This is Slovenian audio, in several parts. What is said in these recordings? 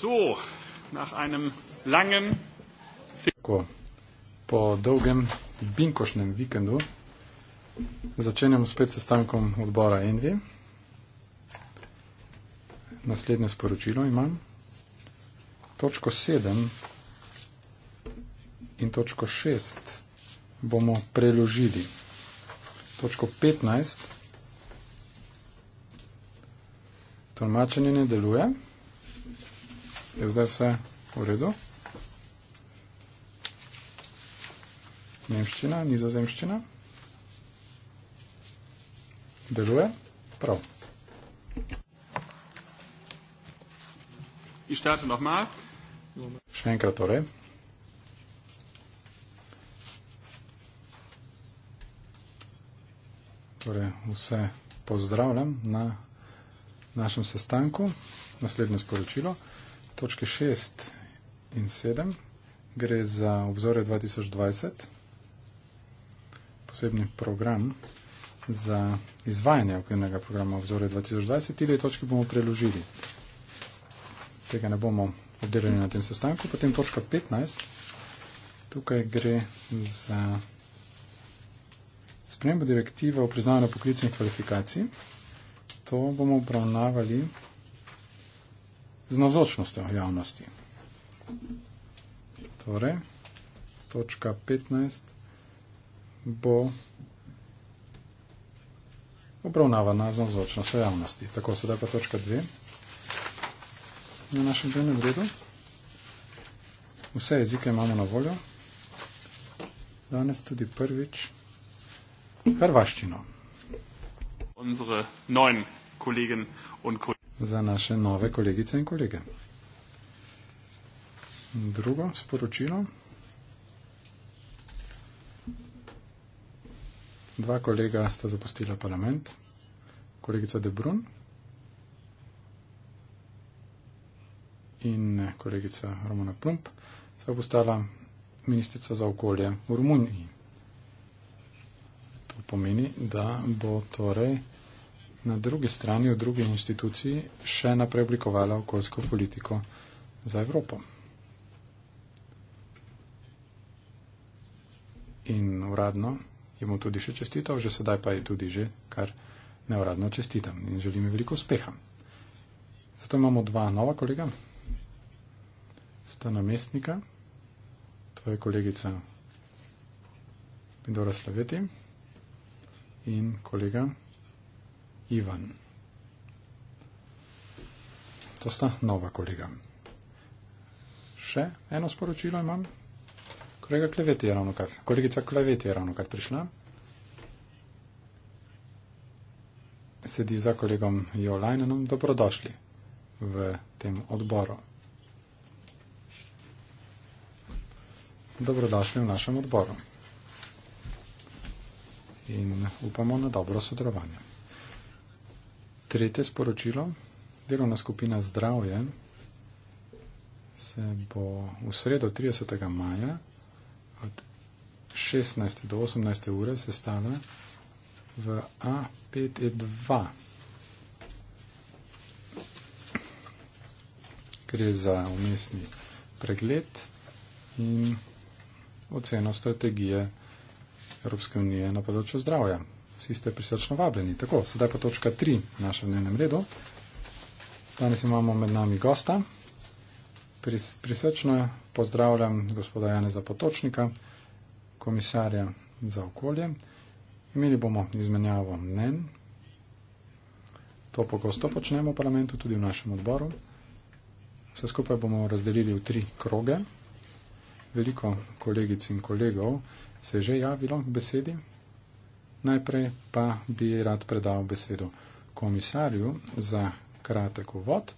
So, nach einem langen Tako, po dolgem binkošnem vikendu začenjamo spet s stankom odbora Envi. Naslednje sporočilo imam. Točko 7 in točko 6 bomo preložili. Točko 15. Tolmačenje ne deluje. Je zdaj vse v redu? Nemščina, nizozemščina? Deluje? Prav. Ich starte nochmal. Še enkrat torej. Torej, vse pozdravljam na našem sestanku. Naslednje sporočilo točke 6 in 7 gre za obzore 2020, posebni program za izvajanje okvirnega programa obzore 2020, tudi točke bomo preložili. Tega ne bomo obdelali na tem sestanku. Potem točka 15, tukaj gre za spremembo direktive o priznavanju poklicnih kvalifikacij. To bomo obravnavali z navzočnostjo javnosti. Torej, točka 15 bo obravnavana z navzočnostjo javnosti. Tako, sedaj pa točka 2 na našem dnevnem redu. Vse jezike imamo na voljo. Danes tudi prvič hrvaščino. Unsere neun kolegen und kolegen za naše nove kolegice in kolege. Drugo sporočilo. Dva kolega sta zapustila parlament. Kolegica Debrun in kolegica Romana Plump sta postala ministrica za okolje v Romuniji. To pomeni, da bo torej na drugi strani v drugi instituciji še naprej oblikovala okoljsko politiko za Evropo. In uradno je mu tudi še čestital, že sedaj pa je tudi že kar neuradno čestitam in želim jim veliko uspeha. Zato imamo dva nova kolega, sta namestnika, to je kolegica Pindora Slaveti in kolega Ivan. To sta nova kolega. Še eno sporočilo imam. Kolega Klevet je ravno kar, kolegica Klevet je ravno kar prišla. Sedi za kolegom Jolajnenom. Dobrodošli v tem odboru. Dobrodošli v našem odboru. In upamo na dobro sodelovanje. Tretje sporočilo. Delovna skupina zdravje se bo v sredo 30. maja od 16. do 18. ure sestala v A5E2. Gre za umestni pregled in oceno strategije Evropske unije na področju zdravja vsi ste prisrčno vabljeni. Tako, sedaj pa točka tri na našem dnevnem redu. Danes imamo med nami gosta. Pris, prisrčno pozdravljam gospoda Janeza Potočnika, komisarja za okolje. Imeli bomo izmenjavo mnen. To pogosto počnemo v parlamentu, tudi v našem odboru. Vse skupaj bomo razdelili v tri kroge. Veliko kolegic in kolegov se je že javilo k besedi, Najprej pa bi rad predal besedo komisarju za kratek uvod,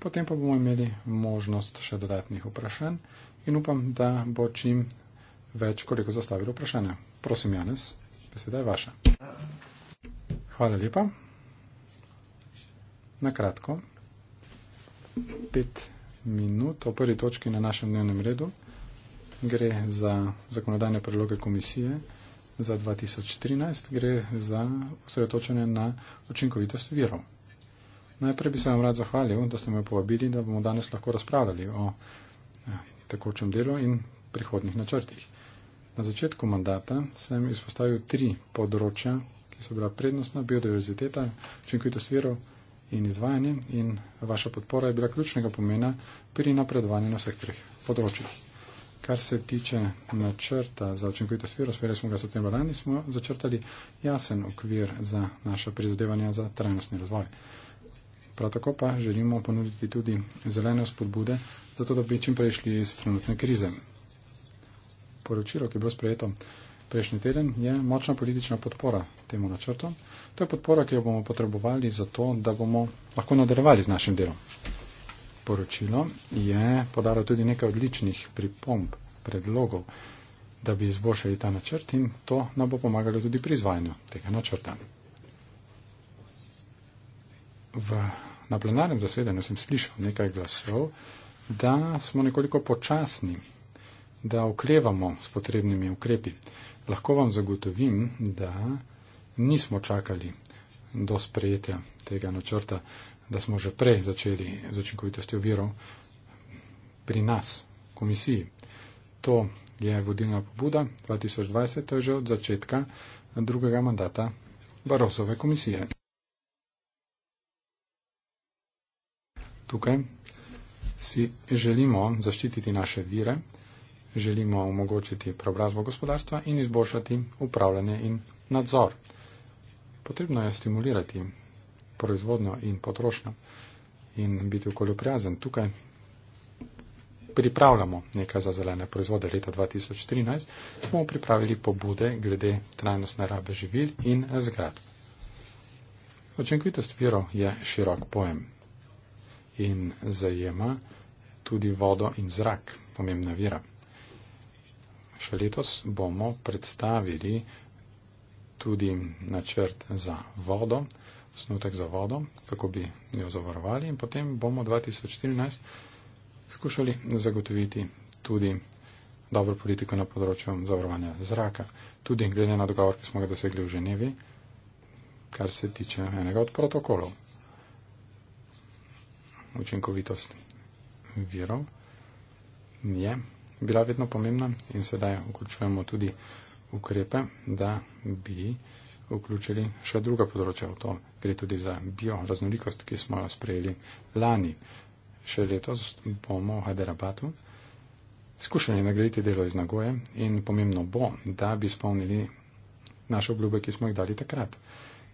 potem pa bomo imeli možnost še dodatnih vprašanj in upam, da bo čim več koliko zastavilo vprašanja. Prosim, Janes, beseda je vaša. Hvala lepa. Na kratko, pet minut o prvi točki na našem dnevnem redu gre za zakonodajne predloge komisije za 2013 gre za osredotočanje na učinkovitost virov. Najprej bi se vam rad zahvalil, da ste me povabili, da bomo danes lahko razpravljali o eh, tekočem delu in prihodnih načrtih. Na začetku mandata sem izpostavil tri področja, ki so bila prednostna biodiverziteta, učinkovitost virov in izvajanje in vaša podpora je bila ključnega pomena pri napredovanju na vseh treh področjih kar se tiče načrta za učinkovito sfero, sprejeli smo ga s tem lani, smo začrtali jasen okvir za naše prizadevanja za trajnostni razvoj. Prav tako pa želimo ponuditi tudi zelene spodbude, zato da bi čim prej šli iz trenutne krize. Poročilo, ki je bilo sprejeto prejšnji teden, je močna politična podpora temu načrtu. To je podpora, ki jo bomo potrebovali zato, da bomo lahko nadaljevali z našim delom. Poročilo je podalo tudi nekaj odličnih pripomb predlogov, da bi izboljšali ta načrt in to nam bo pomagalo tudi pri izvajanju tega načrta. V, na plenarnem zasedanju sem slišal nekaj glasov, da smo nekoliko počasni, da oklevamo s potrebnimi ukrepi. Lahko vam zagotovim, da nismo čakali do sprejetja tega načrta, da smo že prej začeli z učinkovitostjo virov pri nas, komisiji to je vodilna pobuda 2020, to je že od začetka drugega mandata Barosove komisije. Tukaj si želimo zaščititi naše vire, želimo omogočiti preobrazbo gospodarstva in izboljšati upravljanje in nadzor. Potrebno je stimulirati proizvodnjo in potrošnjo in biti okoljoprijazen. Tukaj pripravljamo nekaj za zelene proizvode leta 2013, smo pripravili pobude glede trajnostne rabe živil in zgrad. Očinkovitost virov je širok pojem in zajema tudi vodo in zrak, pomembna vira. Še letos bomo predstavili tudi načrt za vodo, snutek za vodo, kako bi jo zavarovali in potem bomo 2014 skušali zagotoviti tudi dobro politiko na področju zavarovanja zraka. Tudi glede na dogovor, ki smo ga dosegli v Ženevi, kar se tiče enega od protokolov. Učinkovitost virov je bila vedno pomembna in sedaj vključujemo tudi ukrepe, da bi vključili še druga področja v to. Gre tudi za bioraznolikost, ki smo jo sprejeli lani še letos bomo v Hyderabadu skušali nagraditi delo iz Nagoje in pomembno bo, da bi spomnili naše obljube, ki smo jih dali takrat.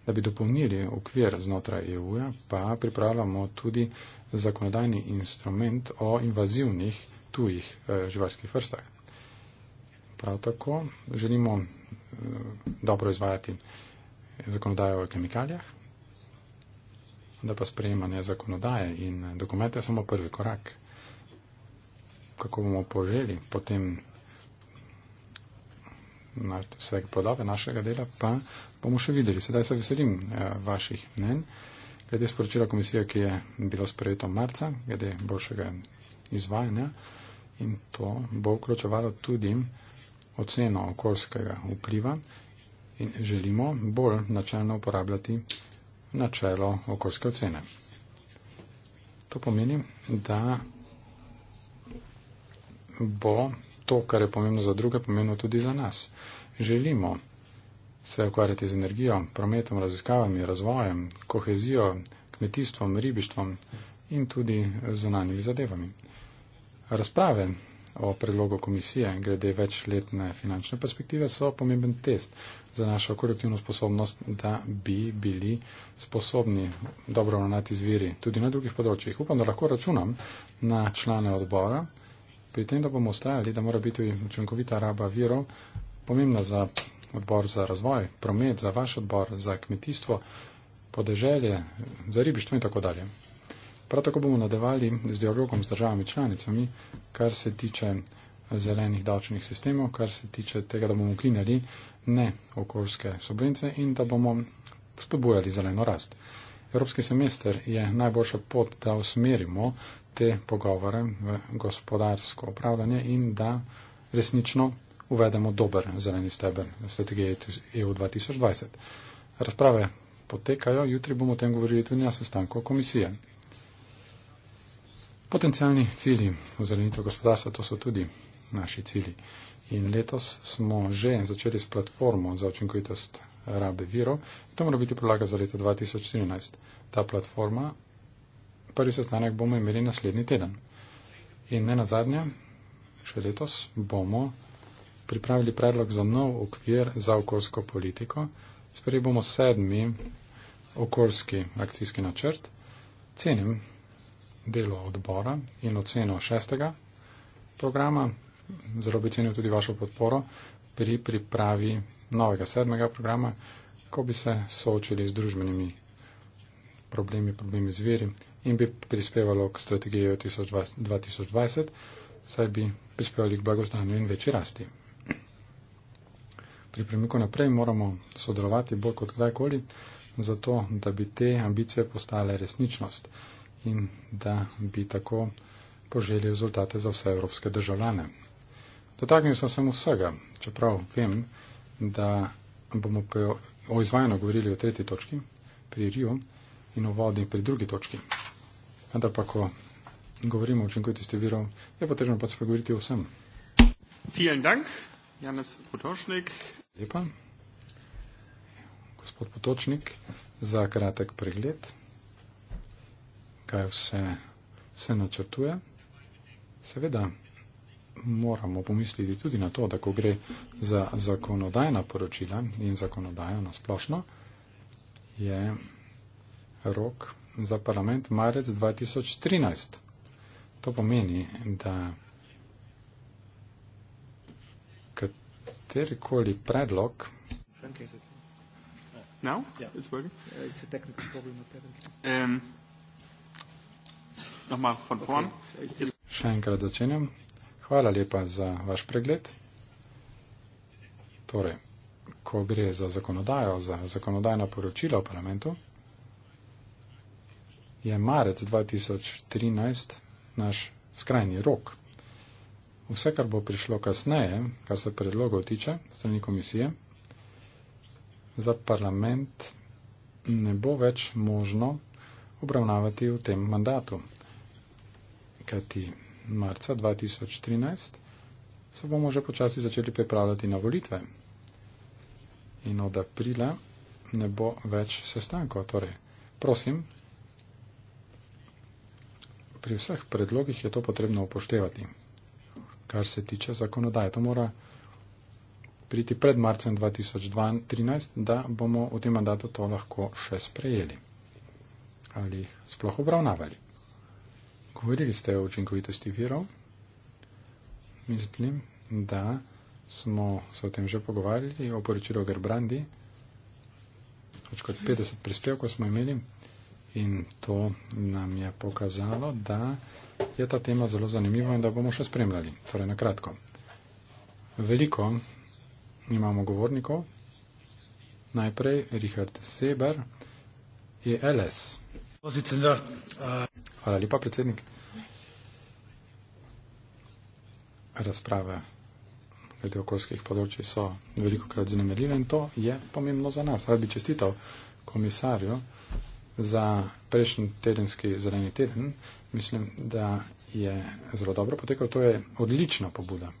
Da bi dopolnili okvir znotraj EU-ja, pa pripravljamo tudi zakonodajni instrument o invazivnih tujih eh, živalskih vrstah. Prav tako želimo eh, dobro izvajati zakonodajo o kemikalijah da pa sprejemanje zakonodaje in dokumente samo prvi korak. Kako bomo poželi potem vse plodove našega dela, pa bomo še videli. Sedaj se veselim eh, vaših mnen. Glede sporočila komisije, ki je bilo sprejeto marca, glede boljšega izvajanja in to bo vključevalo tudi oceno okoljskega vpliva in želimo bolj načelno uporabljati načelo okoljske ocene. To pomeni, da bo to, kar je pomembno za druge, pomembno tudi za nas. Želimo se ukvarjati z energijo, prometom, raziskavami, razvojem, kohezijo, kmetijstvom, ribištvom in tudi zunanjimi zadevami. Razprave o predlogu komisije glede večletne finančne perspektive so pomemben test, za našo kurativno sposobnost, da bi bili sposobni dobro ravnati z viri tudi na drugih področjih. Upam, da lahko računam na člane odbora, pri tem, da bomo ustrajali, da mora biti učinkovita raba virov pomembna za odbor za razvoj, promet, za vaš odbor, za kmetijstvo, podeželje, za ribištvo in tako dalje. Prav tako bomo nadaljevali z dialogom z državami članicami, kar se tiče zelenih davčnih sistemov, kar se tiče tega, da bomo ukinjali ne okoljske subvence in da bomo spodbujali zeleno rast. Evropski semester je najboljša pot, da usmerimo te pogovore v gospodarsko upravljanje in da resnično uvedemo dober zeleni steber strategije EU 2020. Razprave potekajo, jutri bomo o tem govorili tudi na sestanku komisije. Potencijalni cilji v zelenitev gospodarstva, to so tudi naši cilji. In letos smo že začeli s platformo za učinkovitost rabe viro. To mora biti podlaga za leto 2017. Ta platforma, prvi sestanek bomo imeli naslednji teden. In ne nazadnje, še letos bomo pripravili predlog za nov okvir za okoljsko politiko. Sprej bomo sedmi okoljski akcijski načrt. Cenim delo odbora in oceno šestega programa zelo bi cenil tudi vašo podporo pri pripravi novega sedmega programa, ko bi se soočili z družbenimi problemi, problemi z veri in bi prispevalo k strategiji 2020, saj bi prispevali k blagostanju in večji rasti. Pri premiku naprej moramo sodelovati bolj kot kdajkoli, zato da bi te ambicije postale resničnost in da bi tako poželi rezultate za vse evropske državljane. Dotaknil sem se vsega, čeprav vem, da bomo o izvajanju govorili v tretji točki, pri Riju in o vodi pri drugi točki. Vendar pa, ko govorimo o učinkovitosti virov, je potrebno pač spregovoriti o vsem. Vielen Dank, Janes Potočnik. Lepa, gospod Potočnik, za kratek pregled, kaj vse se načrtuje. Seveda, moramo pomisliti tudi na to, da ko gre za zakonodajna poročila in zakonodajo na splošno, je rok za parlament marec 2013. To pomeni, da katerikoli predlog. Ja. Ja, um, Še enkrat začenjam. Hvala lepa za vaš pregled. Torej, ko gre za zakonodajo, za zakonodajna poročila v parlamentu, je marec 2013 naš skrajni rok. Vse, kar bo prišlo kasneje, kar se predlogov tiče strani komisije, za parlament ne bo več možno obravnavati v tem mandatu. Kajti marca 2013, se bomo že počasi začeli pripravljati na volitve. In od aprila ne bo več sestankov. Torej, prosim, pri vseh predlogih je to potrebno upoštevati, kar se tiče zakonodaje. To mora priti pred marcem 2013, da bomo v tem mandatu to lahko še sprejeli ali sploh obravnavali. Govorili ste o učinkovitosti virov. Mislim, da smo se o tem že pogovarjali, o poročilu Gerbrandi. Več kot 50 prispevkov smo imeli in to nam je pokazalo, da je ta tema zelo zanimiva in da bomo še spremljali. Torej, na kratko. Veliko imamo govornikov. Najprej Richard Seber je LS. Posicendar. Hvala lepa, predsednik. Razprave glede okoljskih področji so veliko krat zanemerljive in to je pomembno za nas. Rad bi čestital komisarju za prejšnji tedenski zeleni teden. Mislim, da je zelo dobro potekal. To je odlična pobuda,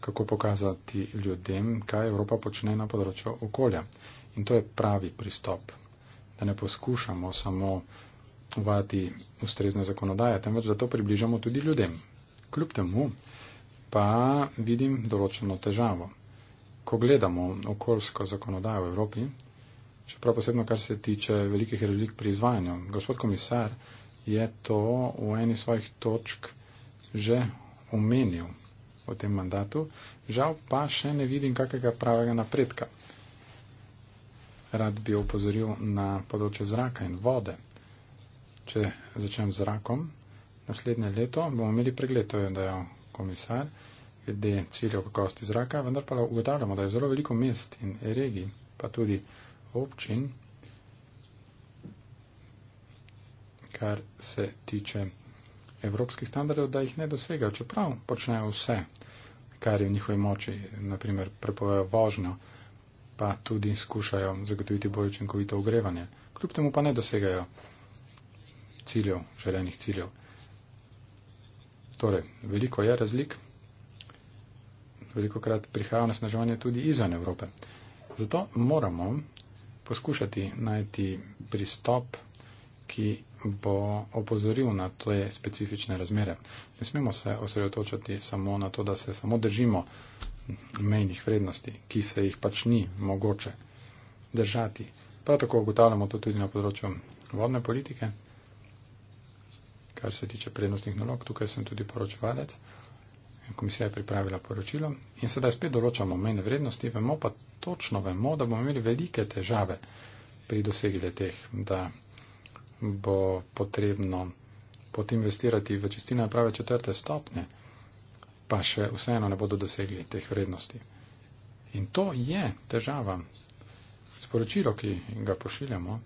kako pokazati ljudem, kaj Evropa počne na področju okolja. In to je pravi pristop, da ne poskušamo samo uvati ustrezna zakonodaja, temveč da to približamo tudi ljudem. Kljub temu pa vidim določeno težavo. Ko gledamo okoljsko zakonodajo v Evropi, čeprav posebno kar se tiče velikih razlik pri izvajanju, gospod komisar je to v eni svojih točk že omenil v tem mandatu, žal pa še ne vidim kakega pravega napredka. Rad bi opozoril na področje zraka in vode. Če začnem z rakom, naslednje leto bomo imeli pregled, to je dejal komisar, glede ciljev kakosti zraka, vendar pa ugotavljamo, da je zelo veliko mest in regij, pa tudi občin, kar se tiče evropskih standardov, da jih ne dosegajo, čeprav počnejo vse, kar je v njihovi moči, naprimer prepovejo vožnjo, pa tudi skušajo zagotoviti bolj učinkovito ogrevanje. Kljub temu pa ne dosegajo ciljev, želenih ciljev. Torej, veliko je razlik, veliko krat prihaja nasnaževanje tudi izven Evrope. Zato moramo poskušati najti pristop, ki bo opozoril na te specifične razmere. Ne smemo se osredotočiti samo na to, da se samo držimo mejnih vrednosti, ki se jih pač ni mogoče držati. Prav tako ugotavljamo to tudi na področju vodne politike kar se tiče prednostnih nalog. Tukaj sem tudi poročevalec. Komisija je pripravila poročilo in sedaj spet določamo mejne vrednosti, vemo pa točno, vemo, da bomo imeli velike težave pri dosegile teh, da bo potrebno potem investirati v čistilne naprave četrte stopnje, pa še vseeno ne bodo dosegli teh vrednosti. In to je težava. Sporočilo, ki ga pošiljamo,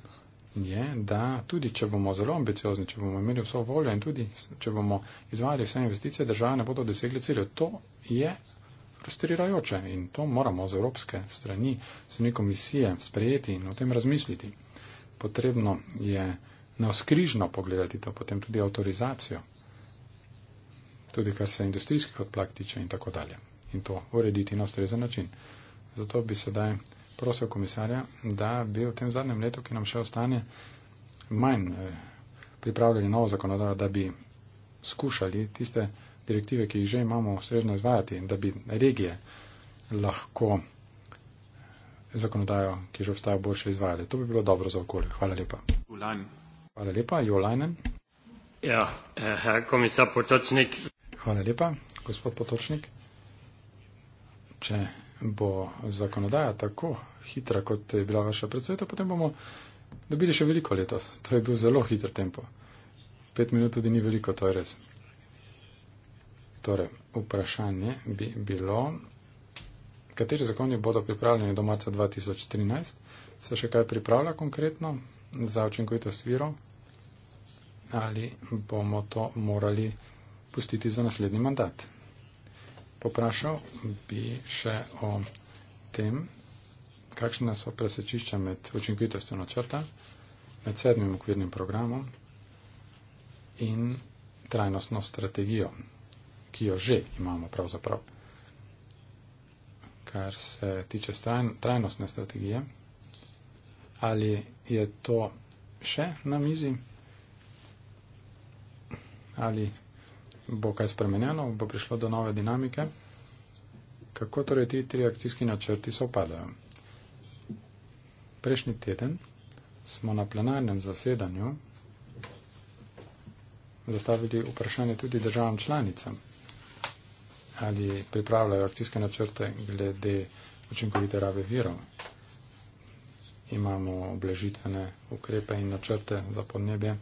je, da tudi če bomo zelo ambiciozni, če bomo imeli vso voljo in tudi če bomo izvajali vse investicije, države ne bodo dosegli cilje. To je frustrirajoče in to moramo z evropske strani, s strani komisije sprejeti in o tem razmisliti. Potrebno je neoskrižno pogledati to, potem tudi avtorizacijo, tudi kar se industrijskih odplak tiče in tako dalje. In to urediti na ustrezen način. Zato bi sedaj prosil komisarja, da bi v tem zadnjem letu, ki nam še ostane, manj eh, pripravljali novo zakonodajo, da bi skušali tiste direktive, ki jih že imamo, ustrezno izvajati in da bi regije lahko eh, zakonodajo, ki že obstaja, boljše izvajali. To bi bilo dobro za okolje. Hvala lepa. Ulajn. Hvala lepa, Jolajnen. Ja, eh, komisar Potočnik. Hvala lepa, gospod Potočnik. Če bo zakonodaja tako hitra, kot je bila vaša predstavitev, potem bomo dobili še veliko letos. To je bil zelo hiter tempo. Pet minut tudi ni veliko, to je res. Torej, vprašanje bi bilo, kateri zakoni bodo pripravljeni do marca 2013, se še kaj pripravlja konkretno za učinkovitost viro ali bomo to morali pustiti za naslednji mandat poprašal bi še o tem, kakšna so presečišča med učinkovitostjo načrta, med sedmim okvirnim programom in trajnostno strategijo, ki jo že imamo pravzaprav. Kar se tiče trajnostne strategije, ali je to še na mizi? Ali bo kaj spremenjeno, bo prišlo do nove dinamike. Kako torej ti tri akcijski načrti se opadajo? Prejšnji teden smo na plenarnem zasedanju zastavili vprašanje tudi državam članicam, ali pripravljajo akcijske načrte glede učinkovite rabe virov. Imamo obležitvene ukrepe in načrte za podnebje.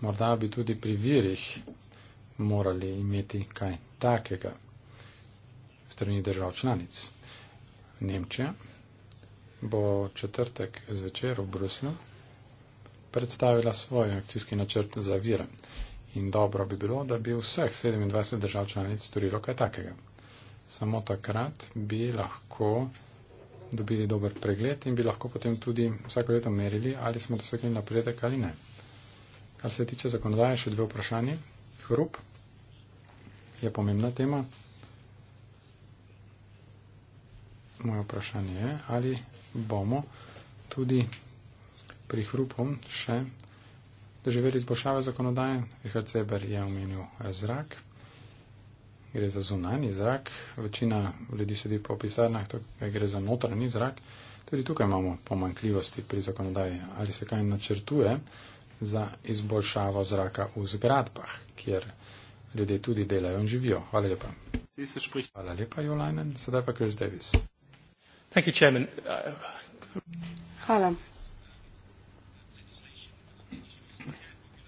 Morda bi tudi pri virih morali imeti kaj takega strani držav članic. Nemčija bo četrtek zvečer v Bruslju predstavila svoj akcijski načrt za vire. In dobro bi bilo, da bi vseh 27 držav članic storilo kaj takega. Samo takrat bi lahko dobili dober pregled in bi lahko potem tudi vsako leto merili, ali smo dosegli napredek ali ne. Kar se tiče zakonodaje, še dve vprašanje. Hrup je pomembna tema. Moje vprašanje je, ali bomo tudi pri hrupom še doživeli izboljšave zakonodaje. Richard Seber je omenil zrak, gre za zunani zrak, večina ljudi sedi po pisarnah, tukaj gre za notranji zrak. Tudi tukaj imamo pomankljivosti pri zakonodaji. Ali se kaj načrtuje za izboljšavo zraka v zgradbah, kjer ljudje tudi delajo in živijo. Hvala lepa. Hvala lepa, Jolajnen. Sedaj pa Chris Davis. Thank you, Chairman. Hvala.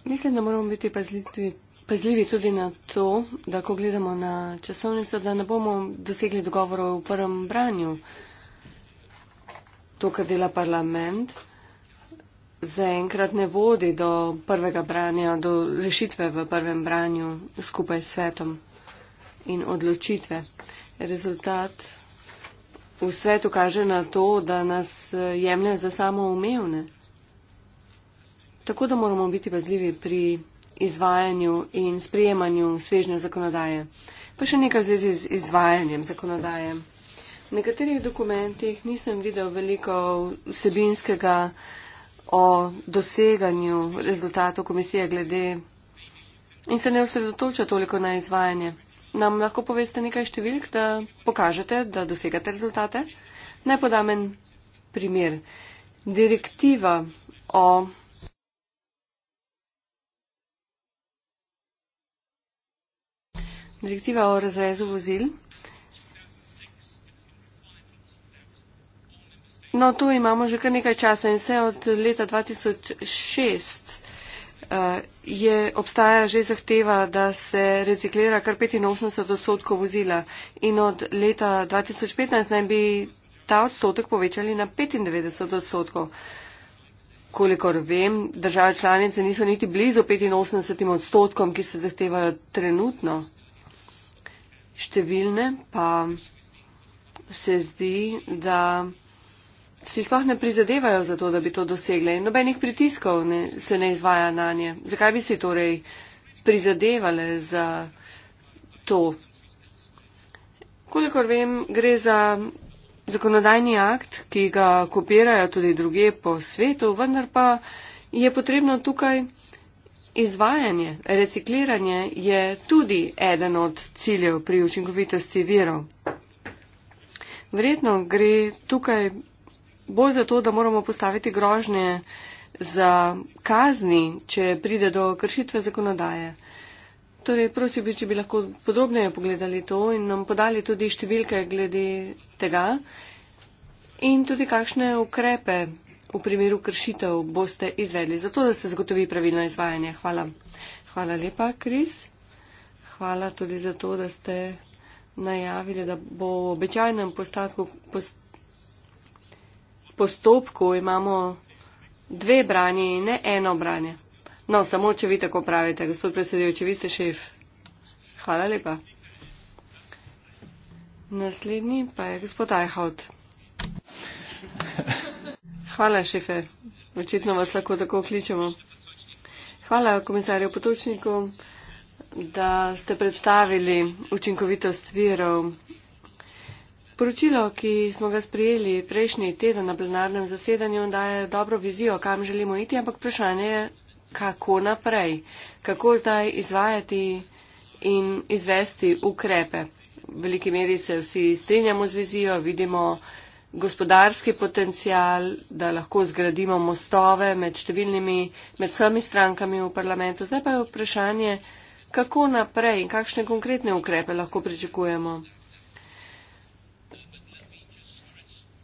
Mislim, da moramo biti pazljivi, pazljivi tudi na to, da ko gledamo na časovnico, da ne bomo dosegli dogovorov v prvem branju. To, kar dela parlament, zaenkrat ne vodi do prvega branja, do rešitve v prvem branju skupaj s svetom in odločitve. Rezultat v svetu kaže na to, da nas eh, jemljajo za samo umevne. Tako da moramo biti pazljivi pri izvajanju in sprijemanju svežnje zakonodaje. Pa še nekaj zvezi z izvajanjem zakonodaje. V nekaterih dokumentih nisem videl veliko vsebinskega, o doseganju rezultatov komisije glede in se ne osredotoča toliko na izvajanje. Nam lahko poveste nekaj številk, da pokažete, da dosegate rezultate? Naj podam en primer. Direktiva o. Direktiva o razrezu vozil. No, tu imamo že kar nekaj časa in vse od leta 2006 uh, eh, je, obstaja že zahteva, da se reciklira kar 85 odstotkov vozila in od leta 2015 naj bi ta odstotek povečali na 95 odstotkov. Kolikor vem, države članice niso niti blizu 85 odstotkom, ki se zahtevajo trenutno. Številne pa se zdi, da si sploh ne prizadevajo za to, da bi to dosegle in nobenih pritiskov ne, se ne izvaja na nje. Zakaj bi si torej prizadevale za to? Kolikor vem, gre za zakonodajni akt, ki ga kopirajo tudi druge po svetu, vendar pa je potrebno tukaj izvajanje. Recikliranje je tudi eden od ciljev pri učinkovitosti virov. Verjetno gre tukaj bolj zato, da moramo postaviti grožnje za kazni, če pride do kršitve zakonodaje. Torej, prosil bi, če bi lahko podrobneje pogledali to in nam podali tudi številke glede tega in tudi kakšne ukrepe v primeru kršitev boste izvedli, zato da se zagotovi pravilno izvajanje. Hvala. Hvala lepa, Kris. Hvala tudi za to, da ste najavili, da bo v običajnem postatku. Post postopku imamo dve branje in ne eno branje. No, samo če vi tako pravite, gospod predsedujoč, če vi ste šef. Hvala lepa. Naslednji pa je gospod Ajhaut. Hvala, šefe. Očitno vas lahko tako kličemo. Hvala, komisarju Potočniku, da ste predstavili učinkovitost virov Poročilo, ki smo ga sprejeli prejšnji teden na plenarnem zasedanju, daje dobro vizijo, kam želimo iti, ampak vprašanje je, kako naprej, kako zdaj izvajati in izvesti ukrepe. V veliki meri se vsi strinjamo z vizijo, vidimo gospodarski potencial, da lahko zgradimo mostove med številnimi, med vsemi strankami v parlamentu. Zdaj pa je vprašanje, kako naprej in kakšne konkretne ukrepe lahko pričakujemo.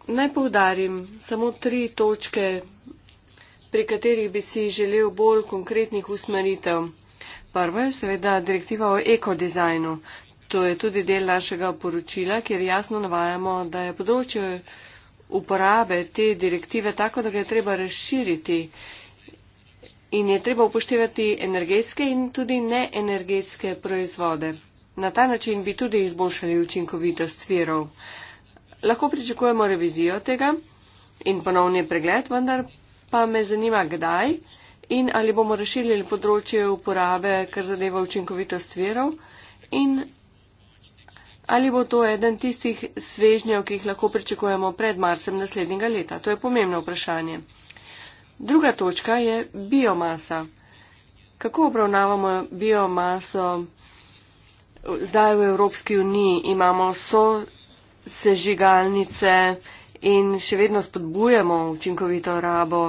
Naj povdarim samo tri točke, pri katerih bi si želel bolj konkretnih usmeritev. Prvo je seveda direktiva o ekodizajnu. To je tudi del našega poročila, kjer jasno navajamo, da je področje uporabe te direktive tako, da ga je treba razširiti in je treba upoštevati energetske in tudi neenergetske proizvode. Na ta način bi tudi izboljšali učinkovitost virov lahko pričakujemo revizijo tega in ponovni pregled, vendar pa me zanima, kdaj in ali bomo rešili področje uporabe, kar zadeva učinkovitost verov in ali bo to eden tistih svežnjev, ki jih lahko pričakujemo pred marcem naslednjega leta. To je pomembno vprašanje. Druga točka je biomasa. Kako obravnavamo biomaso? Zdaj v Evropski uniji imamo so sežigalnice in še vedno spodbujamo učinkovito rabo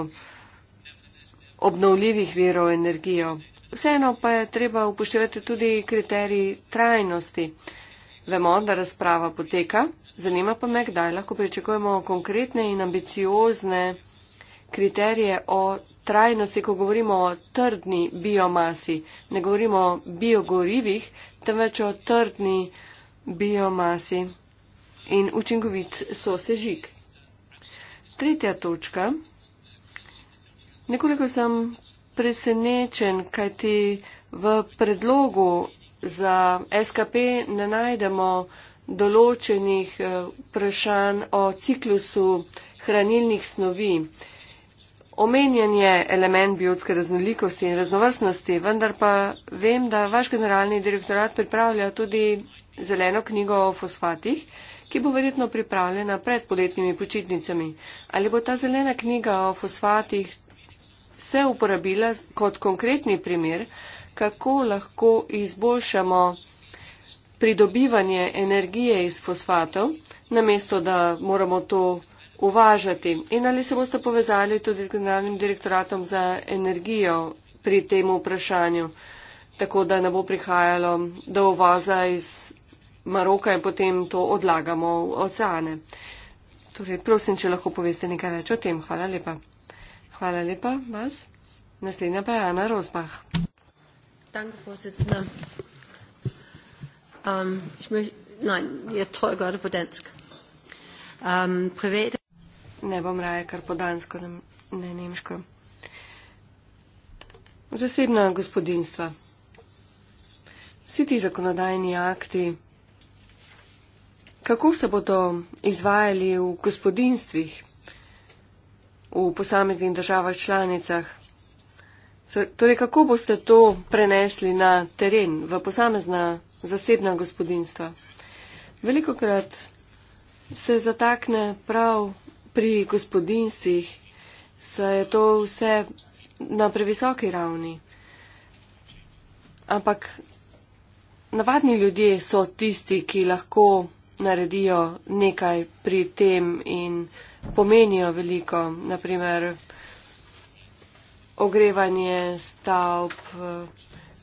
obnovljivih virov energijo. Vseeno pa je treba upoštevati tudi kriterij trajnosti. Vemo, da razprava poteka, zanima pa me, kdaj lahko pričakujemo konkretne in ambiciozne kriterije o trajnosti, ko govorimo o trdni biomasi. Ne govorimo o biogorivih, temveč o trdni biomasi in učinkovit sosežik. Tretja točka. Nekoliko sem presenečen, kajti v predlogu za SKP ne najdemo določenih eh, vprašanj o ciklusu hranilnih snovi. Omenjen je element biotske raznolikosti in raznovrstnosti, vendar pa vem, da vaš generalni direktorat pripravlja tudi zeleno knjigo o fosfatih, ki bo verjetno pripravljena pred poletnimi počitnicami. Ali bo ta zelena knjiga o fosfatih se uporabila kot konkretni primer, kako lahko izboljšamo pridobivanje energije iz fosfatov, namesto da moramo to uvažati. In ali se boste povezali tudi z generalnim direktoratom za energijo pri tem vprašanju, tako da ne bo prihajalo do uvaza iz Maroka in potem to odlagamo v oceane. Torej, prosim, če lahko poveste nekaj več o tem. Hvala lepa. Hvala lepa, vas. Naslednja pa je Ana Rosbach. Danke, posedna. Um, ähm, ich mö... Nein, jeg tror, jeg gør det på dansk. Um, ähm, private... Ne bom raje kar po dansko, ne, ne nemško. Zasebna gospodinstva. Vsi ti zakonodajni akti, Kako se bodo izvajali v gospodinstvih, v posameznih državah članicah? Torej, kako boste to prenesli na teren, v posamezna zasebna gospodinstva? Veliko krat se zatakne prav pri gospodinstvih, saj je to vse na previsoki ravni. Ampak navadni ljudje so tisti, ki lahko naredijo nekaj pri tem in pomenijo veliko, naprimer ogrevanje stavb,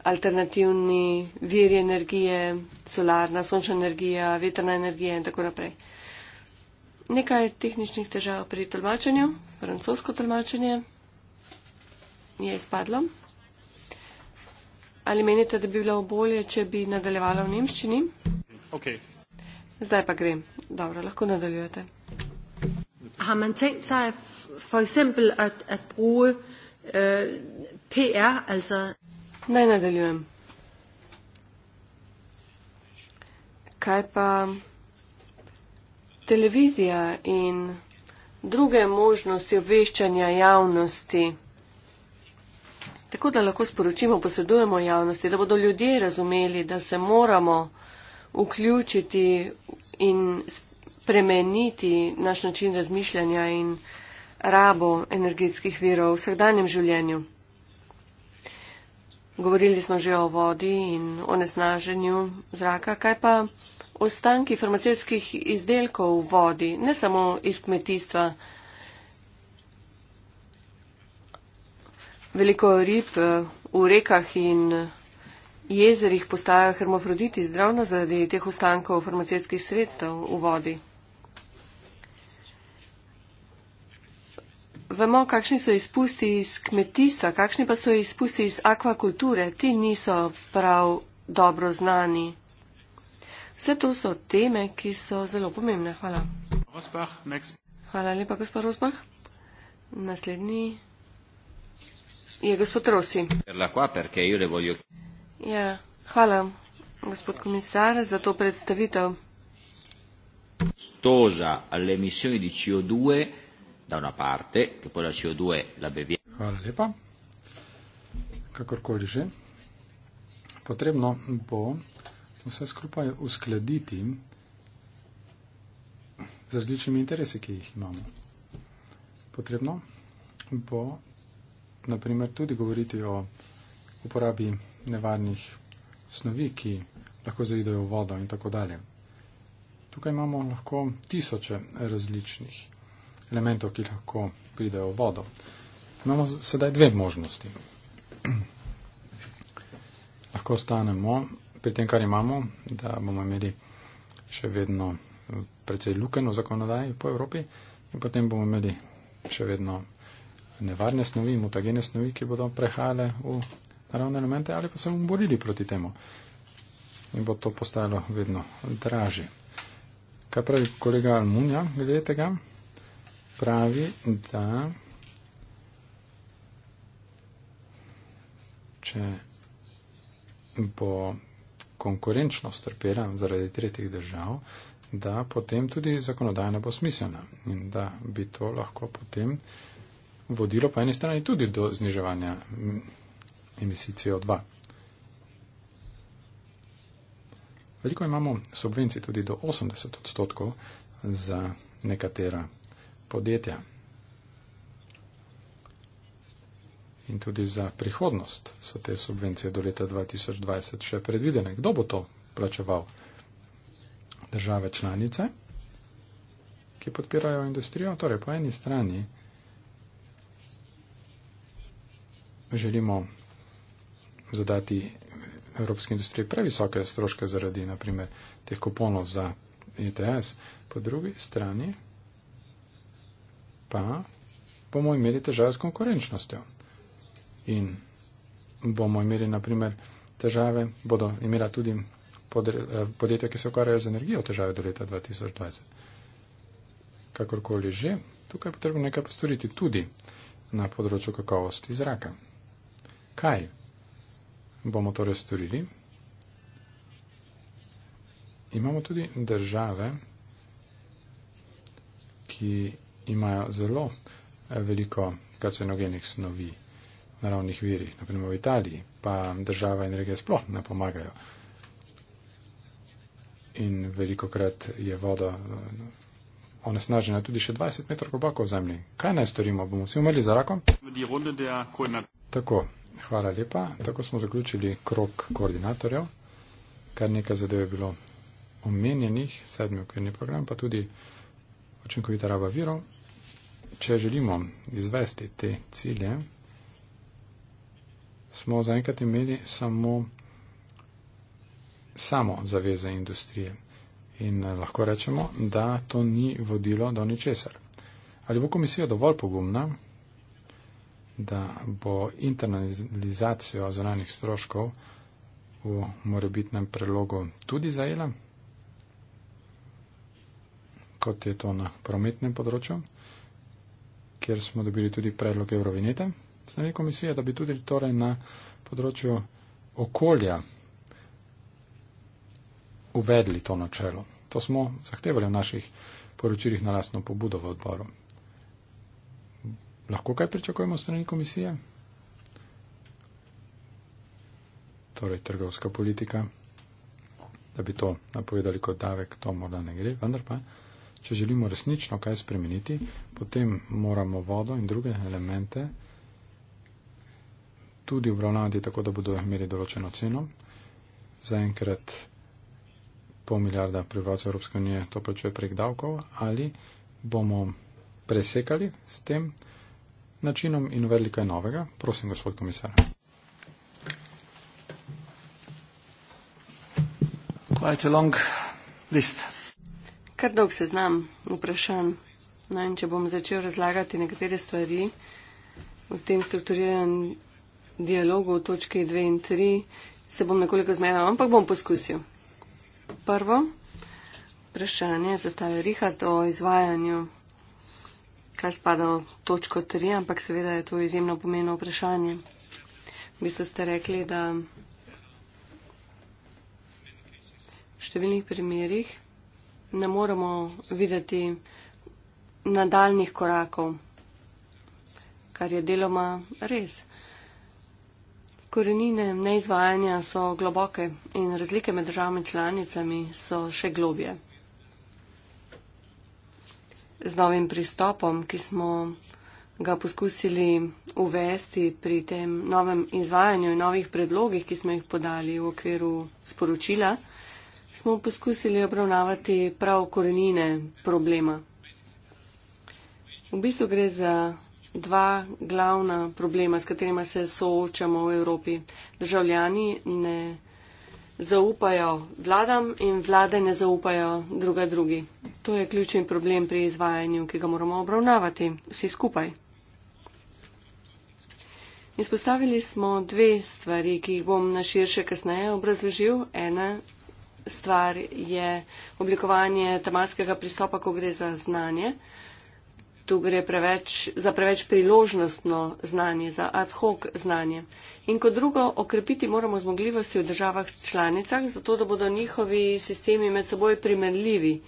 alternativni viri energije, solarna, sončna energija, vetrna energija in tako naprej. Nekaj tehničnih težav pri tolmačenju, francosko tolmačenje je izpadlo. Ali menite, da bi bilo bolje, če bi nadaljevala v nemščini? Okay. Zdaj pa grem. Dobro, lahko nadaljujete. Har man tænkt sig for eksempel at, at bruge uh, øh, PR, altså... Nej, nadaljujem. Kaj pa televizija in druge možnosti obveščanja javnosti, tako da lahko sporočimo, posredujemo javnosti, da bodo ljudje razumeli, da se moramo vključiti in spremeniti naš način razmišljanja in rabo energetskih virov v vsakdanjem življenju. Govorili smo že o vodi in o nesnaženju zraka, kaj pa ostanki farmacevskih izdelkov v vodi, ne samo iz kmetijstva. Veliko rib eh, v rekah in jezerih postajajo hermafroditi zdravno zaradi teh ostankov farmacijskih sredstev v vodi. Vemo, kakšni so izpusti iz kmetijstva, kakšni pa so izpusti iz akvakulture, ti niso prav dobro znani. Vse to so teme, ki so zelo pomembne. Hvala. Rosbach, Hvala lepa, gospod Rosbach. Naslednji je gospod Rosi. Per la qua, Ja, hvala, gospod komisar, za to predstavitev. Stoža alle emisioni di CO2 da una parte, che poi la CO2 la beviamo. Hvala lepa. Kakorkoli že. Potrebno bo vse skupaj uskladiti z različnimi interesi, ki jih imamo. Potrebno bo naprimer tudi govoriti o uporabi nevarnih snovi, ki lahko zaidejo v vodo in tako dalje. Tukaj imamo lahko tisoče različnih elementov, ki lahko pridejo v vodo. Imamo sedaj dve možnosti. Lahko ostanemo pri tem, kar imamo, da bomo imeli še vedno eh, precej lukeno zakonodaj po Evropi in potem bomo imeli še vedno nevarne snovi, mutagene snovi, ki bodo prehajale v naravne elemente ali pa se bomo borili proti temu. In bo to postajalo vedno dražje. Kaj pravi kolega Almunja, glede tega? Pravi, da če bo konkurenčnost trpela zaradi tretjih držav, da potem tudi zakonodajna bo smiselna in da bi to lahko potem vodilo po eni strani tudi do zniževanja emisij CO2. Veliko imamo subvencij, tudi do 80 odstotkov za nekatera podjetja. In tudi za prihodnost so te subvencije do leta 2020 še predvidene. Kdo bo to plačeval? Države članice, ki podpirajo industrijo. Torej, po eni strani želimo zadati evropski industriji previsoke stroške zaradi naprimer teh kuponov za ETS. Po drugi strani pa bomo imeli težave s konkurenčnostjo in bomo imeli naprimer težave, bodo imela tudi podjetja, ki se ukvarjajo z energijo, težave do leta 2020. Kakorkoli že, tukaj je potrebno nekaj postoriti tudi na področju kakovosti zraka. Kaj? bomo torej storili. Imamo tudi države, ki imajo zelo eh, veliko karcinogenih snovi v naravnih virih, naprimer v Italiji, pa država in regija sploh ne pomagajo. In veliko krat je voda eh, onesnažena tudi še 20 metrov globoko v zemlji. Kaj naj storimo? Bomo vsi umrli za rakom? Tako. Hvala lepa. Tako smo zaključili krok koordinatorjev. Kar nekaj zadev je bilo omenjenih, sedmi okvirni program, pa tudi učinkovita raba virov. Če želimo izvesti te cilje, smo zaenkrat imeli samo samo zaveze industrije. In eh, lahko rečemo, da to ni vodilo do ničesar. Ali bo komisija dovolj pogumna, da bo internalizacijo zonanih stroškov v morebitnem predlogu tudi zajela, kot je to na prometnem področju, kjer smo dobili tudi predlog Eurovinete, strani komisije, da bi tudi torej na področju okolja uvedli to načelo. To smo zahtevali v naših poročilih na lastno pobudo v odboru lahko kaj pričakujemo strani komisije? Torej, trgovska politika, da bi to napovedali kot davek, to morda ne gre, vendar pa, če želimo resnično kaj spremeniti, potem moramo vodo in druge elemente tudi obravnavati tako, da bodo imeli določeno ceno. Zaenkrat pol milijarda prebivalcev Evropske unije to plačuje prek davkov ali bomo presekali s tem načinom in uvedli kaj novega. Prosim, gospod komisar. Quite a long list. Kar dolg se znam vprašanj. No in če bom začel razlagati nekatere stvari v tem strukturiranem dialogu v točki 2 in 3, se bom nekoliko zmedal, ampak bom poskusil. Prvo vprašanje zastavlja Richard o izvajanju kaj spada v točko 3, ampak seveda je to izjemno pomeno vprašanje. V bistvu ste rekli, da v številnih primerjih ne moramo videti nadaljnih korakov, kar je deloma res. Korenine neizvajanja so globoke in razlike med državami članicami so še globje z novim pristopom, ki smo ga poskusili uvesti pri tem novem izvajanju in novih predlogih, ki smo jih podali v okviru sporočila, smo poskusili obravnavati prav korenine problema. V bistvu gre za dva glavna problema, s katerima se soočamo v Evropi. Državljani ne zaupajo vladam in vlade ne zaupajo druga drugi. To je ključni problem pri izvajanju, ki ga moramo obravnavati vsi skupaj. Izpostavili smo dve stvari, ki jih bom na širše kasneje obrazložil. Ena stvar je oblikovanje tematskega pristopa, ko gre za znanje. Uh, tu gre preveč, za preveč priložnostno znanje, za ad hoc znanje. In kot drugo, okrepiti moramo zmogljivosti v državah članicah, zato da bodo njihovi sistemi med seboj primerljivi,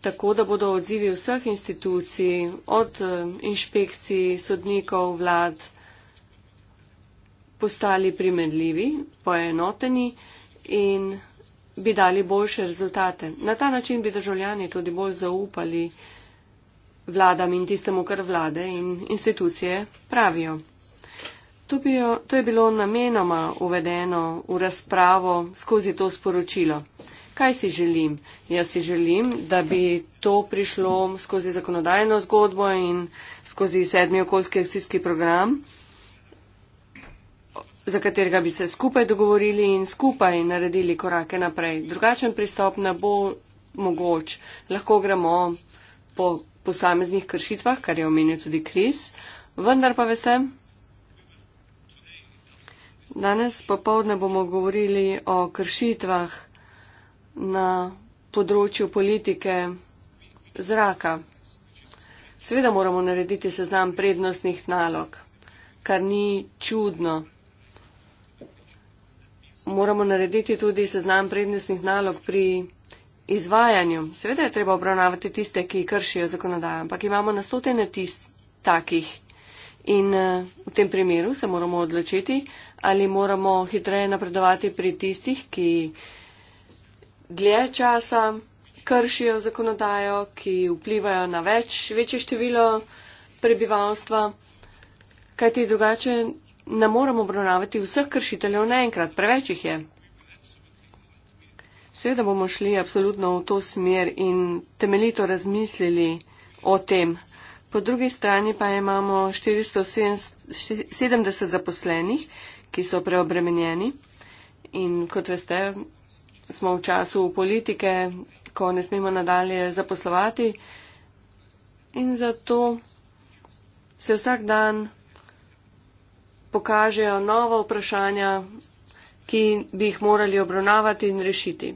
tako da bodo odzivi vseh institucij, od eh, inšpekcij, sodnikov, vlad, postali primerljivi, poenoteni in bi dali boljše rezultate. Na ta način bi državljani tudi bolj zaupali vladam in tistemu, kar vlade in institucije pravijo. To, bi jo, to je bilo namenoma uvedeno v razpravo skozi to sporočilo. Kaj si želim? Jaz si želim, da bi to prišlo skozi zakonodajno zgodbo in skozi sedmi okoljski akcijski program, za katerega bi se skupaj dogovorili in skupaj naredili korake naprej. Drugačen pristop ne bo mogoč. Lahko gremo po posameznih kršitvah, kar je omenil tudi Kris. Vendar pa veste, danes popovdne bomo govorili o kršitvah na področju politike zraka. Seveda moramo narediti seznam prednostnih nalog, kar ni čudno. Moramo narediti tudi seznam prednostnih nalog pri izvajanju. Seveda je treba obravnavati tiste, ki kršijo zakonodajo, ampak imamo na stotine tist takih. In uh, v tem primeru se moramo odločiti, ali moramo hitreje napredovati pri tistih, ki dlje časa kršijo zakonodajo, ki vplivajo na več, večje število prebivalstva, kajti drugače ne moremo obravnavati vseh kršiteljev naenkrat, preveč jih je. Seveda bomo šli absolutno v to smer in temeljito razmislili o tem. Po drugi strani pa imamo 470 zaposlenih, ki so preobremenjeni. In kot veste, smo v času politike, ko ne smemo nadalje zaposlovati. In zato se vsak dan pokažejo nova vprašanja, ki bi jih morali obravnavati in rešiti.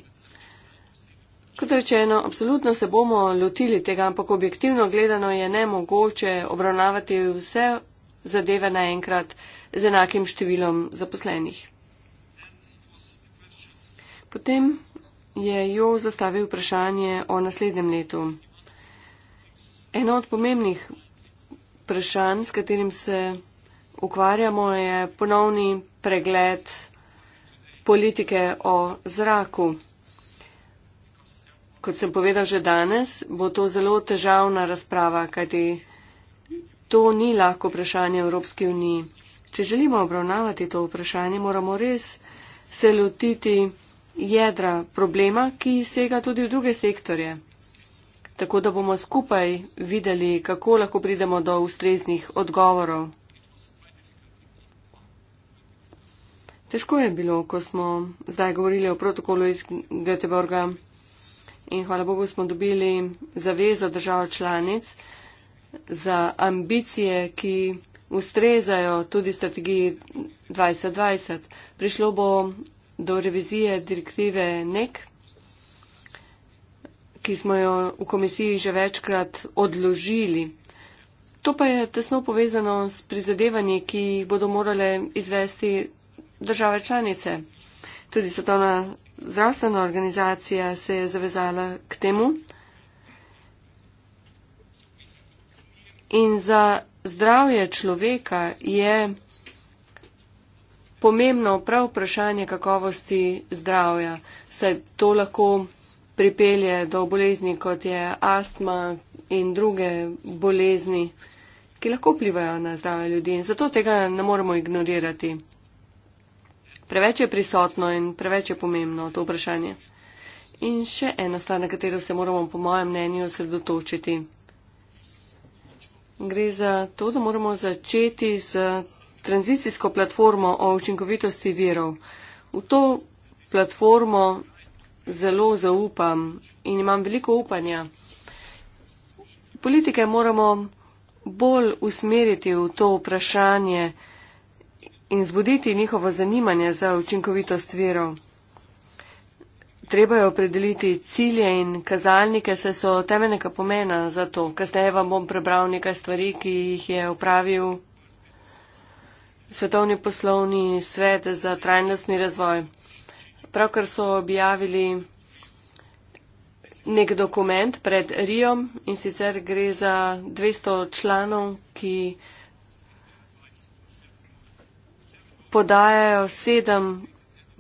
Kot rečeno, absolutno se bomo lotili tega, ampak objektivno gledano je nemogoče obravnavati vse zadeve naenkrat z enakim številom zaposlenih. Potem je jo zastavil vprašanje o naslednjem letu. Eno od pomembnih vprašanj, s katerim se ukvarjamo, je ponovni pregled politike o zraku kot sem povedal že danes, bo to zelo težavna razprava, kajti to ni lahko vprašanje Evropske unije. Če želimo obravnavati to vprašanje, moramo res se lotiti jedra problema, ki sega tudi v druge sektorje. Tako da bomo skupaj videli, kako lahko pridemo do ustreznih odgovorov. Težko je bilo, ko smo zdaj govorili o protokolu iz Göteborga in hvala Bogu smo dobili zavezo držav članic za ambicije, ki ustrezajo tudi strategiji 2020. Prišlo bo do revizije direktive NEC, ki smo jo v komisiji že večkrat odložili. To pa je tesno povezano s prizadevanji, ki bodo morale izvesti države članice. Tudi Svetovna Zdravstvena organizacija se je zavezala k temu. In za zdravje človeka je pomembno prav vprašanje kakovosti zdravja. Se to lahko pripelje do bolezni, kot je astma in druge bolezni, ki lahko vplivajo na zdravje ljudi. In zato tega ne moremo ignorirati preveč je prisotno in preveč je pomembno to vprašanje. In še ena stvar, na katero se moramo, po mojem mnenju, osredotočiti. Gre za to, da moramo začeti z tranzicijsko platformo o učinkovitosti virov. V to platformo zelo zaupam in imam veliko upanja. Politike moramo bolj usmeriti v to vprašanje, in zbuditi njihovo zanimanje za učinkovitost virov. Treba je opredeliti cilje in kazalnike, se so temeljnega pomena za to. Kasneje vam bom prebral nekaj stvari, ki jih je upravil Svetovni poslovni svet za trajnostni razvoj. Pravkar so objavili nek dokument pred Rijom in sicer gre za 200 članov, ki podajajo sedem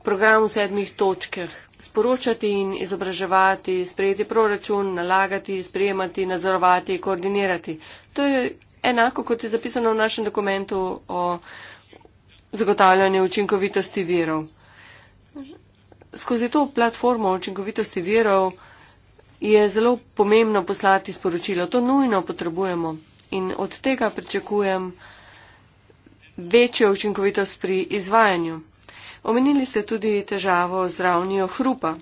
program v sedmih točkah. Sporočati in izobraževati, sprejeti proračun, nalagati, sprejemati, nadzorovati, koordinirati. To je enako, kot je zapisano v našem dokumentu o zagotavljanju učinkovitosti virov. Skozi to platformo učinkovitosti virov je zelo pomembno poslati sporočilo. To nujno potrebujemo in od tega pričakujem, večjo učinkovitost pri izvajanju. Omenili ste tudi težavo z ravnijo hrupa.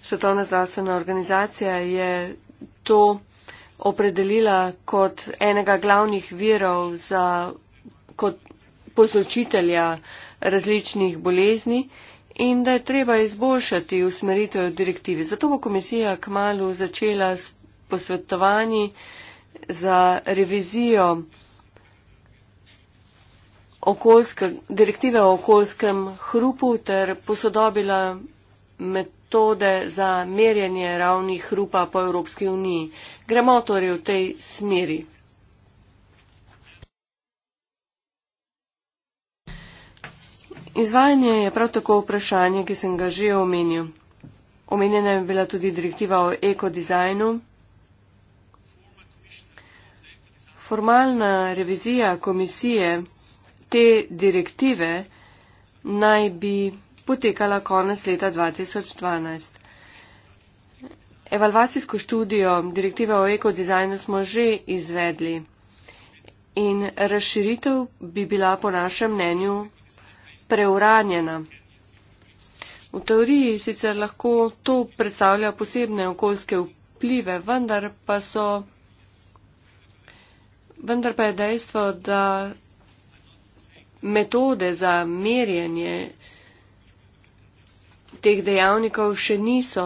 Svetovna zdravstvena organizacija je to opredelila kot enega glavnih virov za kot pozročitelja različnih bolezni in da je treba izboljšati usmeritev direktive. Zato bo komisija kmalo začela s posvetovanji uh, za revizijo okoljske, direktive o okoljskem hrupu ter posodobila metode za merjenje ravni hrupa po Evropski uniji. Gremo torej v tej smeri. Izvajanje je prav tako vprašanje, ki sem ga že omenil. Omenjena je bila tudi direktiva o ekodizajnu. formalna revizija komisije te direktive naj bi potekala konec leta 2012. Evalvacijsko študijo direktive o ekodizajnu smo že izvedli in razširitev bi bila po našem mnenju preuranjena. V teoriji sicer lahko to predstavlja posebne okoljske vplive, vendar pa so Vendar pa je dejstvo, da metode za merjenje teh dejavnikov še niso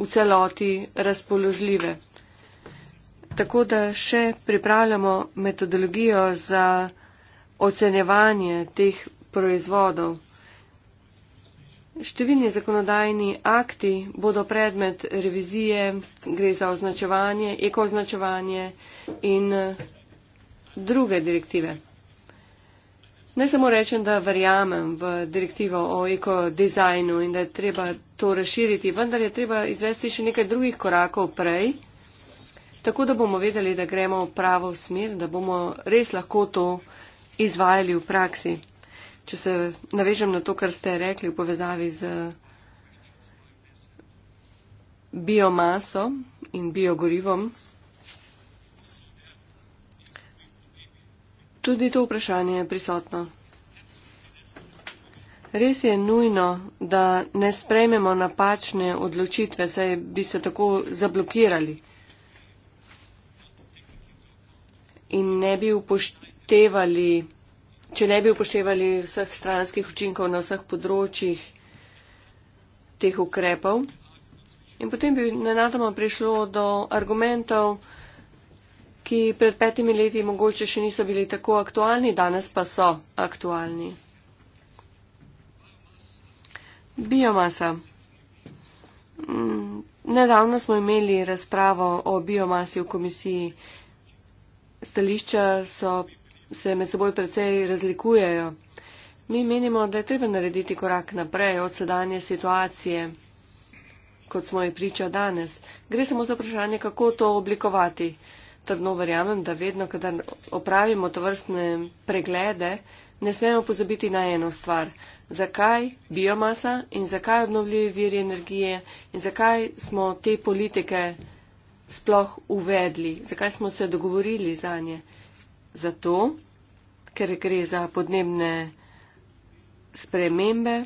v celoti razpoložljive. Tako da še pripravljamo metodologijo za ocenjevanje teh proizvodov. Številni zakonodajni akti bodo predmet revizije, gre za označevanje, ekoznačevanje in druge direktive. Ne samo rečem, da verjamem v direktivo o ekodizajnu in da je treba to razširiti, vendar je treba izvesti še nekaj drugih korakov prej, tako da bomo vedeli, da gremo v pravo smer, da bomo res lahko to izvajali v praksi. Če se navežem na to, kar ste rekli v povezavi z biomaso in biogorivom. Tudi to vprašanje je prisotno. Res je nujno, da ne sprejmemo napačne odločitve, saj bi se tako zablokirali in ne bi upoštevali, če ne bi upoštevali vseh stranskih učinkov na vseh področjih teh ukrepov. In potem bi nenadoma prišlo do argumentov, ki pred petimi leti mogoče še niso bili tako aktualni, danes pa so aktualni. Biomasa. Mm, nedavno smo imeli razpravo o biomasi v komisiji. Stališča so, se med seboj precej razlikujejo. Mi menimo, da je treba narediti korak naprej od sedanje situacije, kot smo jo priča danes. Gre samo za vprašanje, kako to oblikovati trdno verjamem, da vedno, kadar opravimo to vrstne preglede, ne smemo pozabiti na eno stvar. Zakaj biomasa in zakaj obnovljive viri energije in zakaj smo te politike sploh uvedli, zakaj smo se dogovorili za nje? Zato, ker gre za podnebne spremembe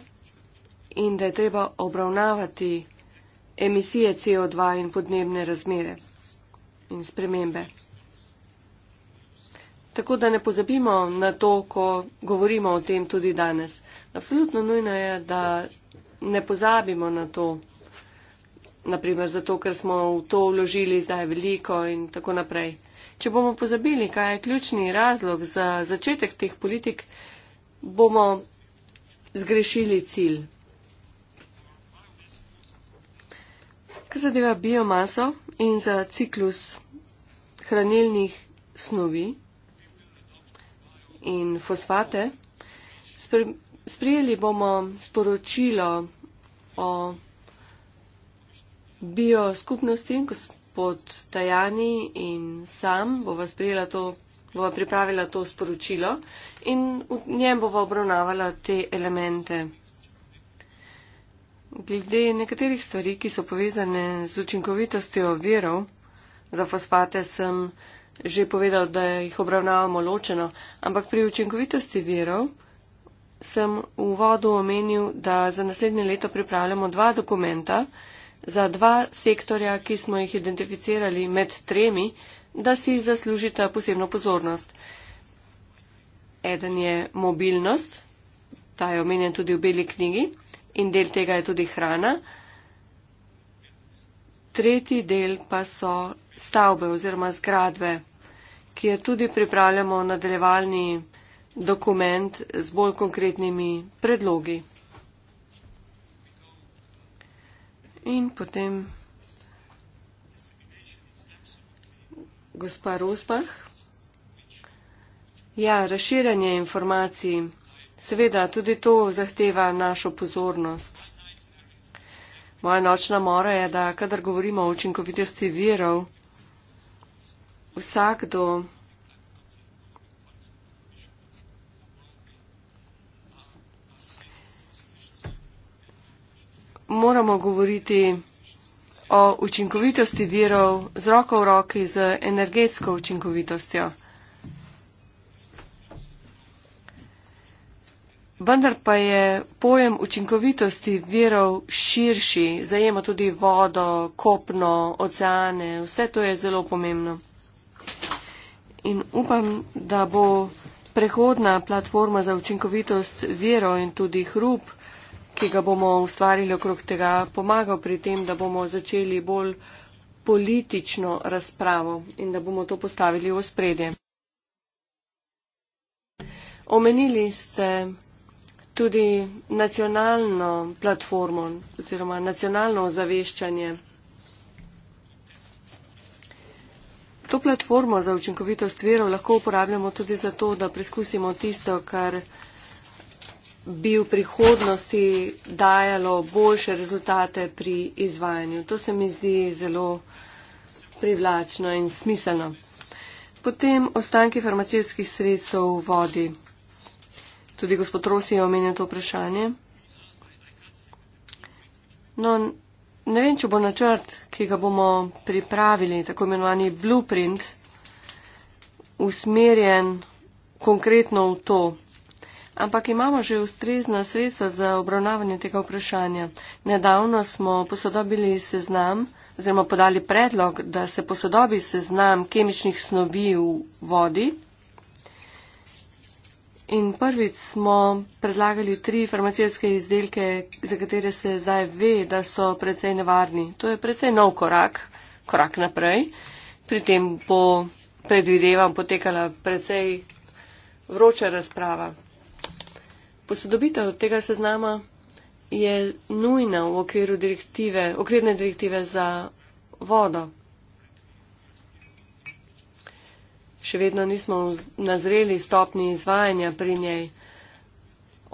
in da je treba obravnavati emisije CO2 in podnebne razmere in spremembe. Tako da ne pozabimo na to, ko govorimo o tem tudi danes. Absolutno nujno je, da ne pozabimo na to, naprimer zato, ker smo v to vložili zdaj veliko in tako naprej. Če bomo pozabili, kaj je ključni razlog za začetek teh politik, bomo zgrešili cilj. Kaj zadeva biomaso? in za ciklus hranilnih snovi in fosfate. Sprijeli bomo sporočilo o bioskupnosti, gospod Tajani in sam bova, to, bova pripravila to sporočilo in v njem bova obravnavala te elemente. Glede nekaterih stvari, ki so povezane z učinkovitostjo virov za fosfate, sem že povedal, da jih obravnavamo ločeno, ampak pri učinkovitosti virov sem v vodu omenil, da za naslednje leto pripravljamo dva dokumenta za dva sektorja, ki smo jih identificirali med tremi, da si zaslužita posebno pozornost. Eden je mobilnost, ta je omenjen tudi v beli knjigi in del tega je tudi hrana. Tretji del pa so stavbe oziroma zgradbe, kjer tudi pripravljamo nadaljevalni dokument z bolj konkretnimi predlogi. In potem gospa Rusbah. Ja, razširanje informacij. Seveda, tudi to zahteva našo pozornost. Moja nočna mora je, da kadar govorimo o učinkovitosti virov, vsakdo moramo govoriti o učinkovitosti virov z roko v roki z energetsko učinkovitostjo. Vendar pa je pojem učinkovitosti verov širši, zajema tudi vodo, kopno, oceane, vse to je zelo pomembno. In upam, da bo prehodna platforma za učinkovitost verov in tudi hrup, ki ga bomo ustvarili okrog tega, pomagal pri tem, da bomo začeli bolj politično razpravo in da bomo to postavili v spredje. Omenili ste tudi nacionalno platformo oziroma nacionalno ozaveščanje. To platformo za učinkovitost virov lahko uporabljamo tudi zato, da preskusimo tisto, kar bi v prihodnosti dajalo boljše rezultate pri izvajanju. To se mi zdi zelo privlačno in smiselno. Potem ostanki farmacijskih sredstev v vodi. Tudi gospod Rosi je omenil to vprašanje. No, ne vem, če bo načrt, ki ga bomo pripravili, tako imenovani blueprint, usmerjen konkretno v to. Ampak imamo že ustrezna sredstva za obravnavanje tega vprašanja. Nedavno smo posodobili seznam oziroma podali predlog, da se posodobi seznam kemičnih snovi v vodi. In prvič smo predlagali tri farmacijske izdelke, za katere se zdaj ve, da so precej nevarni. To je precej nov korak, korak naprej. Pri tem bo, predvidevam, potekala precej vroča razprava. Posodobitev tega seznama je nujna v okviru direktive, okvirne direktive za vodo. še vedno nismo nazreli stopni izvajanja pri njej.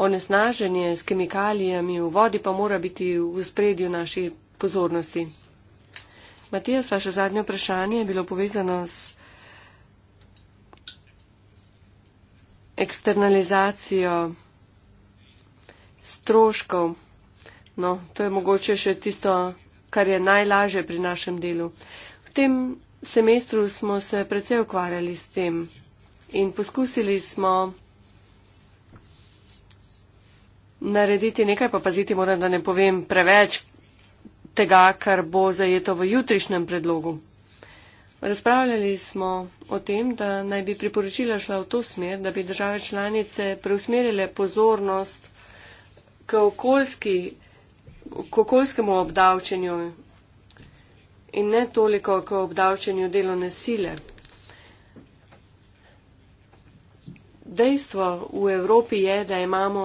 Onesnaženje s kemikalijami v vodi pa mora biti v spredju naših pozornosti. Matijas, vaše zadnje vprašanje je bilo povezano s eksternalizacijo stroškov. No, to je mogoče še tisto, kar je najlažje pri našem delu. V tem semestru smo se precej ukvarjali s tem in poskusili smo narediti nekaj, pa paziti moram, da ne povem preveč tega, kar bo zajeto v jutrišnjem predlogu. Razpravljali smo o tem, da naj bi priporočila šla v to smer, da bi države članice preusmerile pozornost k, okoljski, k okoljskemu obdavčenju in ne toliko k obdavčenju delovne sile. Dejstvo v Evropi je, da imamo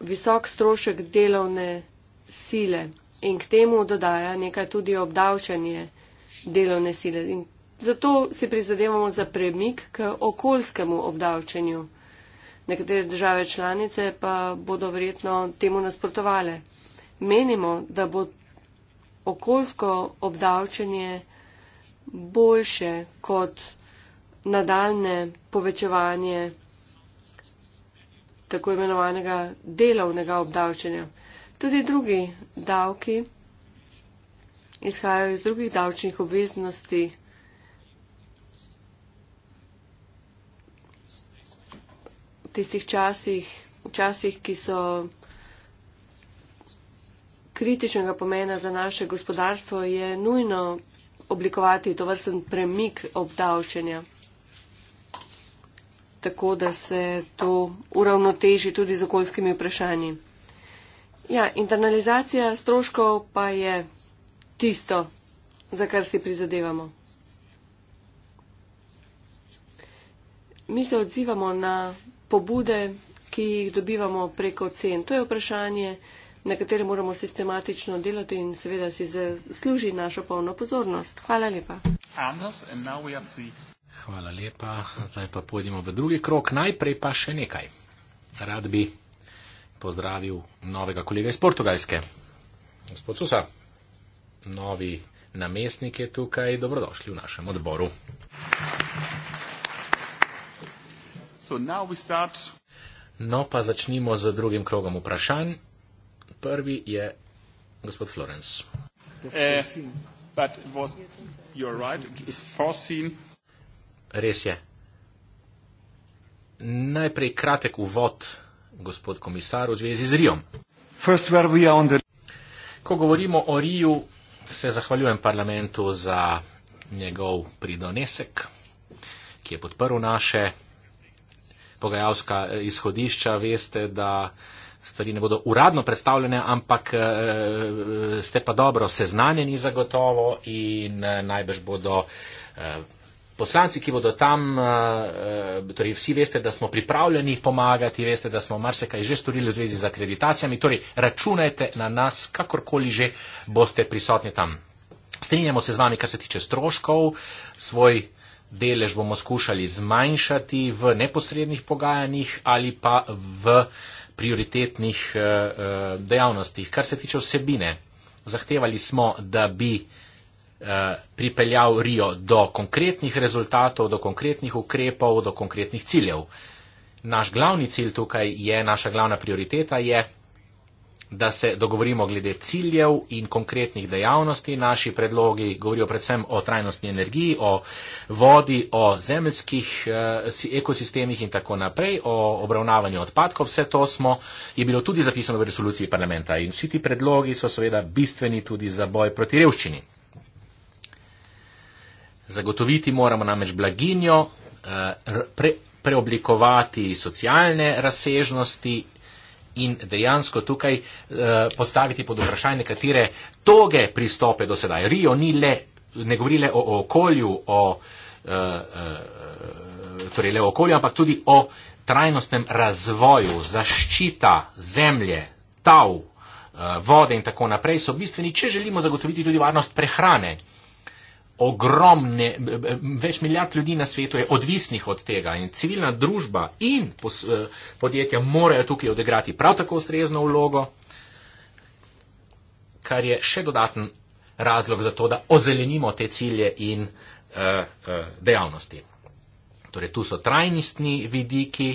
visok strošek delovne sile in k temu dodaja nekaj tudi obdavčanje delovne sile. In zato si prizadevamo za premik k okoljskemu obdavčenju. Nekatere države članice pa bodo verjetno temu nasprotovale. Menimo, da bo okoljsko obdavčenje boljše kot nadaljne povečevanje tako imenovanega delovnega obdavčenja. Tudi drugi davki izhajajo iz drugih davčnih obveznosti. V tistih časih, v časih, ki so kritičnega pomena za naše gospodarstvo, je nujno oblikovati to vrsten premik obdavčenja, tako da se to uravnoteži tudi z okoljskimi vprašanji. Ja, internalizacija stroškov pa je tisto, za kar si prizadevamo. Mi se odzivamo na pobude, ki jih dobivamo preko cen. To je vprašanje, na katerem moramo sistematično delati in seveda si zasluži našo polno pozornost. Hvala lepa. Hvala lepa. Zdaj pa pojdimo v drugi krok. Najprej pa še nekaj. Rad bi pozdravil novega kolega iz Portugalske. Gospod Susa, novi namestnik je tukaj. Dobrodošli v našem odboru. No pa začnimo z drugim krogom vprašanj. Prvi je gospod Florence. Eh, Res je. Najprej kratek uvod, gospod komisar, v zvezi z Rijom. Ko govorimo o Riju, se zahvaljujem parlamentu za njegov pridonesek, ki je podprl naše pogajalska eh, izhodišča. Veste, da stvari ne bodo uradno predstavljene, ampak eh, ste pa dobro seznanjeni zagotovo in eh, najbrž bodo eh, poslanci, ki bodo tam, torej vsi veste, da smo pripravljeni pomagati, veste, da smo marsikaj že storili v zvezi z akreditacijami, torej računajte na nas, kakorkoli že boste prisotni tam. Strinjamo se z vami, kar se tiče stroškov, svoj delež bomo skušali zmanjšati v neposrednih pogajanjih ali pa v prioritetnih eh, eh, dejavnosti. Kar se tiče vsebine, zahtevali smo, da bi eh, pripeljal Rio do konkretnih rezultatov, do konkretnih ukrepov, do konkretnih ciljev. Naš glavni cilj tukaj je, naša glavna prioriteta je da se dogovorimo glede ciljev in konkretnih dejavnosti. Naši predlogi govorijo predvsem o trajnostni energiji, o vodi, o zemljskih eh, ekosistemih in tako naprej, o obravnavanju odpadkov. Vse to smo, je bilo tudi zapisano v resoluciji parlamenta in vsi ti predlogi so seveda bistveni tudi za boj proti revščini. Zagotoviti moramo namreč blaginjo, eh, pre, preoblikovati socialne razsežnosti in dejansko tukaj eh, postaviti pod vprašaj nekatere toge pristope do sedaj. Rio ni le, ne govori le o, o okolju, o, eh, eh, torej le o okolju, ampak tudi o trajnostnem razvoju, zaščita zemlje, tav, eh, vode in tako naprej so bistveni, če želimo zagotoviti tudi varnost prehrane. Eh, ogromne, več milijard ljudi na svetu je odvisnih od tega in civilna družba in pos, eh, podjetja morajo tukaj odigrati prav tako ustrezno vlogo, kar je še dodaten razlog za to, da ozelenimo te cilje in uh, uh, dejavnosti. Torej, tu so trajnostni vidiki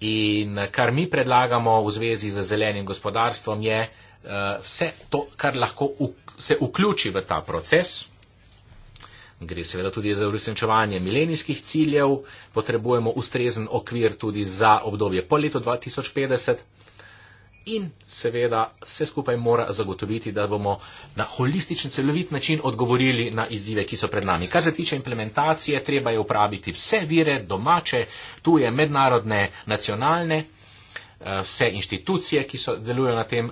in kar mi predlagamo v zvezi z zelenim gospodarstvom je uh, vse to, kar lahko ukrepimo se vključi v ta proces. Gre seveda tudi za uresničevanje milenijskih ciljev, potrebujemo ustrezen okvir tudi za obdobje po letu 2050 in seveda vse skupaj mora zagotoviti, da bomo na holističen, celovit način odgovorili na izzive, ki so pred nami. Kar se tiče implementacije, treba je upraviti vse vire, domače, tuje, mednarodne, nacionalne, eh, vse inštitucije, ki so, delujo na tem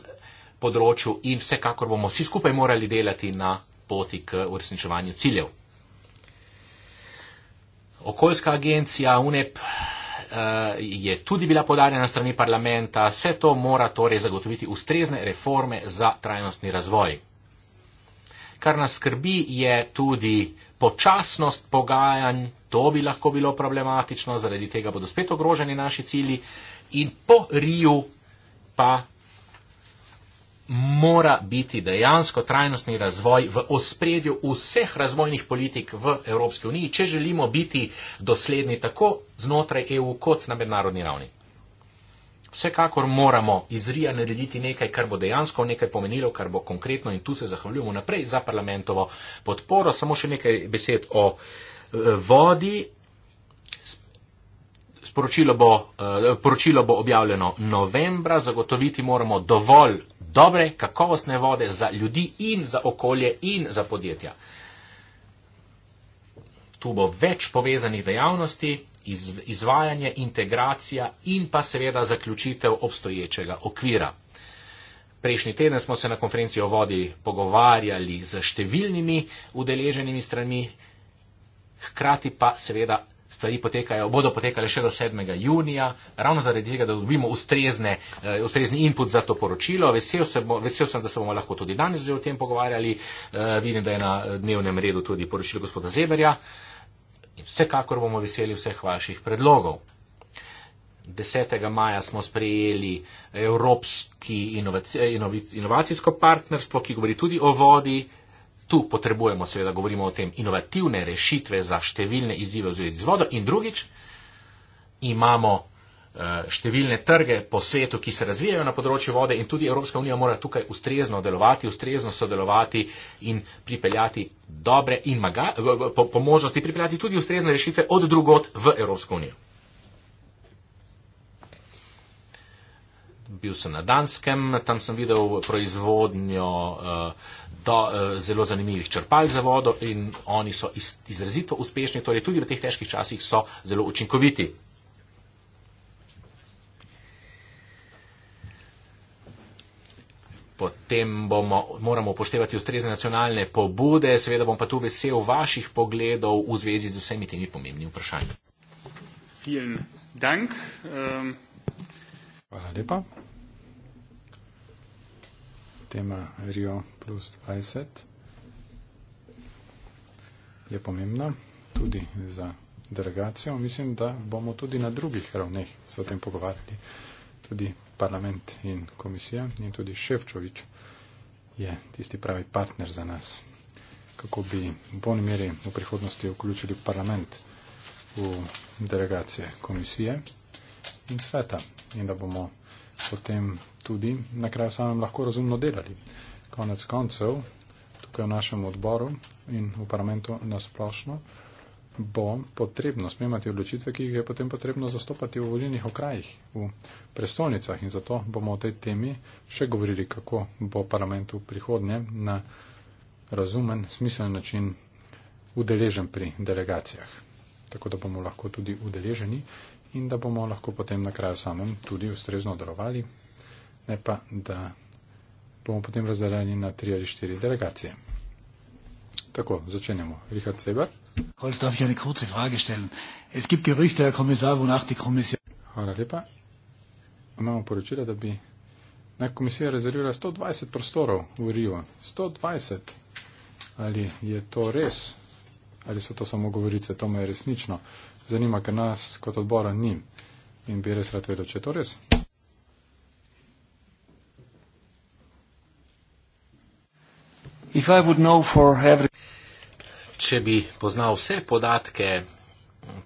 področju in vsekakor bomo vsi skupaj morali delati na poti k uresničevanju ciljev. Okoljska agencija UNEP eh, je tudi bila podarjena strani parlamenta, vse to mora torej zagotoviti ustrezne reforme za trajnostni razvoj. Kar nas skrbi je tudi počasnost pogajanj, to bi lahko bilo problematično, zaradi tega bodo spet ogroženi naši cili in po Riju pa mora biti dejansko trajnostni razvoj v ospredju vseh razvojnih politik v Evropski uniji, če želimo biti dosledni tako znotraj EU kot na mednarodni ravni. Vsekakor moramo iz Rija narediti nekaj, kar bo dejansko nekaj pomenilo, kar bo konkretno in tu se zahvaljujemo naprej za parlamentovo podporo. Samo še nekaj besed o e, vodi. Sporočilo bo, e, poročilo bo objavljeno novembra. Zagotoviti moramo dovolj dobre, kakovostne vode za ljudi in za okolje in za podjetja. Tu bo več povezanih dejavnosti, izvajanje, integracija in pa seveda zaključitev obstoječega okvira. Prejšnji teden smo se na konferenci o vodi pogovarjali z številnimi udeleženimi stranmi, hkrati pa seveda stvari potekajo, bodo potekale še do 7. junija, ravno zaradi tega, da dobimo ustrezne, uh, ustrezni input za to poročilo. Vesel, se bo, vesel sem, da se bomo lahko tudi danes o tem pogovarjali. Uh, vidim, da je na eh, dnevnem redu tudi poročilo gospoda Zeberja. In vsekakor bomo veseli vseh vaših predlogov. 10. maja smo sprejeli Evropski inovacijsko partnerstvo, ki govori tudi o vodi, Tu potrebujemo, seveda govorimo o tem, inovativne rešitve za številne izzive v zvezi z vodo in drugič imamo eh, številne trge po svetu, ki se razvijajo na področju vode in tudi Evropska unija mora tukaj ustrezno delovati, ustrezno sodelovati in pripeljati dobre in maga, po, po možnosti pripeljati tudi ustrezne rešitve od drugot v Evropsko unijo. Bil sem na Danskem, tam sem videl proizvodnjo uh, do eh, zelo zanimivih črpalj za vodo in oni so iz, izrazito uspešni, torej tudi v teh težkih časih so zelo učinkoviti. Potem bomo, moramo upoštevati ustrezne nacionalne pobude, seveda bom pa tu vesel vaših pogledov v zvezi z vsemi temi pomembnimi vprašanji. Vielen Dank. Ähm. Hvala lepa tema Rio plus 20 je pomembna tudi za delegacijo. Mislim, da bomo tudi na drugih ravneh se o tem pogovarjali. Tudi parlament in komisija in tudi Ševčovič je tisti pravi partner za nas, kako bi v bolj meri v prihodnosti vključili parlament v delegacije komisije in sveta in da bomo potem tudi na kraju samem lahko razumno delali. Konec koncev, tukaj v našem odboru in v parlamentu nasplošno bo potrebno spremati odločitve, ki jih je potem potrebno zastopati v voljenih okrajih, v prestolnicah. In zato bomo o tej temi še govorili, kako bo parlament v prihodnje na razumen, smiselen način udeležen pri delegacijah. Tako da bomo lahko tudi udeleženi in da bomo lahko potem na kraju samem tudi ustrezno delovali, ne pa, da bomo potem razdeljeni na tri ali štiri delegacije. Tako, začenjamo. Richard Seber. Hvala lepa. Imamo poročilo, da bi na komisijo rezervirala 120 prostorov v Rio. 120. Ali je to res? Ali so to samo govorice? To me je resnično zanima, ker nas kot odbora ni in bi res rad vedel, če je to res. Every... Če bi poznal vse podatke,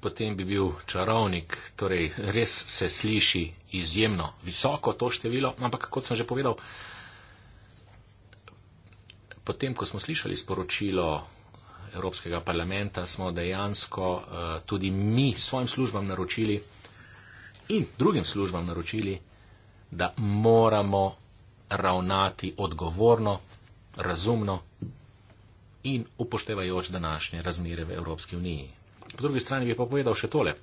potem bi bil čarovnik, torej res se sliši izjemno visoko to število, ampak kot sem že povedal, potem, ko smo slišali sporočilo Evropskega parlamenta smo dejansko eh, tudi mi svojim službam naročili in drugim službam naročili, da moramo ravnati odgovorno, razumno in upoštevajoč današnje razmere v Evropski uniji. Po drugi strani bi pa povedal še tole.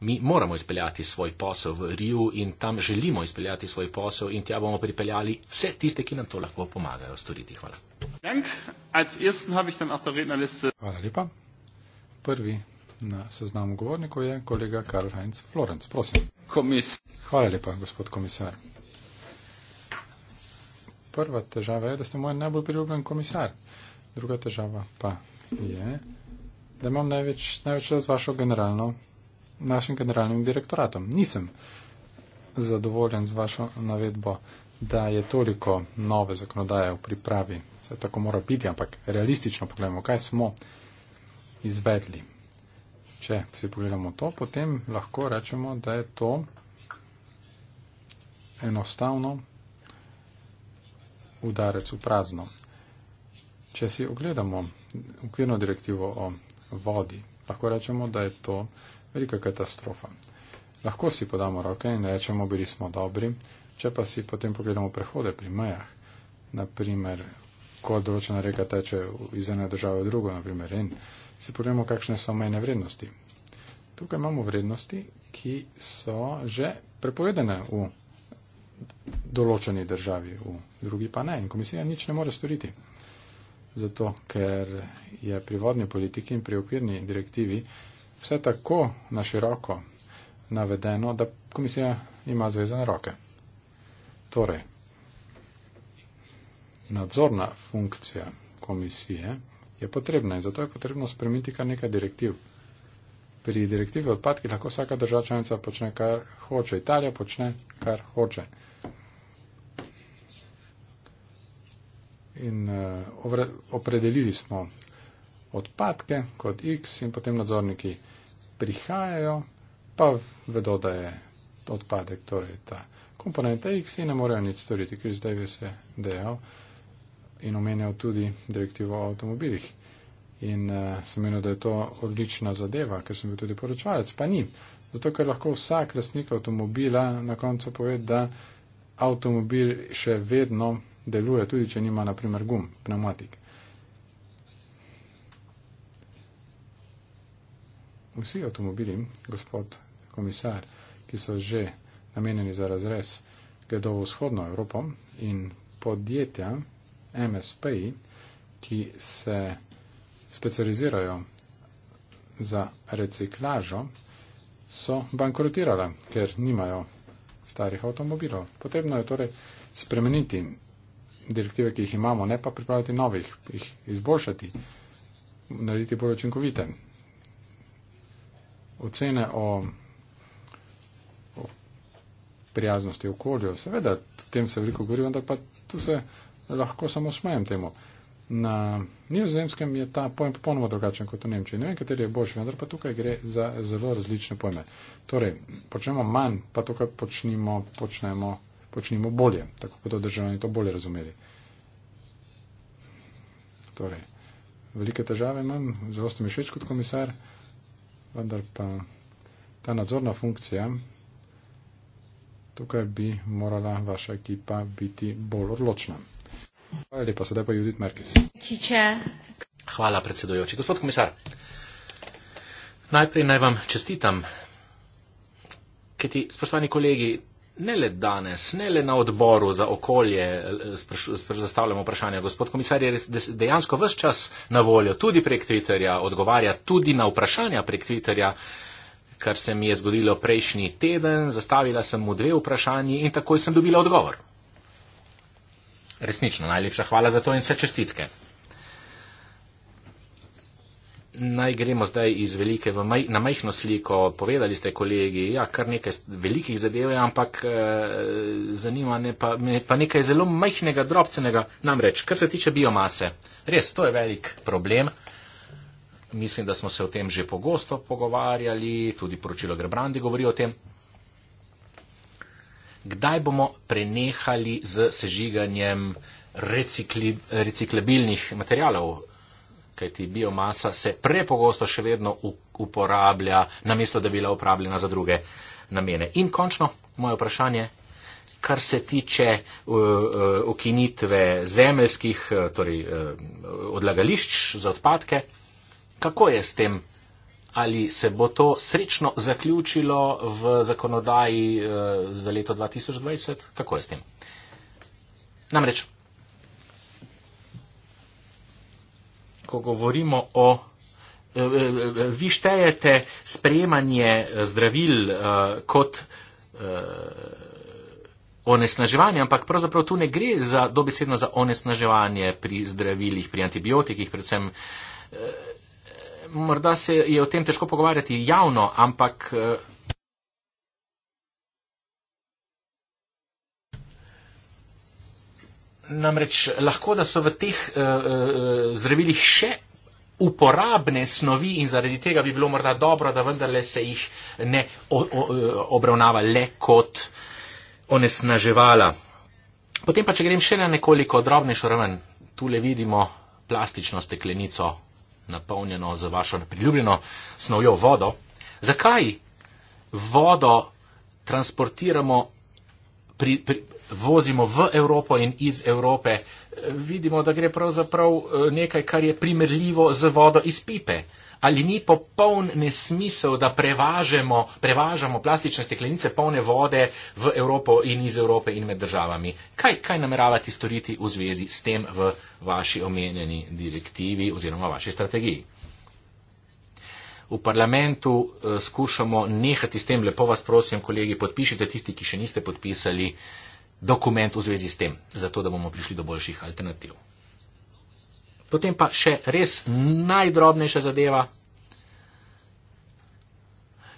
Mi moramo izpeljati svoj posel v Riju in tam želimo izpeljati svoj posel in tja bomo pripeljali vse tiste, ki nam to lahko pomagajo storiti. Hvala. Hvala lepa. Prvi na seznamu govornikov je kolega Karl Heinz Florenc. Prosim. Komis. Hvala lepa, gospod komisar. Prva težava je, da ste moj najbolj priljubljen komisar. Druga težava pa je, da imam največ, največ z vašo generalno našim generalnim direktoratom. Nisem zadovoljen z vašo navedbo, da je toliko nove zakonodaje v pripravi. Se tako mora biti, ampak realistično pogledamo, kaj smo izvedli. Če si pogledamo to, potem lahko rečemo, da je to enostavno udarec v prazno. Če si ogledamo ukvirno direktivo o vodi, lahko rečemo, da je to velika katastrofa. Lahko si podamo roke in rečemo, bili smo dobri, če pa si potem pogledamo prehode pri mejah, naprimer, ko določena reka teče iz ene države v drugo, naprimer, in si pogledamo, kakšne so mejne vrednosti. Tukaj imamo vrednosti, ki so že prepovedene v določeni državi, v drugi pa ne in komisija nič ne more storiti. Zato, ker je pri vodni politiki in pri okvirni direktivi vse tako na široko navedeno, da komisija ima zvezane roke. Torej, nadzorna funkcija komisije je potrebna in zato je potrebno spremeniti kar nekaj direktiv. Pri direktivi odpadki lahko vsaka država članica počne, kar hoče. Italija počne, kar hoče. In uh, opredelili smo odpadke kot x in potem nadzorniki prihajajo, pa vedo, da je odpadek, torej ta komponenta x in ne morejo nič storiti, ker zdaj bi se dejal in omenjal tudi direktivo o avtomobilih. In uh, sem menil, da je to odlična zadeva, ker sem bil tudi poročevalec, pa ni. Zato, ker lahko vsak lastnik avtomobila na koncu pove, da avtomobil še vedno deluje, tudi če nima, naprimer, gum, pneumatik. vsi avtomobili, gospod komisar, ki so že namenjeni za razrez, gredo v vzhodno Evropo in podjetja MSP, ki se specializirajo za reciklažo, so bankrotirala, ker nimajo starih avtomobilov. Potrebno je torej spremeniti direktive, ki jih imamo, ne pa pripraviti novih, jih izboljšati, narediti bolj učinkovite ocene o, o prijaznosti okolju. Seveda, o tem se veliko govori, ampak tu se lahko samo smajem temu. Na nizozemskem je ta pojem popolnoma drugačen kot v Nemčiji. Ne vem, kateri je boljši, vendar pa tukaj gre za zelo različne pojme. Torej, počnemo manj, pa tukaj počnimo, počnemo, počnimo bolje, tako kot državljani to bolje razumeli. Torej, velike težave imam, zelo ste mi všeč kot komisar. Uh, vendar pa ta nadzorna funkcija, tukaj bi morala vaša ekipa biti bolj odločna. Hvala lepa, sedaj pa Judith Merkis. Hvala, predsedujoči. Gospod komisar, najprej naj vam čestitam, kajti, spoštovani kolegi, ne le danes, ne le na odboru za okolje, eh, zastavljamo vprašanje. Gospod komisar je dejansko vse čas na voljo, tudi prek Twitterja, odgovarja tudi na vprašanja prek Twitterja, kar se mi je zgodilo prejšnji teden. Zastavila sem mu dve vprašanji in takoj sem dobila odgovor. Resnično, najlepša hvala za to in vse čestitke. Naj gremo zdaj iz velike maj, na majhno sliko. Povedali ste, kolegi, ja, kar nekaj velikih zadev je, ampak eh, zanima me pa, pa nekaj zelo majhnega, drobcenega. Namreč, kar se tiče biomase, res, to je velik problem. Mislim, da smo se o tem že pogosto pogovarjali, tudi poročilo Grebrandi govori o tem. Kdaj bomo prenehali z sežiganjem recikli, reciklabilnih materialov, kajti biomasa se prepogosto še vedno uporablja, namesto da bi bila uporabljena za druge namene. In končno moje vprašanje, kar se tiče uh, uh, ukinitve zemeljskih uh, torej, odlagališč za odpadke, kako je s tem? Ali se bo to srečno zaključilo v zakonodaji za leto 2020? Kako je s tem? Namreč ko govorimo o. E, e, e, vi štejete sprejemanje zdravil kot onesnaževanje, ampak pravzaprav tu ne gre za dobesedno za onesnaževanje pri zdravilih, pri antibiotikih predvsem. Morda se je o tem težko pogovarjati javno, ampak namreč lahko, da so v teh uh, zdravilih še uporabne snovi in zaradi tega bi bilo morda dobro, da vendarle se jih ne o, o, eh, obravnava le kot onesnaževala. Potem pa, če grem še na nekoliko drobnejšo raven, tule vidimo plastično steklenico, napolnjeno z vašo priljubljeno snovjo vodo. Zakaj vodo transportiramo pri, pri, vozimo v Evropo in iz Evrope, eh, vidimo, da gre pravzaprav eh, nekaj, kar je primerljivo z vodo iz pipe. Ali ni popoln nesmisel, da prevažamo, prevažamo plastične steklenice polne vode v Evropo in iz Evrope in med državami? Kaj, kaj nameravati storiti v zvezi s tem v vaši omenjeni direktivi oziroma vaši strategiji? V parlamentu eh, skušamo nehati s tem, lepo vas prosim, kolegi, podpišite tisti, ki še niste podpisali dokument v zvezi s tem, zato da bomo prišli do boljših alternativ. Potem pa še res najdrobnejša zadeva,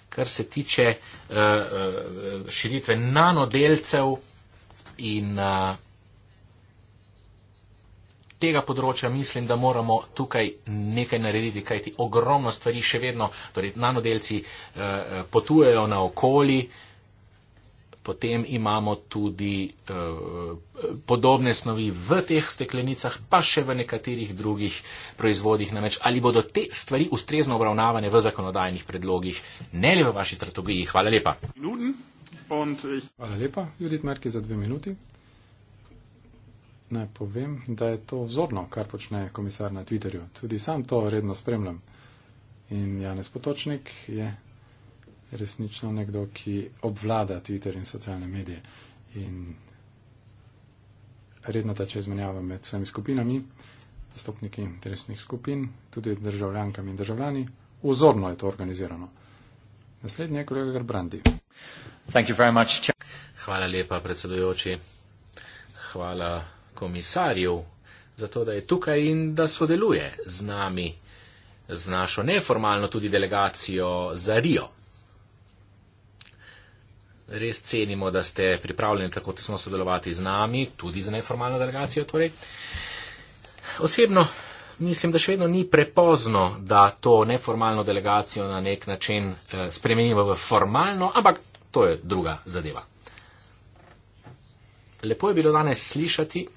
kar se tiče uh, uh, širitve nanodelcev in uh, tega področja mislim, da moramo tukaj nekaj narediti, kajti ogromno stvari še vedno, torej nanodelci uh, potujejo na okoli, uh, potem imamo tudi eh, podobne snovi v teh steklenicah, pa še v nekaterih drugih proizvodih. Namreč, ali bodo te stvari ustrezno obravnavane v zakonodajnih predlogih, ne le v vaši strategiji. Hvala lepa. Hvala lepa, Judith Merki, za dve minuti. Naj povem, da je to vzorno, kar počne komisar na Twitterju. Tudi sam to redno spremljam. In Janez Potočnik je resnično nekdo, ki obvlada Twitter in socialne medije in redno teče izmenjava med vsemi skupinami, zastopniki interesnih skupin, tudi državljankami in državljani. Vzorno je to organizirano. Naslednji je kolega Garbrandi. Hvala lepa, predsedujoči. Hvala komisarju za to, da je tukaj in da sodeluje z nami, z našo neformalno tudi delegacijo za Rio res cenimo, da ste pripravljeni tako tesno sodelovati z nami, tudi za neformalno delegacijo. Torej. Osebno mislim, da še vedno ni prepozno, da to neformalno delegacijo na nek način eh, spremenimo v formalno, ampak to je druga zadeva. Lepo je bilo danes slišati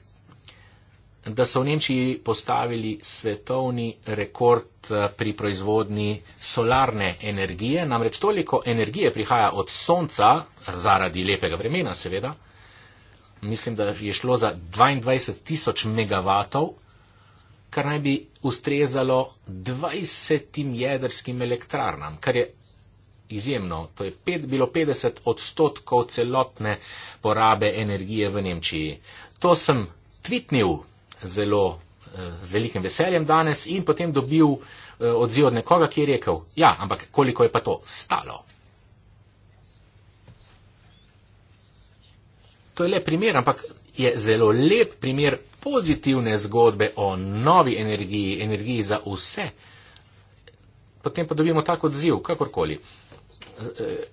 da so v Nemčiji postavili svetovni rekord eh, pri proizvodni solarne energije. Namreč toliko energije prihaja od sonca, zaradi lepega vremena seveda, mislim, da je šlo za 22 tisoč megavatov, kar naj bi ustrezalo 20 jedrskim elektrarnam, kar je izjemno. To je pet, bilo 50 odstotkov celotne porabe energije v Nemčiji. To sem tvitnil zelo, eh, z velikim veseljem danes in potem dobil eh, odziv od nekoga, ki je rekel, ja, ampak koliko je pa to stalo? To je le primer, ampak je zelo lep primer pozitivne zgodbe o novi energiji, energiji za vse. Potem pa dobimo tak odziv, kakorkoli. Eh,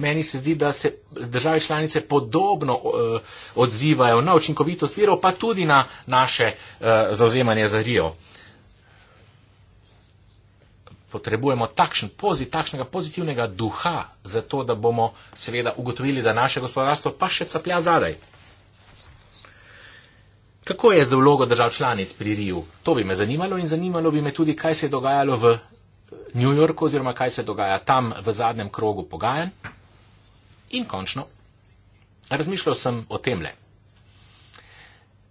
meni se zdi, da se države članice podobno eh, odzivajo na učinkovitost virov, pa tudi na naše eh, zauzemanje za Rijo. Potrebujemo takšen, pozi, takšnega pozitivnega duha, zato da bomo seveda ugotovili, da naše gospodarstvo pa še caplja zadaj. Kako je z vlogo držav članic pri Riju? To bi me zanimalo in zanimalo bi me tudi, kaj se je dogajalo v New Yorku oziroma kaj se dogaja tam v zadnjem krogu pogajanj. In končno, razmišljal sem o tem le.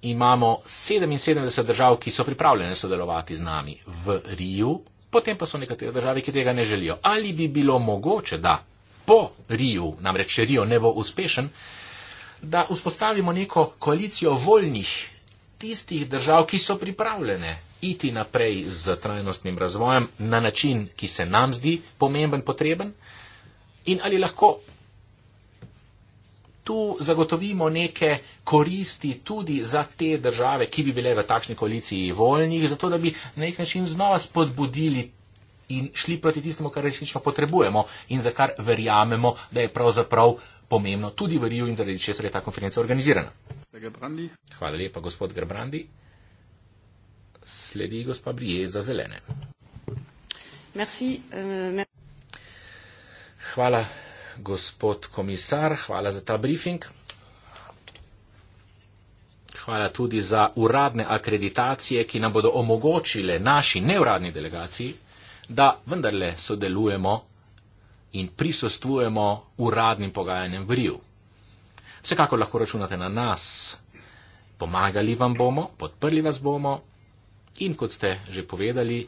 Imamo 77 držav, ki so pripravljene sodelovati z nami v Riju, potem pa so nekatere države, ki tega ne želijo. Ali bi bilo mogoče, da po Riju, namreč če Rio ne bo uspešen, da vzpostavimo neko koalicijo voljnih tistih držav, ki so pripravljene iti naprej z trajnostnim razvojem na način, ki se nam zdi pomemben, potreben in ali lahko tu zagotovimo neke koristi tudi za te države, ki bi bile v takšni koaliciji voljnih, zato da bi na nek način znova spodbudili in šli proti tistemu, kar resnično potrebujemo in za kar verjamemo, da je pravzaprav pomembno tudi v Riju in zaradi česar je ta konferenca organizirana. Hvala lepa, gospod Grbrandi. Sledi gospa Brije za zelene. Merci, uh, mer hvala, gospod komisar, hvala za ta briefing. Hvala tudi za uradne akreditacije, ki nam bodo omogočile naši neuradni delegaciji, da vendarle sodelujemo in prisostvujemo uradnim pogajanjem v Riju. Vsekakor lahko računate na nas, pomagali vam bomo, podprli vas bomo. In kot ste že povedali, eh,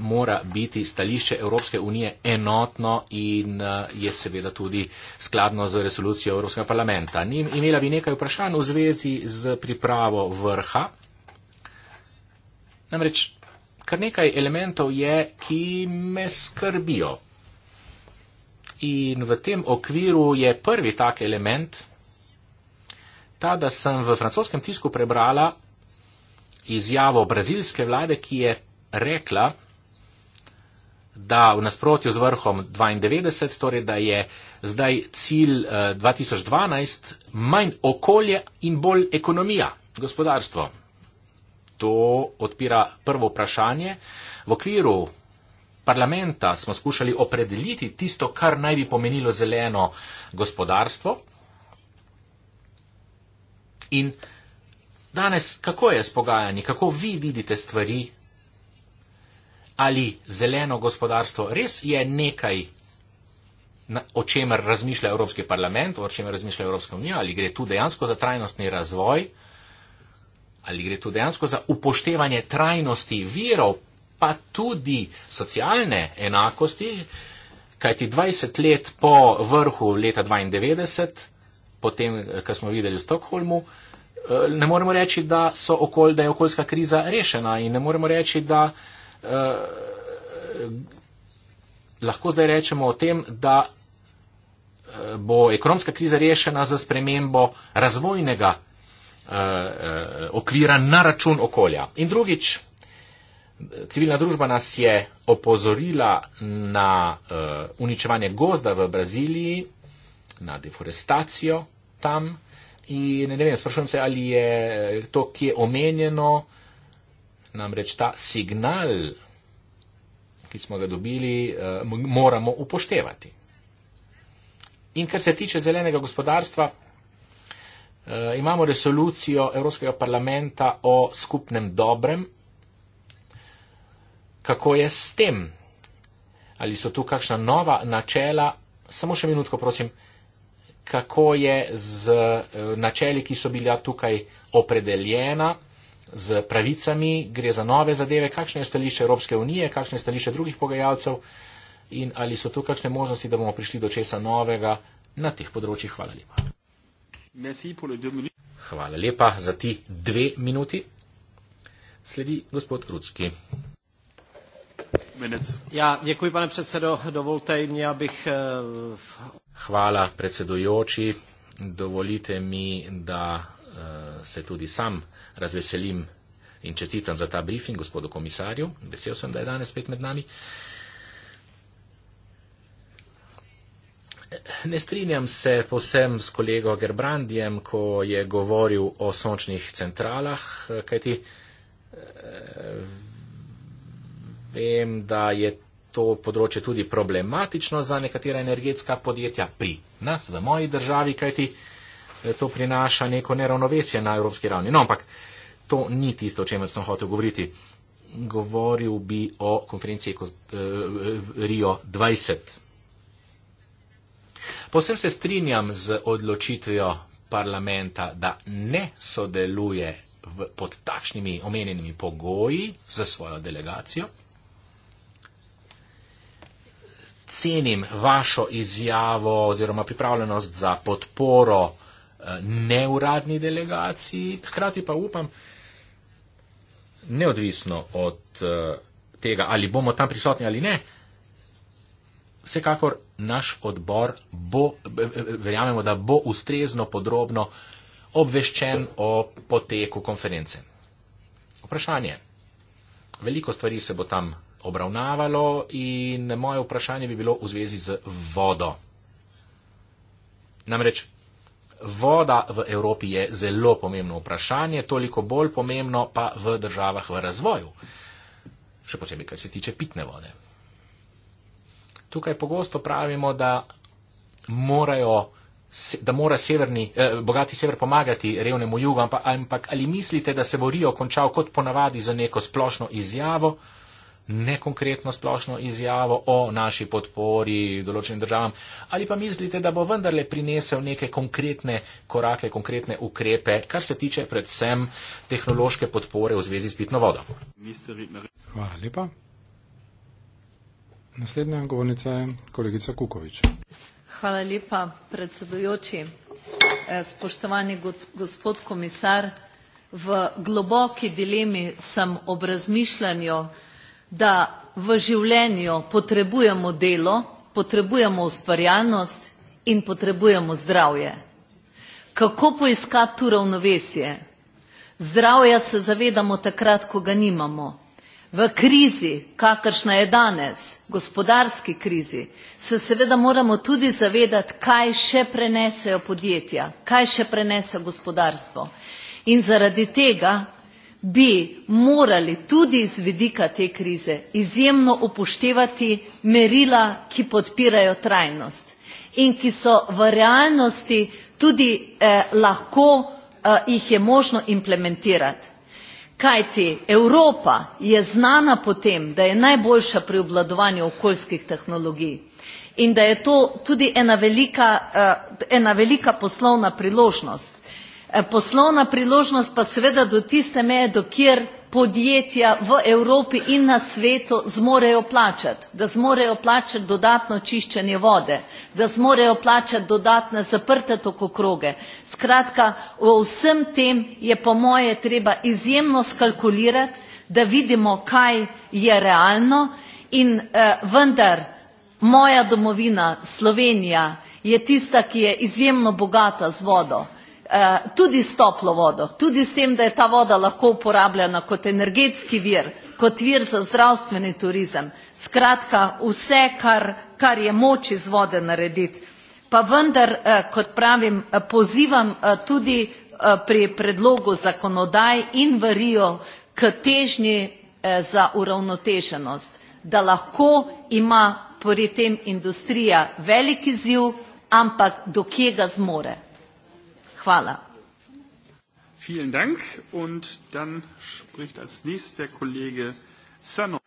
mora biti stališče Evropske unije enotno in eh, je seveda tudi skladno z resolucijo Evropskega parlamenta. Nim imela bi nekaj vprašanj v zvezi z pripravo vrha. Namreč, kar nekaj elementov je, ki me skrbijo. In v tem okviru je prvi tak element ta, da sem v francoskem tisku prebrala, izjavo brazilske vlade, ki je rekla, da v nasprotju z vrhom 92, torej da je zdaj cilj 2012 eh, manj okolje in bolj ekonomija, gospodarstvo. To odpira prvo vprašanje. V okviru parlamenta smo skušali opredeliti tisto, kar naj bi pomenilo zeleno gospodarstvo. In Danes, kako je s pogajanji, kako vi vidite stvari? Ali zeleno gospodarstvo res je nekaj, o čemer razmišlja Evropski parlament, o čemer razmišlja Evropska unija, ali gre tu dejansko za trajnostni razvoj, ali gre tu dejansko za upoštevanje trajnosti virov, pa tudi socialne enakosti, kajti 20 let po vrhu leta 1992, potem, eh, kar smo videli v Stokholmu, Eh, ne moremo reči, da, okolj, da je okoljska kriza rešena in ne moremo reči, da eh, lahko zdaj rečemo o tem, da eh, bo ekonomska kriza rešena za spremembo razvojnega eh, eh okvira na račun okolja. In drugič, civilna družba nas je opozorila na eh, uničevanje gozda v Braziliji, na deforestacijo tam. In ne vem, sprašujem se, ali je to, ki je omenjeno, namreč ta signal, ki smo ga dobili, eh, moramo upoštevati. In kar se tiče zelenega gospodarstva, eh, imamo resolucijo Evropskega parlamenta o skupnem dobrem. Kako je s tem? Ali so tu kakšna nova načela? Samo še minutko, prosim kako je z eh, načeli, ki so bila tukaj opredeljena, z pravicami, gre za nove zadeve, kakšno je stališče Evropske unije, kakšno je stališče drugih pogajalcev in ali so tu kakšne možnosti, da bomo prišli do česa novega na teh področjih. Hvala lepa. Hvala lepa za ti dve minuti. Sledi gospod Rudski. Ja, děkuji, pane předsedo. Dovolte mi, abych eh, Hvala, predsedujoči. Dovolite mi, da eh, se tudi sam razveselim in čestitam za ta briefing gospodu komisarju. Vesel sem, da je danes spet med nami. Ne strinjam se posem s kolego Gerbrandijem, ko je govoril o sončnih centralah, kajti eh, vem, da je to področje tudi problematično za nekatera energetska podjetja pri nas, v moji državi, kajti eh, to prinaša neko neravnovesje na evropski ravni. No, ampak to ni tisto, o čemer sem hotel govoriti. Govoril bi o konferenci eh, Rio 20. Posebno se strinjam z odločitvijo parlamenta, da ne sodeluje v, pod takšnimi omenjenimi pogoji za svojo delegacijo. cenim vašo izjavo oziroma pripravljenost za podporo eh, neuradni delegaciji, hkrati pa upam, neodvisno od eh, tega, ali bomo tam prisotni ali ne, vsekakor naš odbor bo, eh, verjamemo, da bo ustrezno podrobno obveščen o poteku konference. Vprašanje. Veliko stvari se bo tam obravnavalo in moje vprašanje bi bilo v zvezi z vodo. Namreč voda v Evropi je zelo pomembno vprašanje, toliko bolj pomembno pa v državah v razvoju, še posebej, kar se tiče pitne vode. Tukaj pogosto pravimo, da, morajo, da mora severni, eh, bogati sever pomagati revnemu jugu, ampak, ampak ali mislite, da se bo Rio končal kot ponavadi za neko splošno izjavo? nekonkretno splošno izjavo o naši podpori določenim državam, ali pa mislite, da bo vendarle prinesel neke konkretne korake, konkretne ukrepe, kar se tiče predvsem tehnološke podpore v zvezi s pitno vodo. Hvala lepa. Naslednja govornica je kolegica Kukovič. Hvala lepa, predsedujoči. Eh, spoštovani gospod komisar, v globoki dilemi sem ob razmišljanju, da v življenju potrebujemo delo, potrebujemo ustvarjalnost in potrebujemo zdravje. Kako poiskati tu ravnovesje? Zdravja se zavedamo takrat, ko ga nimamo. V krizi, kakršna je danes, gospodarski krizi, se seveda moramo tudi zavedati, kaj še prenesejo podjetja, kaj še prenese gospodarstvo. In zaradi tega bi morali tudi z vidika te krize izjemno upoštevati merila, ki podpirajo trajnost in ki so v realnosti tudi eh, lahko eh, jih je možno implementirati. Kajti Evropa je znana po tem, da je najboljša pri obvladovanju okoljskih tehnologij in da je to tudi ena velika, eh, ena velika poslovna priložnost. Eh, poslovna priložnost pa seveda do tiste meje, do kjer podjetja v Evropi in na svetu zmorejo plačati, da zmorejo plačati dodatno čiščenje vode, da zmorejo plačati dodatne zaprte tokokroge. Skratka, v vsem tem je po moje treba izjemno skalkulirati, da vidimo, kaj je realno in eh, vendar moja domovina Slovenija je tista, ki je izjemno bogata z vodo. Eh, tudi s toplo vodo, tudi s tem, da je ta voda lahko uporabljena kot energetski vir, kot vir za zdravstveni turizem. Skratka, vse, kar, kar je moč iz vode narediti. Pa vendar, eh, kot pravim, eh, pozivam tudi pri predlogu zakonodaj in varijo k težnji za uravnoteženost, da lahko ima pri tem industrija velik izziv, ampak do kje ga zmore. Hvala.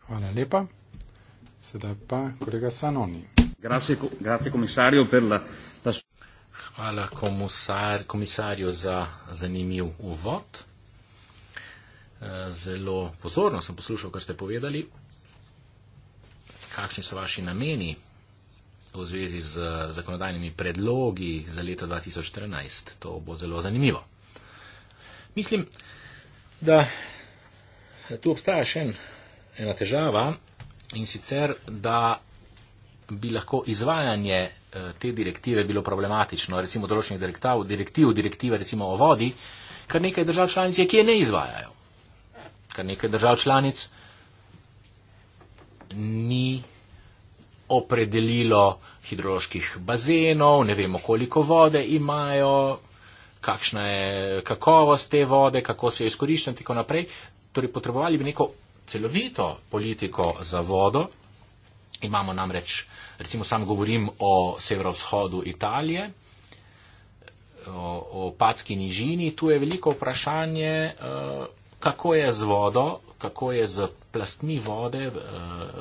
Hvala lepa. Sedaj pa kolega Sanoni. Hvala komusar, komisarju za zanimiv uvod. Eh, zelo pozorno sem poslušal, kar ste povedali. Kakšni so vaši nameni v zvezi z eh, zakonodajnimi predlogi za leto 2014. To bo zelo zanimivo. Mislim, da tu obstaja še en, ena težava in sicer, da bi lahko izvajanje eh, te direktive bilo problematično, recimo določenih direktav, direktiv, direktive recimo o vodi, kar nekaj držav članic je, ki je ne izvajajo. Kar nekaj držav članic ni opredelilo hidroloških bazenov, ne vemo, koliko vode imajo, kakšna je kakovost te vode, kako se jo izkorišča in tako naprej. Torej, potrebovali bi neko celovito politiko za vodo. Imamo namreč, recimo sam govorim o severovzhodu Italije, o, o Patski nižini, tu je veliko vprašanje, eh, kako je z vodo, kako je z plastmi vode eh,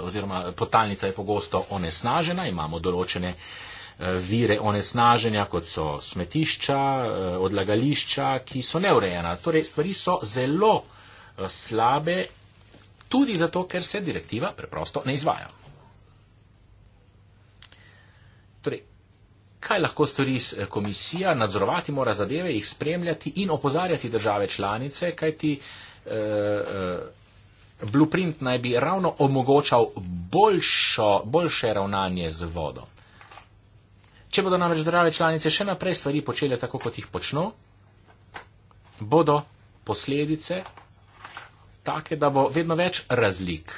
oziroma potalnica je pogosto onesnažena, imamo določene eh, vire onesnaženja, kot so smetišča, eh, odlagališča, ki so neurejena. Torej, stvari so zelo slabe, tudi zato, ker se direktiva preprosto ne izvaja. Torej, kaj lahko stori komisija? Nadzorovati mora zadeve, jih spremljati in opozarjati države članice, kajti eh, eh, Blueprint naj bi ravno omogočal boljšo, boljše ravnanje z vodo. Če bodo namreč države članice še naprej stvari počele tako, kot jih počno, bodo posledice take, da bo vedno več razlik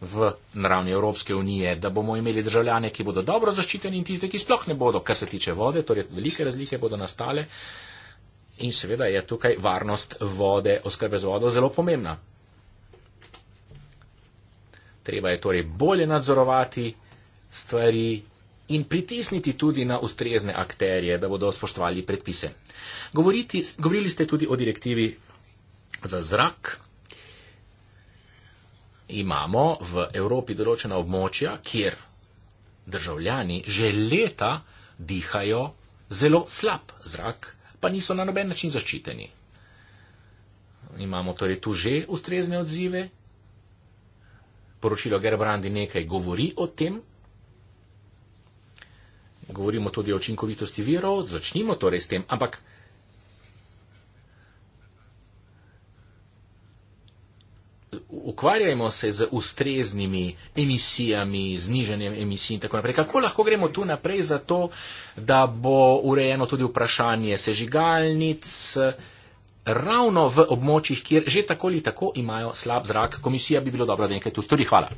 v naravni Evropske unije, da bomo imeli državljane, ki bodo dobro zaščiteni in tiste, ki sploh ne bodo, kar se tiče vode, torej velike razlike bodo nastale in seveda je tukaj varnost vode, oskrbe z vodo zelo pomembna. Treba je torej bolje nadzorovati stvari in pritisniti tudi na ustrezne akterje, da bodo spoštovali predpise. Govoriti, govorili ste tudi o direktivi za zrak. Imamo v Evropi določena območja, kjer državljani že leta dihajo zelo slab zrak, pa niso na noben način zaščiteni. Imamo torej tu že ustrezne odzive poročilo Gerbrandi nekaj govori o tem. Govorimo tudi o učinkovitosti virov, začnimo torej s tem, ampak ukvarjajmo se z ustreznimi emisijami, zniženjem emisij in tako naprej. Kako lahko gremo tu naprej za to, da bo urejeno tudi vprašanje sežigalnic? ravno v območjih, kjer že tako ali tako imajo slab zrak. Komisija bi bilo dobro, da nekaj tu stori. Hvala.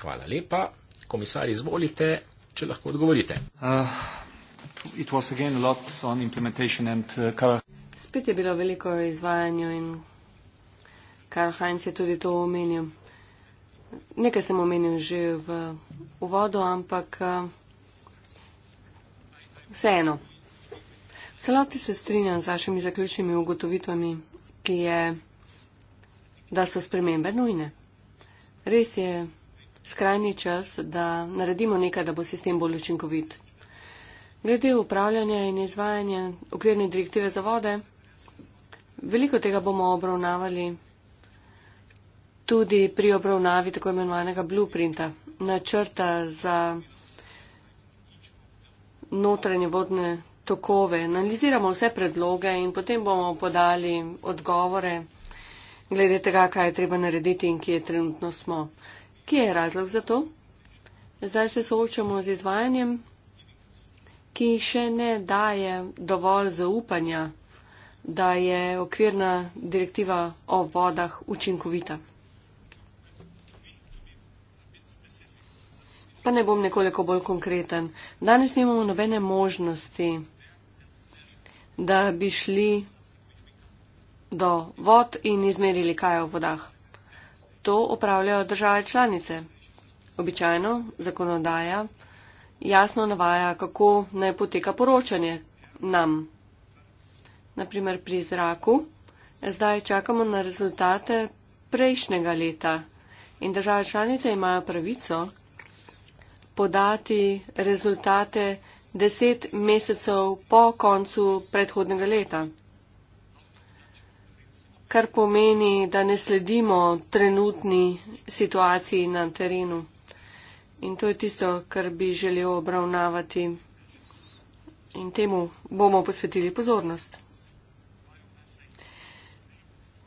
Hvala lepa. Komisar, izvolite, če lahko odgovorite. Uh, uh, Spet je bilo veliko izvajanja in Karl Heinz je tudi to omenil. Nekaj sem omenil že v uvodu, ampak uh, vseeno. Celoti se strinjam z vašimi zaključnimi ugotovitvami, ki je, da so spremembe nujne. Res je skrajni čas, da naredimo nekaj, da bo sistem bolj učinkovit. Glede upravljanja in izvajanja okvirne direktive za vode, veliko tega bomo obravnavali tudi pri obravnavi tako imenovanega blueprinta, načrta za notranje vodne tokove, analiziramo vse predloge in potem bomo podali odgovore glede tega, kaj je treba narediti in kje trenutno smo. Kje je razlog za to? Zdaj se soočamo z izvajanjem, ki še ne daje dovolj zaupanja, da je okvirna direktiva o vodah učinkovita. Pa ne bom nekoliko bolj konkreten. Danes nimamo nobene možnosti da bi šli do vod in izmerili, kaj je v vodah. To opravljajo države članice. Običajno zakonodaja jasno navaja, kako naj poteka poročanje nam. Naprimer pri zraku. Zdaj čakamo na rezultate prejšnjega leta in države članice imajo pravico podati rezultate deset mesecev po koncu predhodnega leta. Kar pomeni, da ne sledimo trenutni situaciji na terenu. In to je tisto, kar bi želel obravnavati. In temu bomo posvetili pozornost.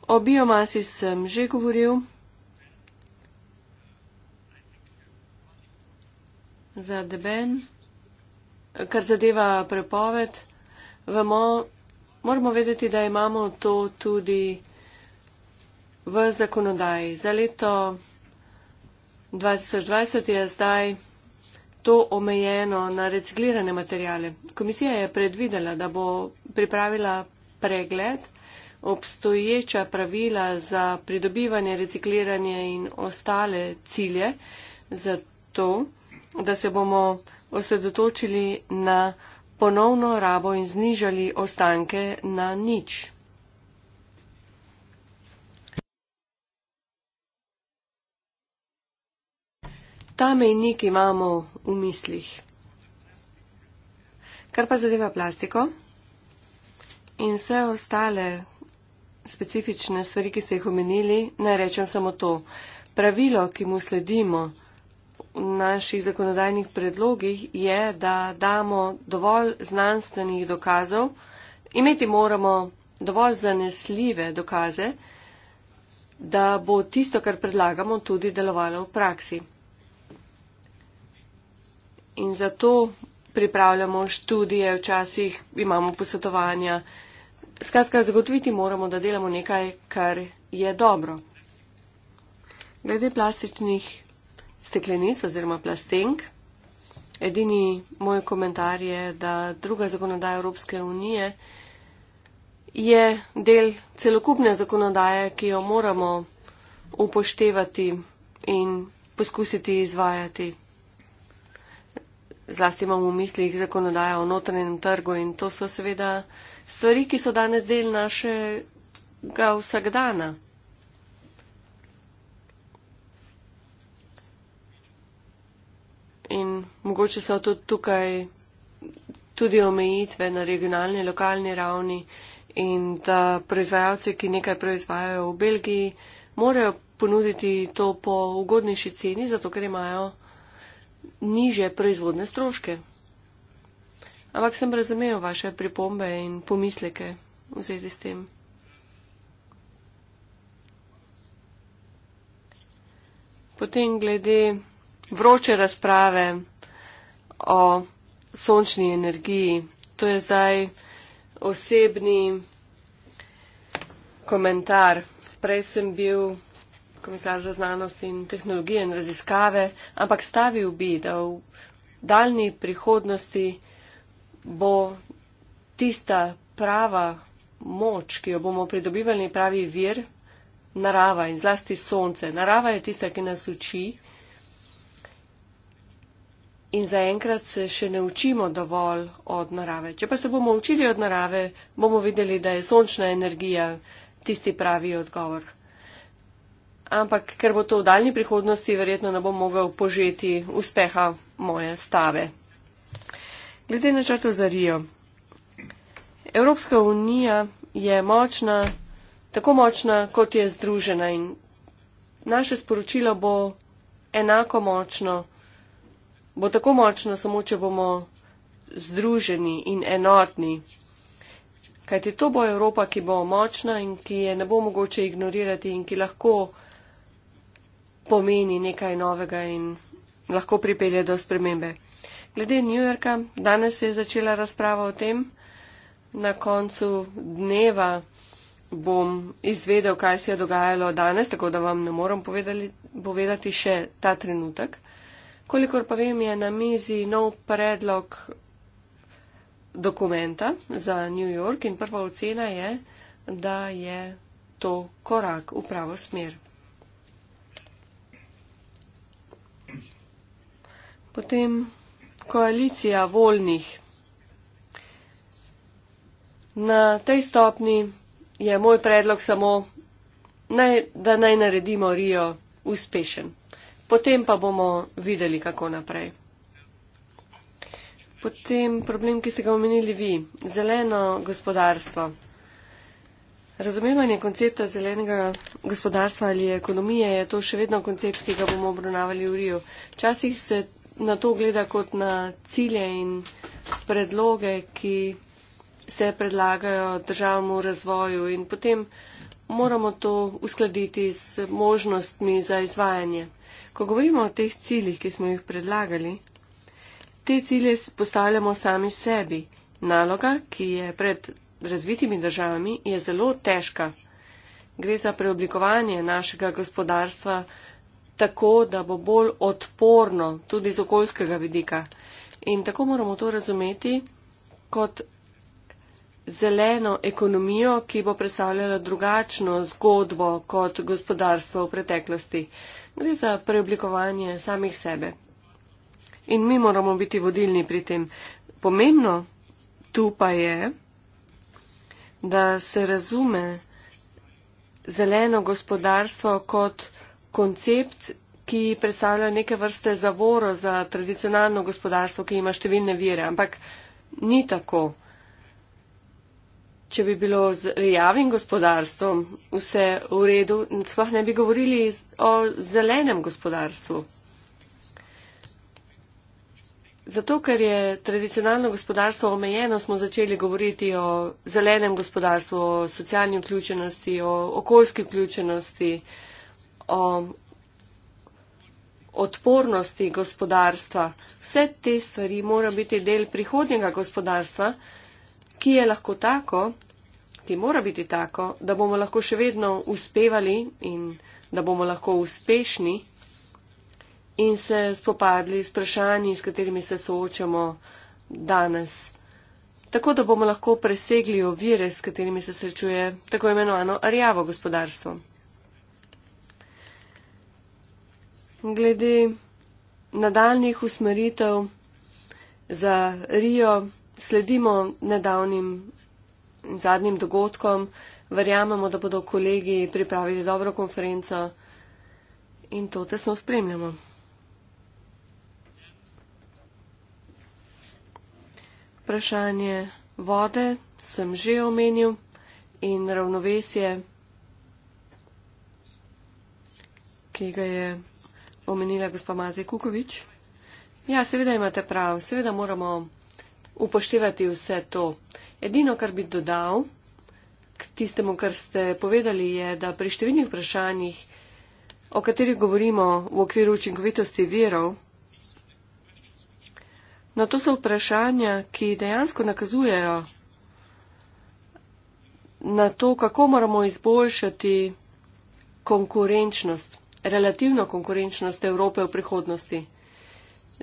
O biomasi sem že govoril. Za deben kar zadeva prepoved, vemo, moramo vedeti, da imamo to tudi v zakonodaji. Za leto 2020 je zdaj to omejeno na reciklirane materijale. Komisija je predvidela, da bo pripravila pregled obstoječa pravila za pridobivanje, recikliranje in ostale cilje za to, da se bomo osredotočili na ponovno rabo in znižali ostanke na nič. Ta mejnik imamo v mislih. Kar pa zadeva plastiko in vse ostale specifične stvari, ki ste jih omenili, naj rečem samo to. Pravilo, ki mu sledimo, naših zakonodajnih predlogih je, da damo dovolj znanstvenih dokazov, imeti moramo dovolj zanesljive dokaze, da bo tisto, kar predlagamo, tudi delovalo v praksi. In zato pripravljamo študije, včasih imamo posvetovanja. Skratka, zagotoviti moramo, da delamo nekaj, kar je dobro. Glede plastičnih steklenic oziroma plastenk. Edini moj komentar je, da druga zakonodaja Evropske unije je del celokupne zakonodaje, ki jo moramo upoštevati in poskusiti izvajati. Zlasti imamo v mislih zakonodaja o notranjem trgu in to so seveda stvari, ki so danes del našega vsakdana. in mogoče so tudi tukaj tudi omejitve na regionalni, lokalni ravni in da proizvajalce, ki nekaj proizvajajo v Belgiji, morajo ponuditi to po ugodnejši ceni, zato ker imajo niže proizvodne stroške. Ampak sem razumel vaše pripombe in pomisleke v zvezi s tem. Potem glede vroče razprave o sončni energiji. To je zdaj osebni komentar. Prej sem bil komisar za znanost in tehnologije in raziskave, ampak stavil bi, da v daljni prihodnosti bo tista prava moč, ki jo bomo pridobivali, pravi vir, narava in zlasti sonce. Narava je tista, ki nas uči in zaenkrat se še ne učimo dovolj od narave. Če pa se bomo učili od narave, bomo videli, da je sončna energija tisti pravi odgovor. Ampak ker bo to v daljni prihodnosti, verjetno ne bom mogel požeti uspeha moje stave. Glede na črto za Rijo. Evropska unija je močna, tako močna, kot je združena in naše sporočilo bo enako močno bo tako močno samo, če bomo združeni in enotni. Kajti to bo Evropa, ki bo močna in ki je ne bo mogoče ignorirati in ki lahko pomeni nekaj novega in lahko pripelje do spremembe. Glede New Yorka, danes je začela razprava o tem. Na koncu dneva bom izvedel, kaj se je dogajalo danes, tako da vam ne morem povedali, povedati še ta trenutek. Kolikor pa vem, je na mizi nov predlog dokumenta za New York in prva ocena je, da je to korak v pravo smer. Potem koalicija voljnih. Na tej stopni je moj predlog samo, da naj naredimo Rio uspešen potem pa bomo videli, kako naprej. Potem problem, ki ste ga omenili vi, zeleno gospodarstvo. Razumevanje koncepta zelenega gospodarstva ali ekonomije je to še vedno koncept, ki ga bomo obravnavali v Riju. Včasih se na to gleda kot na cilje in predloge, ki se predlagajo državnemu razvoju in potem moramo to uskladiti z možnostmi za izvajanje. Ko govorimo o teh ciljih, ki smo jih predlagali, te cilje postavljamo sami sebi. Naloga, ki je pred razvitimi državami, je zelo težka. Gre za preoblikovanje našega gospodarstva tako, da bo bolj odporno tudi z okoljskega vidika. In tako moramo to razumeti kot zeleno ekonomijo, ki bo predstavljala drugačno zgodbo kot gospodarstvo v preteklosti gre za preoblikovanje samih sebe. In mi moramo biti vodilni pri tem. Pomembno tu pa je, da se razume zeleno gospodarstvo kot koncept, ki predstavlja neke vrste zavoro za tradicionalno gospodarstvo, ki ima številne vire. Ampak ni tako če bi bilo z javnim gospodarstvom vse v redu, sploh ne bi govorili o zelenem gospodarstvu. Zato, ker je tradicionalno gospodarstvo omejeno, smo začeli govoriti o zelenem gospodarstvu, o socialni vključenosti, o okoljski vključenosti, o odpornosti gospodarstva. Vse te stvari morajo biti del prihodnjega gospodarstva, ki je lahko tako, ki mora biti tako, da bomo lahko še vedno uspevali in da bomo lahko uspešni in se spopadli s vprašanji, s katerimi se soočamo danes. Tako, da bomo lahko presegli ovire, s katerimi se srečuje tako imenovano arjavo gospodarstvo. Glede nadaljnih usmeritev za Rio, sledimo nedavnim zadnjim dogodkom. Verjamemo, da bodo kolegi pripravili dobro konferenco in to tesno spremljamo. Vprašanje vode sem že omenil in ravnovesje, ki ga je omenila gospa Mazej Kukovič. Ja, seveda imate prav, seveda moramo upoštevati vse to. Edino, kar bi dodal k tistemu, kar ste povedali, je, da pri številnih vprašanjih, o katerih govorimo v okviru učinkovitosti verov, na to so vprašanja, ki dejansko nakazujejo na to, kako moramo izboljšati konkurenčnost, relativno konkurenčnost Evrope v prihodnosti.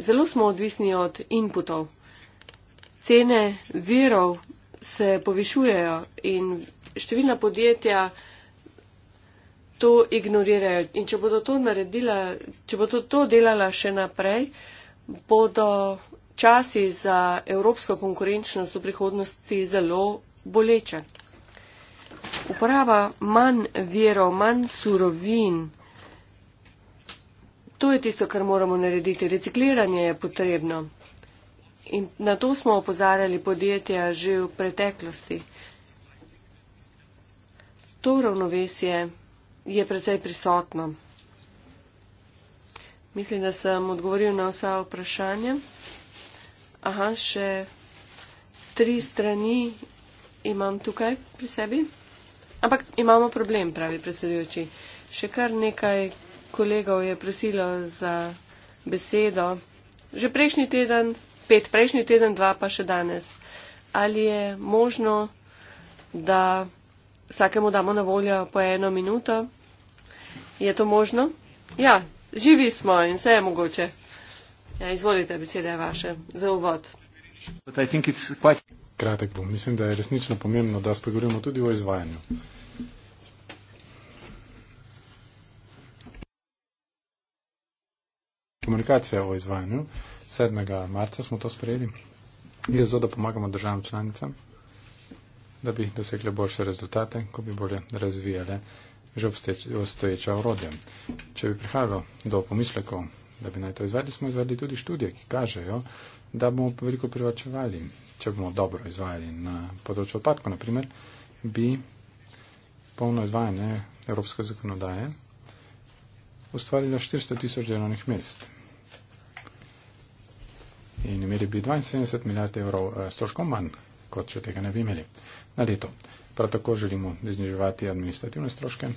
Zelo smo odvisni od inputov. Cene virov se povišujejo in številna podjetja to ignorirajo. In če bodo to naredila, če bodo to delala še naprej, bodo časi za evropsko konkurenčnost v prihodnosti zelo boleče. Uporaba manj verov, manj surovin. To je tisto, kar moramo narediti. Recikliranje je potrebno. In na to smo opozarjali podjetja že v preteklosti. To ravnovesje je precej prisotno. Mislim, da sem odgovoril na vsa vprašanja. Aha, še tri strani imam tukaj pri sebi. Ampak imamo problem, pravi predsedujoči. Še kar nekaj kolegov je prosilo za besedo. Že prejšnji teden spet prejšnji teden, dva pa še danes. Ali je možno, da vsakemu damo na voljo po eno minuto? Je to možno? Ja, živi smo in vse je mogoče. Ja, izvolite, beseda je vaše za uvod. Quite... Kratek bom. Mislim, da je resnično pomembno, da spregovorimo tudi o izvajanju. Komunikacija o izvajanju. 7. marca smo to sprejeli, je zato, da pomagamo državam članicam, da bi dosegli boljše rezultate, ko bi bolje razvijale že obstoječa orodja. Če bi prihajalo do pomislekov, da bi naj to izvedli, smo izvedli tudi študije, ki kažejo, da bomo veliko privačevali. Če bomo dobro izvajali na področju odpadkov, naprimer, bi polno izvajanje evropske zakonodaje ustvarilo 400 tisoč delovnih mest in imeli bi 72 milijard evrov eh, stroškov manj, kot če tega ne bi imeli na leto. Prav tako želimo zniževati administrativne stroške,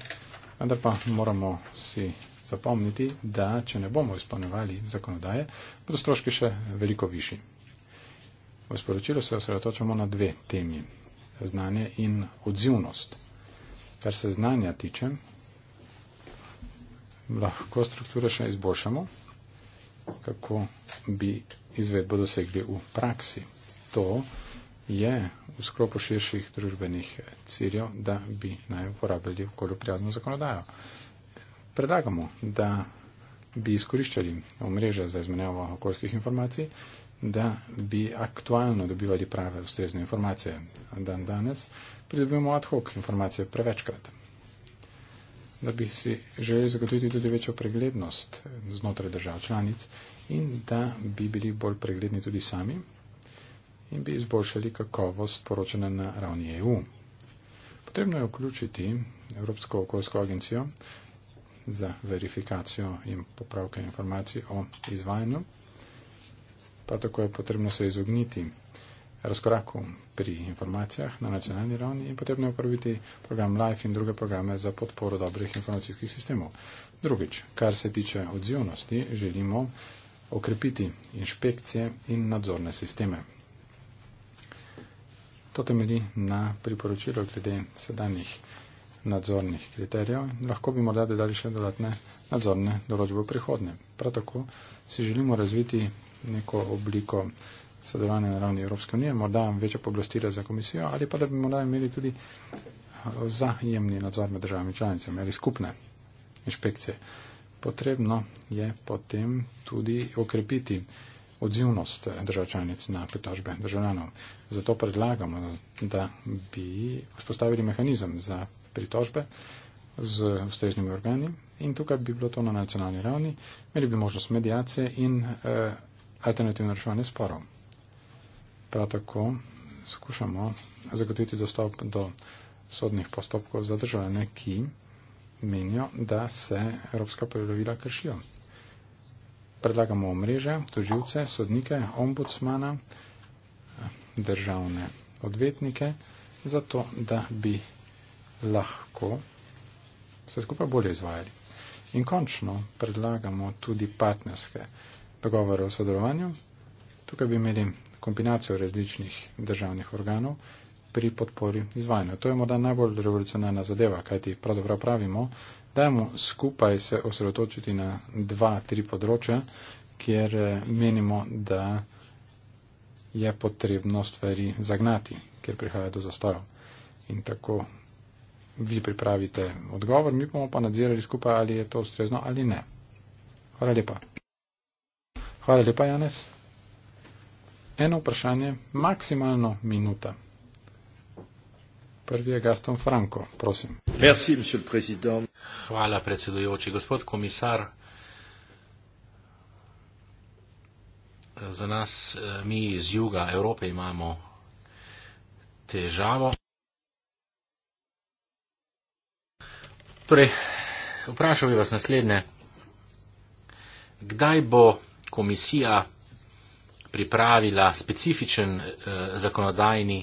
vendar pa moramo si zapomniti, da če ne bomo izpolnjevali zakonodaje, bodo stroški še veliko višji. V sporočilu se osredotočamo na dve temi – znanje in odzivnost. Kar se znanja tiče, lahko strukture še izboljšamo, kako bi izvedbo dosegli v praksi. To je v sklopu širših družbenih ciljev, da bi naj uporabljali okolju prijazno zakonodajo. Predlagamo, da bi izkoriščali omrežja za izmenjavo okoljskih informacij, da bi aktualno dobivali prave ustrezne informacije. Dan danes pridobimo ad hoc informacije prevečkrat. Da bi si želeli zagotoviti tudi večjo preglednost znotraj držav članic in da bi bili bolj pregledni tudi sami in bi izboljšali kakovost poročanja na ravni EU. Potrebno je vključiti Evropsko okoljsko agencijo za verifikacijo in popravke informacij o izvajanju, pa tako je potrebno se izogniti razkoraku pri informacijah na nacionalni ravni in potrebno je uporabiti program LIFE in druge programe za podporo dobrih informacijskih sistemov. Drugič, kar se tiče odzivnosti, želimo okrepiti inšpekcije in nadzorne sisteme. To temelji na priporočilo glede sedanjih nadzornih kriterijev in lahko bi morda dodali še dodatne nadzorne določbe v prihodnje. Prav tako si želimo razviti neko obliko sodelovanja na ravni Evropske unije, morda večja poblastila za komisijo ali pa da bi morda imeli tudi zajemni nadzor med državami članicami ali skupne inšpekcije potrebno je potem tudi okrepiti odzivnost državčanic na pritožbe državljanov. Zato predlagamo, da bi vzpostavili mehanizem za pritožbe z ustreznimi organi in tukaj bi bilo to na nacionalni ravni, imeli bi možnost medijacije in eh, alternativno reševanje sporov. Prav tako skušamo zagotoviti dostop do sodnih postopkov za državljane, ki menijo, da se evropska pravila kršijo. Predlagamo omrežja, toživce, sodnike, ombudsmana, državne odvetnike, zato da bi lahko se skupaj bolje izvajali. In končno predlagamo tudi partnerske dogovore o sodelovanju. Tukaj bi imeli kombinacijo različnih državnih organov, pri podpori izvajanju. To je morda najbolj revolucionarna zadeva, kajti pravzaprav pravimo, dajmo skupaj se osredotočiti na dva, tri področja, kjer eh, menimo, da je potrebno stvari zagnati, ker prihaja do zastojev. In tako vi pripravite odgovor, mi bomo pa nadzirali skupaj, ali je to ustrezno ali ne. Hvala lepa. Hvala lepa, Janes. Eno vprašanje, maksimalno minuta. Prvi je Gaston Franco, prosim. Merci, Hvala, predsedujoči. Gospod komisar, za nas, eh, mi iz juga Evrope imamo težavo. Torej, vprašal bi vas naslednje. Kdaj bo komisija pripravila specifičen eh, zakonodajni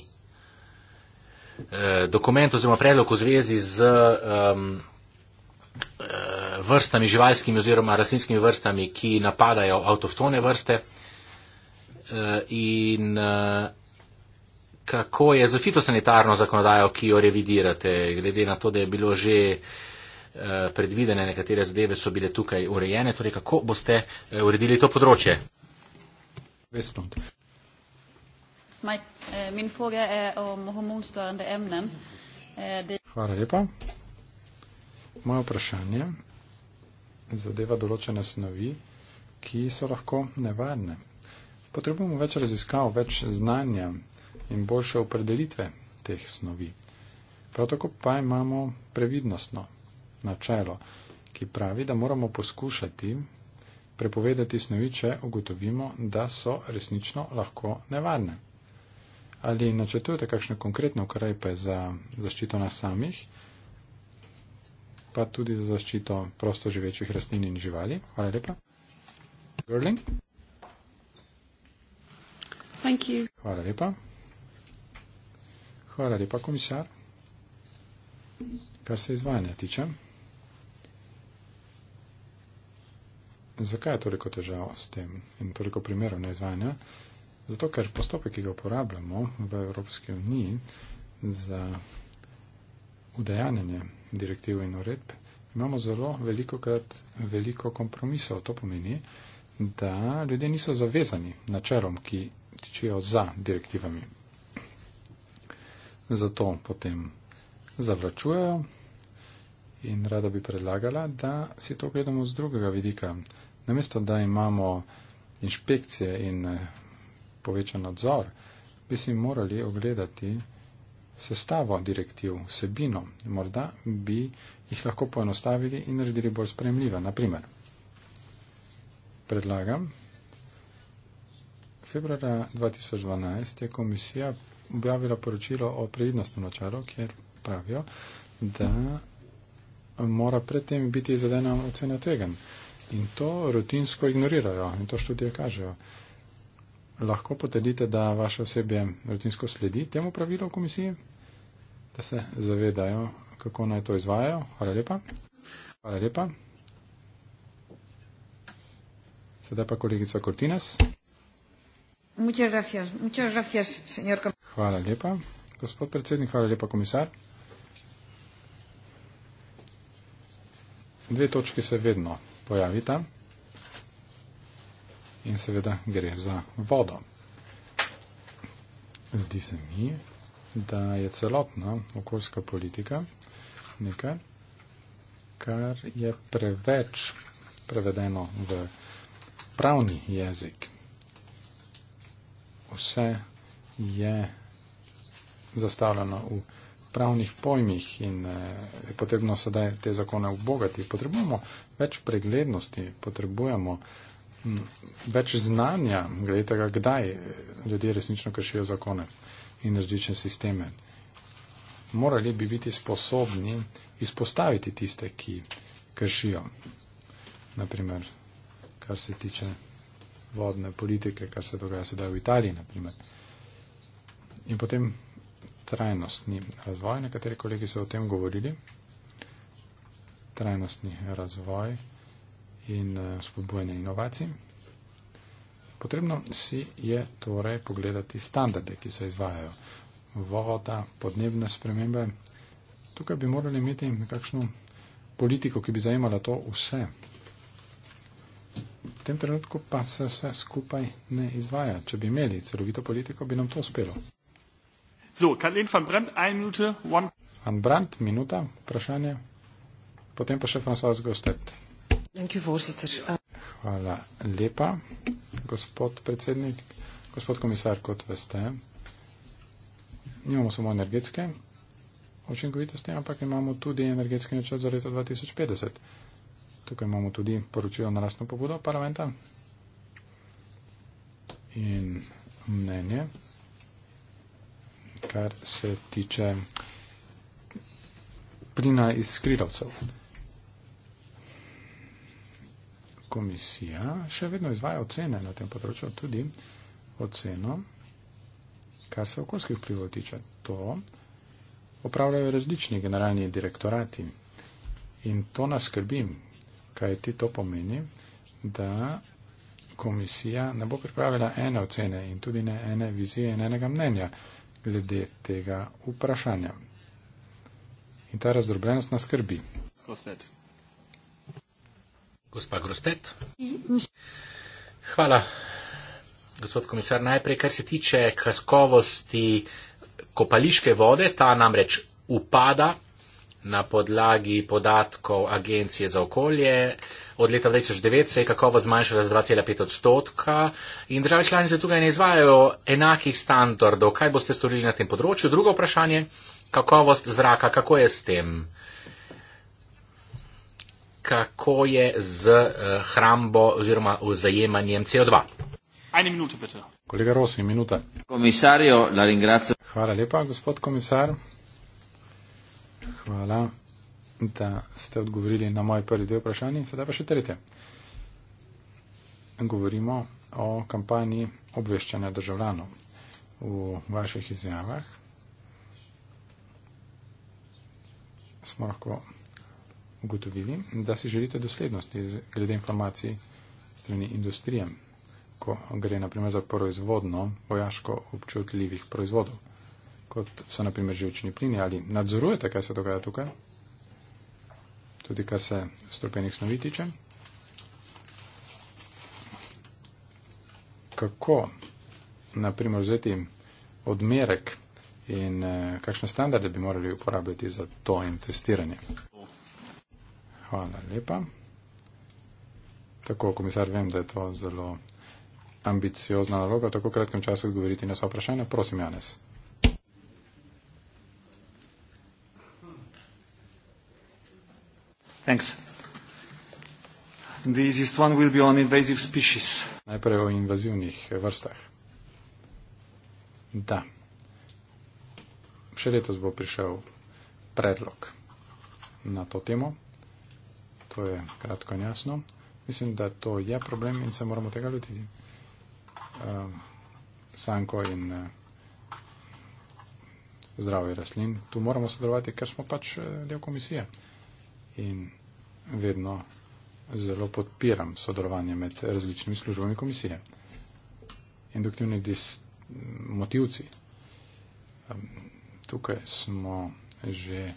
Eh, dokument oziroma predlog v zvezi z um, vrstami živalskimi oziroma rastlinskimi vrstami, ki napadajo avtohtone vrste eh, in kako je za fitosanitarno zakonodajo, ki jo revidirate, glede na to, da je bilo že predvidene nekatere zadeve, so bile tukaj urejene, torej kako boste uredili to področje? Vespont. Smaj, eh, min fråga är om hormonstörande ämnen. Eh, det... Hvala lepa. Moje vprašanje zadeva določene snovi, ki so lahko nevarne. Potrebujemo več raziskav, več znanja in boljše opredelitve teh snovi. Prav tako pa imamo previdnostno načelo, ki pravi, da moramo poskušati prepovedati snovi, če ugotovimo, da so resnično lahko nevarne. Ali načrtujete kakšne konkretne ukrepe za zaščito nas samih, pa tudi za zaščito prosto živečih rastlin in živali? Hvala lepa. Gerling? Hvala lepa. Hvala lepa, komisar. Kar se izvajanja tiče. Zakaj je toliko težav s tem in toliko primerov neizvajanja? Zato, ker postopek, ki ga uporabljamo v Evropski uniji za udejanjanje direktiv in uredb, imamo zelo veliko krat veliko kompromisov. To pomeni, da ljudje niso zavezani načelom, ki tičijo za direktivami. Zato potem zavračujejo in rada bi predlagala, da si to gledamo z drugega vidika. Namesto, da imamo inšpekcije in povečan nadzor, bi si morali ogledati sestavo direktiv, vsebino. Morda bi jih lahko poenostavili in naredili bolj spremljive. Naprimer, predlagam, februara 2012 je komisija objavila poročilo o previdnostnem načelu, kjer pravijo, da mora predtem biti izvedena ocena tvegan. In to rutinsko ignorirajo in to študije kažejo lahko potrdite, da vaše osebje rutinsko sledi temu pravilu komisije, da se zavedajo, kako naj to izvajajo. Hvala lepa. Hvala lepa. Sedaj pa kolegica Kortines. Hvala lepa, gospod predsednik, hvala lepa, komisar. Dve točke se vedno pojavita in seveda gre za vodo. Zdi se mi, da je celotna okoljska politika nekaj, kar je preveč prevedeno v pravni jezik. Vse je zastavljeno v pravnih pojmih in je eh, potrebno sedaj te zakone obogati. Potrebujemo več preglednosti, potrebujemo več znanja glede tega, kdaj ljudje resnično kršijo zakone in različne sisteme. Morali bi biti sposobni izpostaviti tiste, ki kršijo. Naprimer, kar se tiče vodne politike, kar se dogaja sedaj v Italiji, naprimer. In potem trajnostni razvoj, nekateri kolegi so o tem govorili, trajnostni razvoj, in eh, spodbujanje inovacij. Potrebno si je torej pogledati standarde, ki se izvajajo. Voda, podnebne spremembe. Tukaj bi morali imeti nekakšno politiko, ki bi zajemala to vse. V tem trenutku pa se vse skupaj ne izvaja. Če bi imeli celovito politiko, bi nam to uspelo. So, Karlin van Brandt, ena minuta. Van Brandt, minuta, vprašanje. Potem pa še François Gostet. Dank u, voorzitter. Eh, voilà, lepa, gospod predsednik. Gospod komisar, kot veste, nimamo samo energetske učinkovitosti, ampak imamo tudi energetski načrt za leto 2050. Tukaj imamo tudi poročilo na lastno pobudo parlamenta in mnenje, kar se tiče plina iz skrilovcev. komisija še vedno izvaja ocene na tem področju, tudi oceno, kar se okoljskih vplivov tiče. To opravljajo različni generalni direktorati in to nas skrbi, kaj ti to pomeni, da komisija ne bo pripravila ene ocene in tudi ne ene vizije in enega mnenja glede tega vprašanja. In ta razdrobljenost nas skrbi. Skoslet. Gospa Grostet. Hvala. Gospod komisar, najprej, kar se tiče kaskovosti kopališke vode, ta namreč upada na podlagi podatkov Agencije za okolje. Od leta 2009 se je kakovost zmanjšala z 2,5 odstotka in države članice tukaj ne izvajajo enakih standardov. Kaj boste storili na tem področju? Drugo vprašanje, kakovost zraka, kako je s tem? Uh, kako je z eh, hrambo oziroma vzajemanjem CO2. Kolega Rosi, minuta. Komisarjo, la ringrazio. Hvala lepa, gospod komisar. Hvala, da ste odgovorili na moje prvi dve vprašanje. Sedaj pa še tretje. Govorimo o kampanji obveščanja državljanov. V vaših izjavah smo lahko ugotovili, da si želite doslednosti glede informacij strani industrije, ko gre naprimer za proizvodno vojaško občutljivih proizvodov, kot so naprimer živčni plini ali nadzorujete, kaj se dogaja tukaj, tudi kar se stropenih snovi tiče. Kako naprimer vzeti odmerek in eh, kakšne standarde bi morali uporabljati za to in testiranje. Hvala lepa. Tako, komisar, vem, da je to zelo ambiciozna naloga, tako kratkem času odgovoriti na vse vprašanja. Prosim, Janes. Najprej o invazivnih vrstah. Da. Še letos bo prišel predlog na to temo to je kratko in jasno. Mislim, da to je problem in se moramo tega lotiti. Uh, sanko in uh, eh, zdravi rastlin, tu moramo sodelovati, ker smo pač eh, del komisije. In vedno zelo podpiram sodelovanje med različnimi službami komisije. Induktivni motivci. Um, tukaj smo že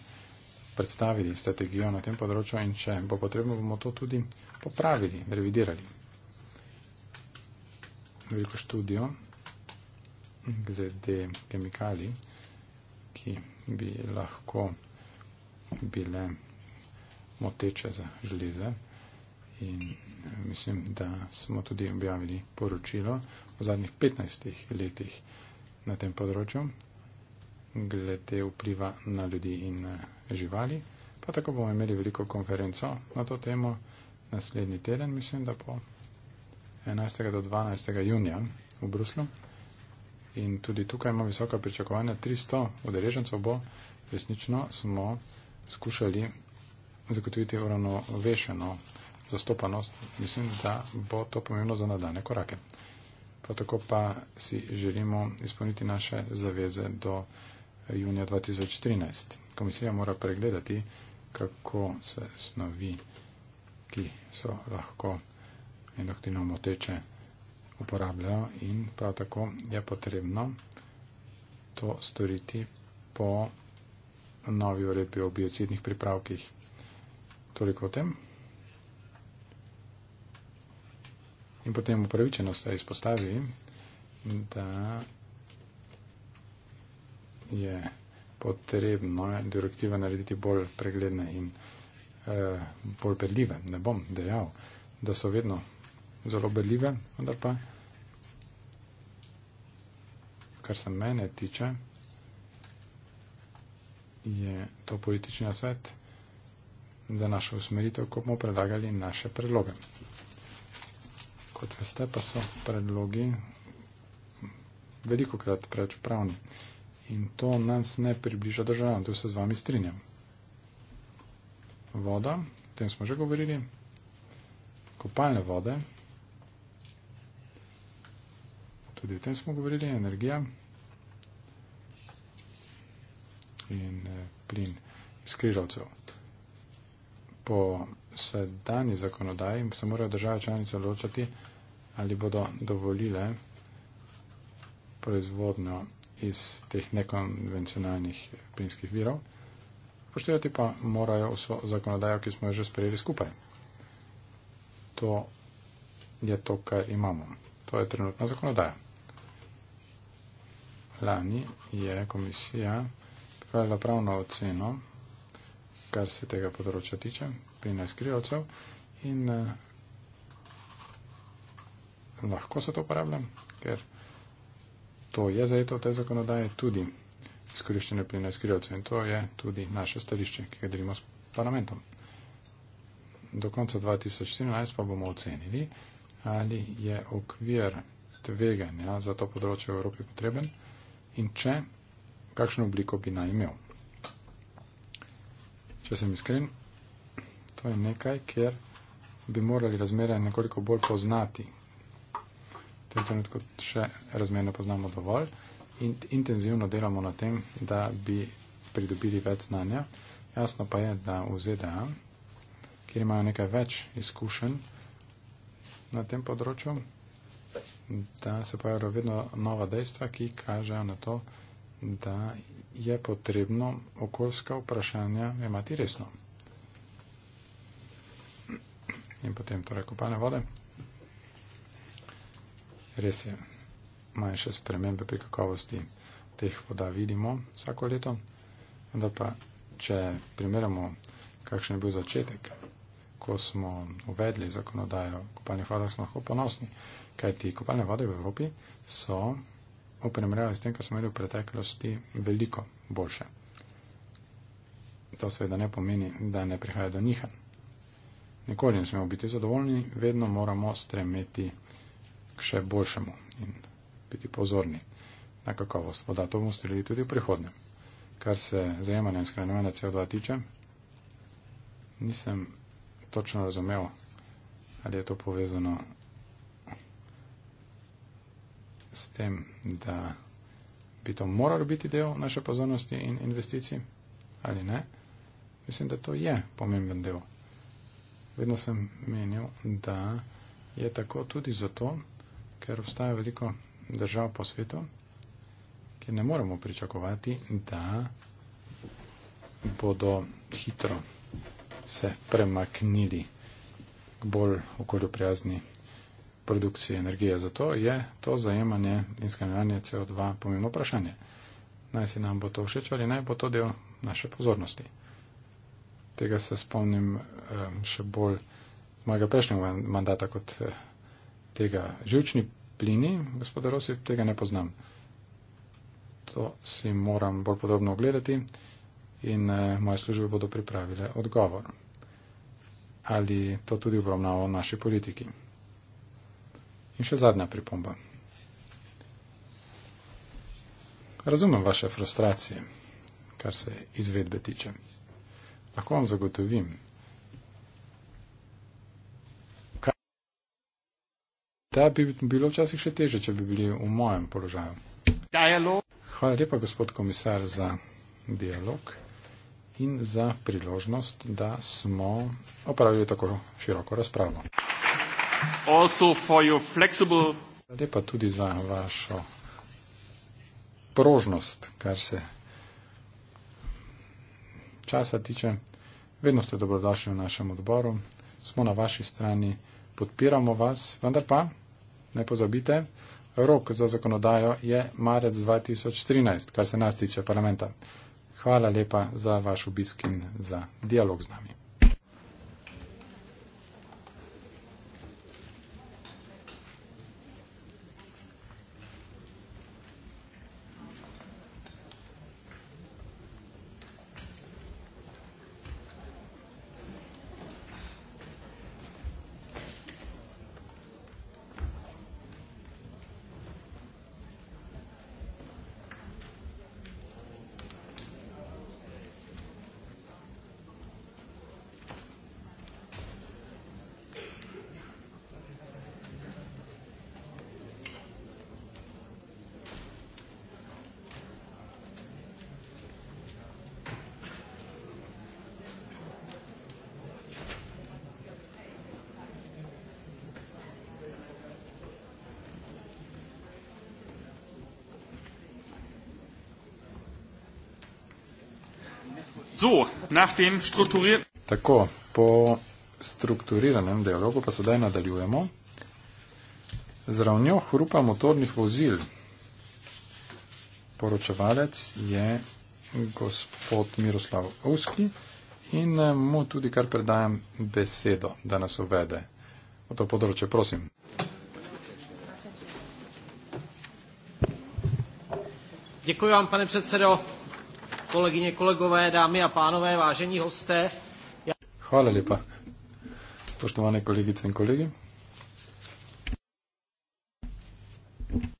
predstavili strategijo na tem področju in če bo potrebno, bomo to tudi popravili, revidirali. Veliko študijo glede kemikalij, ki bi lahko bile moteče za železe. In eh, mislim, da smo tudi objavili poročilo v zadnjih 15 letih na tem področju, glede vpliva na ljudi in eh, živali. Pa tako bomo imeli veliko konferenco na to temo naslednji teden, mislim, da bo 11. do 12. junija v Bruslu. In tudi tukaj imamo visoka pričakovanja, 300 udeležencev bo, resnično smo skušali zagotoviti uravnovešeno zastopanost. Mislim, da bo to pomembno za nadaljne korake. Pa tako pa si želimo izpolniti naše zaveze do junija 2013. Komisija mora pregledati, kako se snovi, ki so lahko endoktrino moteče, uporabljajo in prav tako je potrebno to storiti po novi uredbi o biocidnih pripravkih. Toliko o tem. In potem upravičeno se izpostavi, da je potrebno direktive narediti bolj pregledne in eh, bolj berljive. Ne bom dejal, da so vedno zelo berljive, vendar pa, kar se mene tiče, je to politični svet za našo usmeritev, ko bomo predlagali naše predloge. Kot veste, pa so predlogi veliko krat preč pravni. In to nas ne približa državam, tu se z vami strinjam. Voda, o tem smo že govorili, kopalne vode, tudi o tem smo govorili, energija in eh, plin iz križavcev. Po sedanji zakonodaji se morajo države članice odločati, ali bodo dovolile proizvodnjo iz teh nekonvencionalnih plinskih virov, poštevati pa morajo vso zakonodajo, ki smo jo že sprejeli skupaj. To je to, kar imamo. To je trenutna zakonodaja. Lani je komisija pripravila pravno oceno, kar se tega področja tiče, pri nas krivcev in eh, lahko se to uporablja, ker to je zajeto v tej zakonodaji, tudi izkoriščenje plina iz krivcev in to je tudi naše stališče, ki ga delimo s parlamentom. Do konca 2014 pa bomo ocenili, ali je okvir tveganja za to področje v Evropi potreben in če, kakšno obliko bi naj imel. Če sem iskren, to je nekaj, kjer bi morali razmere nekoliko bolj poznati, tem trenutku še razmerno poznamo dovolj in intenzivno delamo na tem, da bi pridobili več znanja. Jasno pa je, da v ZDA, kjer imajo nekaj več izkušenj na tem področju, da se pojavljajo vedno nova dejstva, ki kažejo na to, da je potrebno okoljska vprašanja imati resno. In potem torej kopanje vode. Res je, manjše spremembe pri kakovosti teh voda vidimo vsako leto, vendar pa, če primerjamo, kakšen je bil začetek, ko smo uvedli zakonodajo o kopalnih vodah, smo lahko ponosni, kajti kopalne vode v Evropi so v primerjavi s tem, kar smo imeli v preteklosti, veliko boljše. To seveda ne pomeni, da ne prihaja do njihanj. Nikoli ne smemo biti zadovoljni, vedno moramo stremeti k še boljšemu in biti pozorni na kakovost. Voda to bomo storili tudi v prihodnje. Kar se zajemanja in skrajnovanja CO2 tiče, nisem točno razumel, ali je to povezano s tem, da bi to moral biti del naše pozornosti in investicij ali ne. Mislim, da to je pomemben del. Vedno sem menil, da je tako tudi zato, ker obstaja veliko držav po svetu, ki ne moremo pričakovati, da bodo hitro se premaknili k bolj okoljoprijazni produkciji energije. Zato je to zajemanje in skanjanje CO2 pomembno vprašanje. Naj si nam bo to všeč ali naj bo to del naše pozornosti. Tega se spomnim eh, še bolj mojega prejšnjega mandata kot eh, tega. Žilčni plini, gospod Rosi, tega ne poznam. To si moram bolj podrobno ogledati in eh, moje službe bodo pripravile odgovor. Ali to tudi obravnavo naši politiki. In še zadnja pripomba. Razumem vaše frustracije, kar se izvedbe tiče. Lahko vam zagotovim, da bi bilo včasih še teže, če bi bili v mojem položaju. Dialog. Hvala lepa, gospod komisar, za dialog in za priložnost, da smo opravili tako široko razpravo. Hvala lepa tudi za vašo prožnost, kar se časa tiče. Vedno ste dobrodošli v našem odboru, smo na vaši strani, podpiramo vas, vendar pa ne pozabite, rok za zakonodajo je marec 2013, kar se nas tiče parlamenta. Hvala lepa za vaš obisk in za dialog z nami. nach dem strukturierten. Tako, po strukturiranem dialogu pa sedaj nadaljujemo. Z ravnjo hrupa motornih vozil poročevalec je gospod Miroslav Uski in eh, mu tudi kar predajam besedo, da nas uvede v to področje. Prosim. Děkuji vám, pane předsedo kolegyně, kolegové, dámy a pánové, vážení hosté. Já... Hvala lepa. Spoštovane kolegice in kolegi.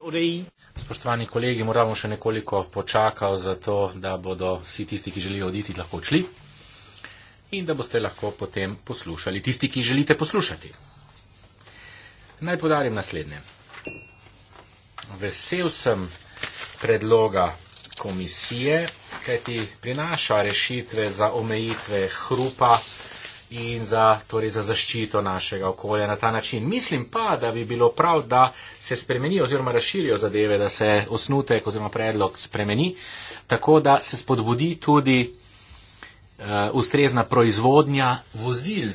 Odejí. Spoštovani kolegi, moramo še nekoliko počakati za to, da bodo vsi tisti, ki želijo oditi, lahko odšli in da boste lahko potem poslušali tisti, ki želite poslušati. Naj podarim naslednje. Vesel sem predloga komisije, kajti prinaša rešitve za omejitve hrupa in za, torej za zaščito našega okolja na ta način. Mislim pa, da bi bilo prav, da se spremenijo oziroma razširijo zadeve, da se osnutek oziroma predlog spremeni, tako da se spodbudi tudi uh, ustrezna proizvodnja vozil,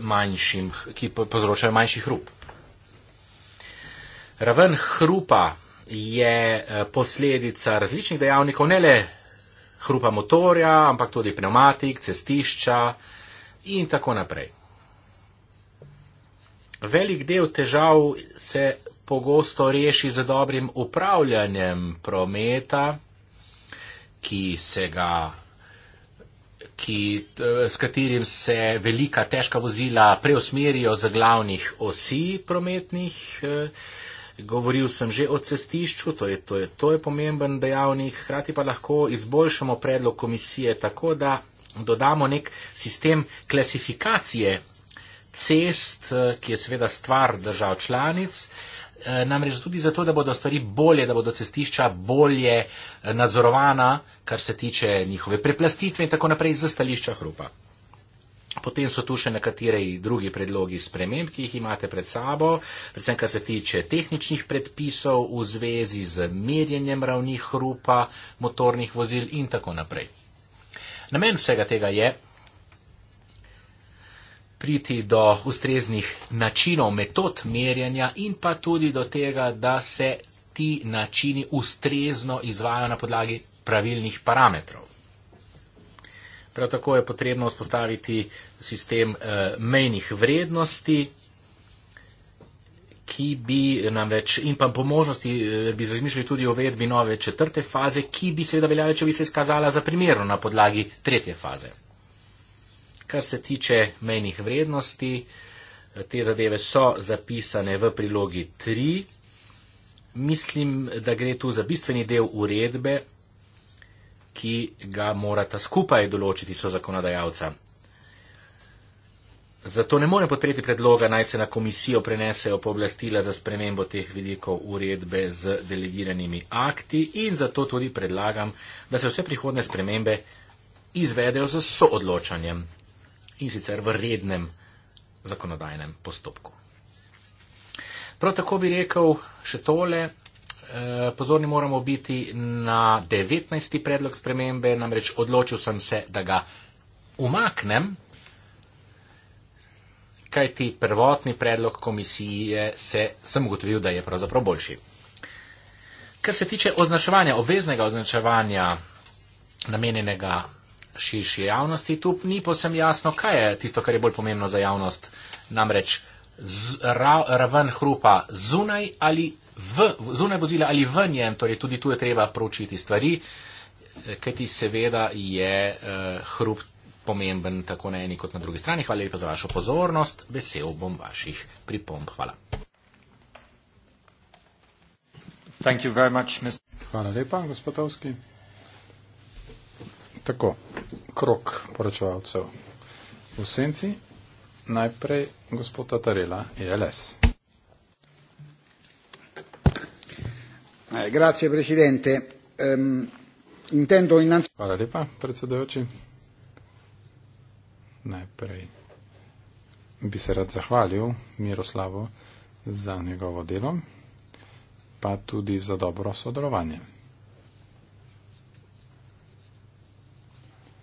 manjšim, ki povzročajo manjši hrup. Raven hrupa je eh, posledica različnih dejavnikov, ne le hrupa motorja, ampak tudi pneumatik, cestišča in tako naprej. Velik del težav se pogosto reši z dobrim upravljanjem prometa, ki se ga, ki, eh, s katerim se velika težka vozila preusmerijo z glavnih osi prometnih eh, Govoril sem že o cestišču, to je, to, je, to je pomemben dejavnik, hkrati pa lahko izboljšamo predlog komisije tako, da dodamo nek sistem klasifikacije cest, eh, ki je seveda stvar držav članic, eh, namreč tudi zato, da bodo stvari bolje, da bodo cestišča bolje eh, nadzorovana, kar se tiče njihove preplastitve in tako naprej za stališča hrupa. Potem so tu še nekateri drugi predlogi sprememb, ki jih imate pred sabo, predvsem kar se tiče tehničnih predpisov v zvezi z merjenjem ravni hrupa motornih vozil in tako naprej. Namen vsega tega je priti do ustreznih načinov, metod merjenja in pa tudi do tega, da se ti načini ustrezno izvajo na podlagi pravilnih parametrov. Prav tako je potrebno vzpostaviti sistem uh, mejnih vrednosti, ki bi nam reč in pa po možnosti uh, bi razmišljali tudi o vedbi nove četrte faze, ki bi seveda veljala, če bi se izkazala za primerno na podlagi tretje faze. Kar se tiče mejnih vrednosti, eh, te zadeve so zapisane v prilogi 3. Mislim, da gre tu za bistveni del uredbe, ki ga morata skupaj določiti so zakonodajalca. Zato ne morem podpreti predloga, naj se na komisijo prenesejo pooblastila za spremembo teh vidikov uredbe z delegiranimi akti in zato tudi predlagam, da se vse prihodne spremembe izvedejo z soodločanjem in sicer v rednem zakonodajnem postopku. Prav tako bi rekel še tole, Eh, pozorni moramo biti na 19. predlog spremembe, namreč odločil sem se, da ga umaknem, kajti prvotni predlog komisije se, sem ugotovil, da je pravzaprav boljši. Kar se tiče označevanja, obveznega označevanja namenjenega širši javnosti, tu ni posem jasno, kaj je tisto, kar je bolj pomembno za javnost, namreč z, ra, raven hrupa zunaj ali zunaj vozila ali v njem, torej tudi tu je treba proučiti stvari, kajti seveda je uh, hrup pomemben tako na eni kot na drugi strani. Hvala lepa za vašo pozornost, vesel bom vaših pripomb. Hvala. Much, Hvala lepa, gospod Ovski. Tako, krok poročevalcev v senci. Najprej gospod Tatarela, ILS. E Eh, grazie presidente. Um, intendo innanzitutto. Hvala lepa, predsedujoči. Najprej bi se rad zahvalil Miroslavu za njegovo delo, pa tudi za dobro sodelovanje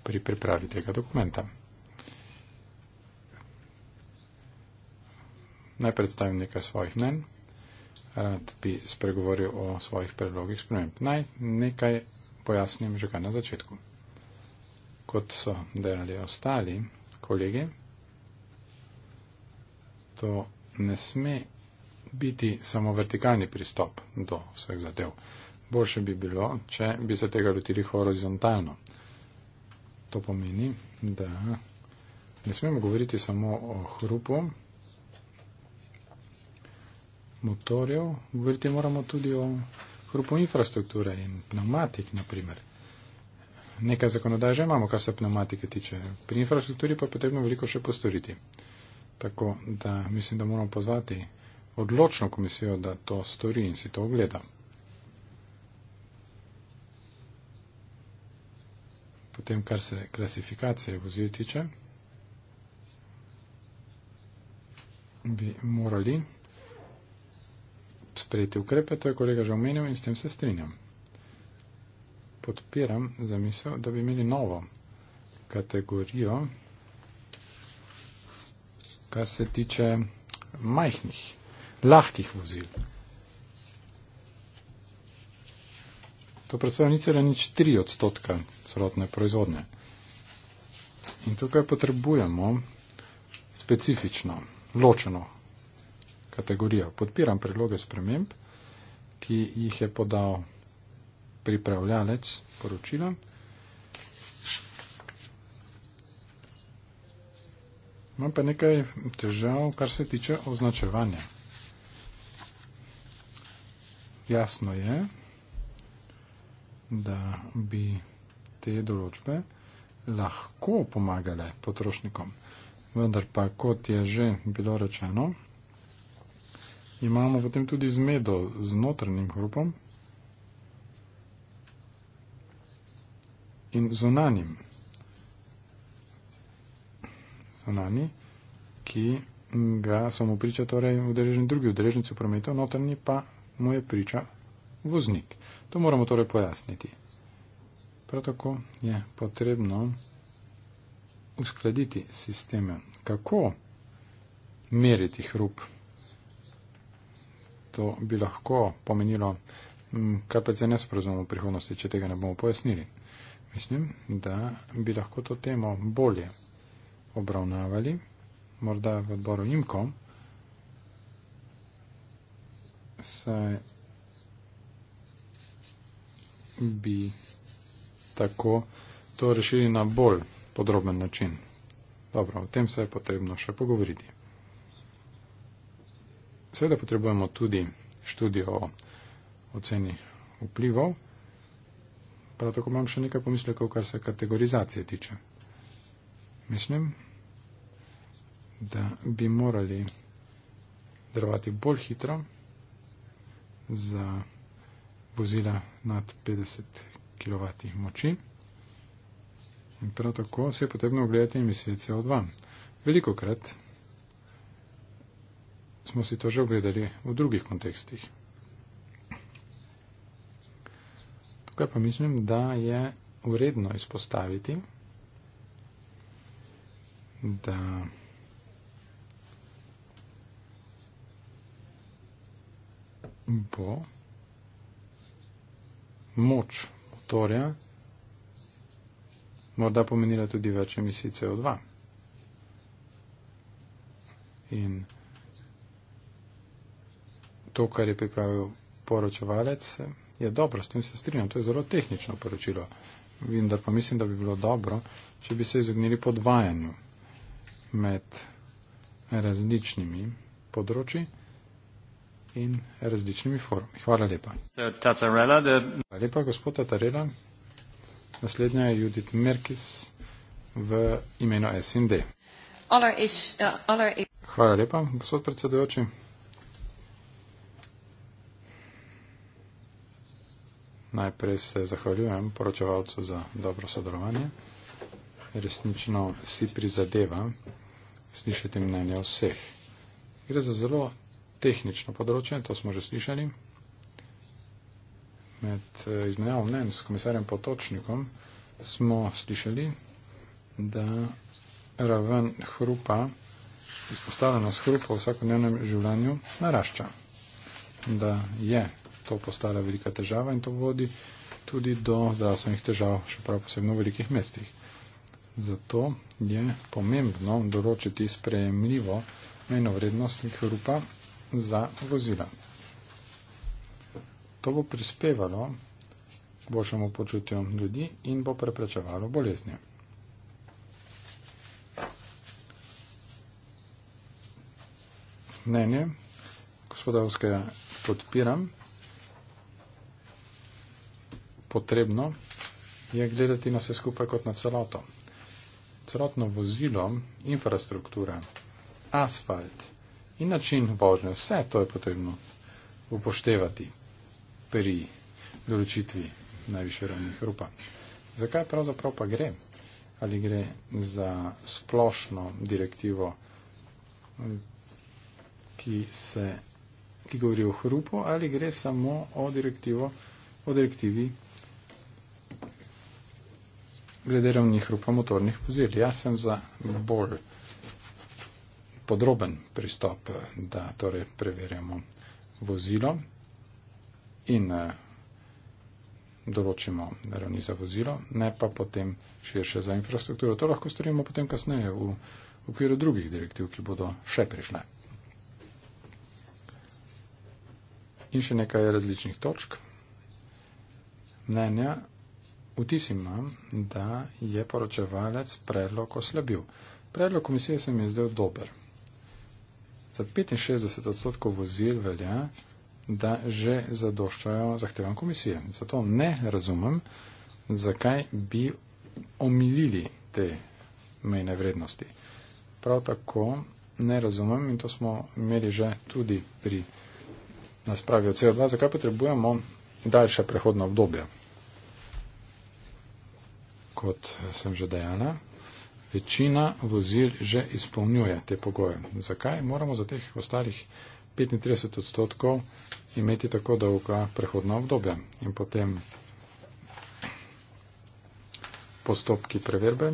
pri pripravi tega dokumenta. Naj predstavim nekaj svojih mnen rad bi spregovoril o svojih predlogih sprememb. Naj nekaj pojasnim že kar na začetku. Kot so dejali ostali kolegi, to ne sme biti samo vertikalni pristop do vseh zadev. Boljše bi bilo, če bi se tega lotili horizontalno. To pomeni, da ne smemo govoriti samo o hrupu, motorjev, govoriti moramo tudi o hrupu infrastrukture in pneumatik, naprimer. Nekaj zakonodaje že imamo, kar se pneumatike tiče. Pri infrastrukturi pa je potrebno veliko še postoriti. Tako da mislim, da moramo pozvati odločno komisijo, da to stori in si to ogleda. Potem, kar se klasifikacije vozil tiče, bi morali sprejeti ukrepe, to je kolega že omenil in s tem se strinjam. Podpiram zamisel, da bi imeli novo kategorijo, kar se tiče majhnih, lahkih vozil. To predstavlja nič ali nič tri odstotka celotne proizvodnje. In tukaj potrebujemo specifično, ločeno kategorijo. Podpiram predloge sprememb, ki jih je podal pripravljalec poročila. Imam pa nekaj težav, kar se tiče označevanja. Jasno je, da bi te določbe lahko pomagale potrošnikom. Vendar pa, kot je že bilo rečeno, Imamo potem tudi zmedo z notrnim hrupom in zonanim. Zonani, ki ga samo priča torej udeležen drugi udeleženc v prometu, notrni pa mu je priča voznik. To moramo torej pojasniti. Prav tako je potrebno uskladiti sisteme. Kako meriti hrup? to bi lahko pomenilo mm, kar precej nesporazum v prihodnosti, če tega ne bomo pojasnili. Mislim, da bi lahko to temo bolje obravnavali, morda v odboru IMKO, saj bi tako to rešili na bolj podroben način. Dobro, o tem se je potrebno še pogovoriti. Seveda potrebujemo tudi študijo o oceni vplivov. Prav tako imam še nekaj pomislekov, kar se kategorizacije tiče. Mislim, da bi morali delovati bolj hitro za vozila nad 50 kW moči. In prav tako se je potrebno ogledati emisije CO2. Veliko krat smo si to že ogledali v drugih kontekstih. Tukaj pa mislim, da je vredno izpostaviti, da bo moč motorja morda pomenila tudi več emisij CO2. In to, kar je pripravil poročevalec, je dobro, s tem se strinjam, to je zelo tehnično poročilo. Vendar pa mislim, da bi bilo dobro, če bi se izognili podvajanju med različnimi področji in različnimi forumi. Hvala lepa. Tatarela, the... Hvala lepa, gospod Tatarela. Naslednja je Judith Merkis v imenu SND. Uh, Hvala lepa, gospod predsedujoči. Najprej se zahvaljujem poročevalcu za dobro sodelovanje. Resnično si prizadevam slišati mnenje vseh. Gre za zelo tehnično področje, to smo že slišali. Med eh, izmenjavom mnen s komisarjem Potočnikom smo slišali, da raven hrupa, izpostavljenost hrupa v vsakodnevnem življenju narašča. Da je to postala velika težava in to vodi tudi do zdravstvenih težav, še prav posebno v velikih mestih. Zato je pomembno določiti sprejemljivo mejno vrednost hrupa za vozila. To bo prispevalo k boljšemu počutju ljudi in bo preprečevalo bolezni. Mnenje gospodarskega podpiram potrebno, je gledati na vse skupaj kot na celoto. Celotno vozilo, infrastruktura, asfalt in način vožnje, vse to je potrebno upoštevati pri določitvi najviše ravni hrupa. Zakaj pravzaprav pa gre? Ali gre za splošno direktivo, ki, se, ki govori o hrupu, ali gre samo o, o direktivi glede ravni hrupomotornih vozil. Jaz sem za bolj podroben pristop, da torej preverjamo vozilo in eh, določimo ravni za vozilo, ne pa potem širše za infrastrukturo. To lahko storimo potem kasneje v okviru drugih direktiv, ki bodo še prišle. In še nekaj različnih točk. Mnenja Vtis imam, da je poročevalec predlog oslabil. Predlog komisije se mi je zdel dober. Za 65 odstotkov vozil velja, da že zadoščajo zahtevam komisije. Zato ne razumem, zakaj bi omilili te mejne vrednosti. Prav tako ne razumem in to smo imeli že tudi pri naspravi od CO2, zakaj potrebujemo daljše prehodno obdobje kot sem že dejala, večina vozil že izpolnjuje te pogoje. Zakaj moramo za teh ostalih 35 odstotkov imeti tako dolga prehodna obdobja in potem postopki preverbe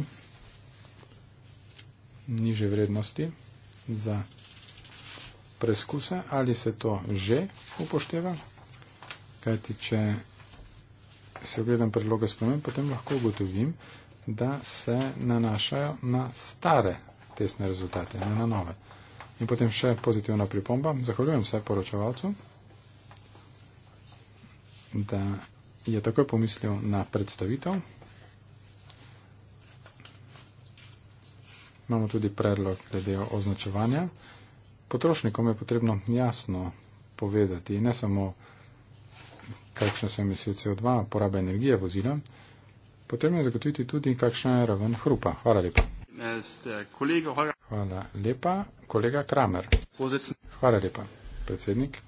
niže vrednosti za preskuse, ali se to že upošteva, kajti če se ogledam predloga spremen, potem lahko ugotovim, da se nanašajo na stare testne rezultate, ne na nove. In potem še pozitivna pripomba. Zahvaljujem se poročevalcu, da je takoj pomislil na predstavitev. Imamo tudi predlog glede označevanja. Potrošnikom je potrebno jasno povedati, ne samo kakšne so emisije CO2, poraba energije vozila, potrebno je zagotoviti tudi, kakšna je raven hrupa. Hvala lepa. Hvala lepa, kolega Kramer. Hvala lepa, predsednik.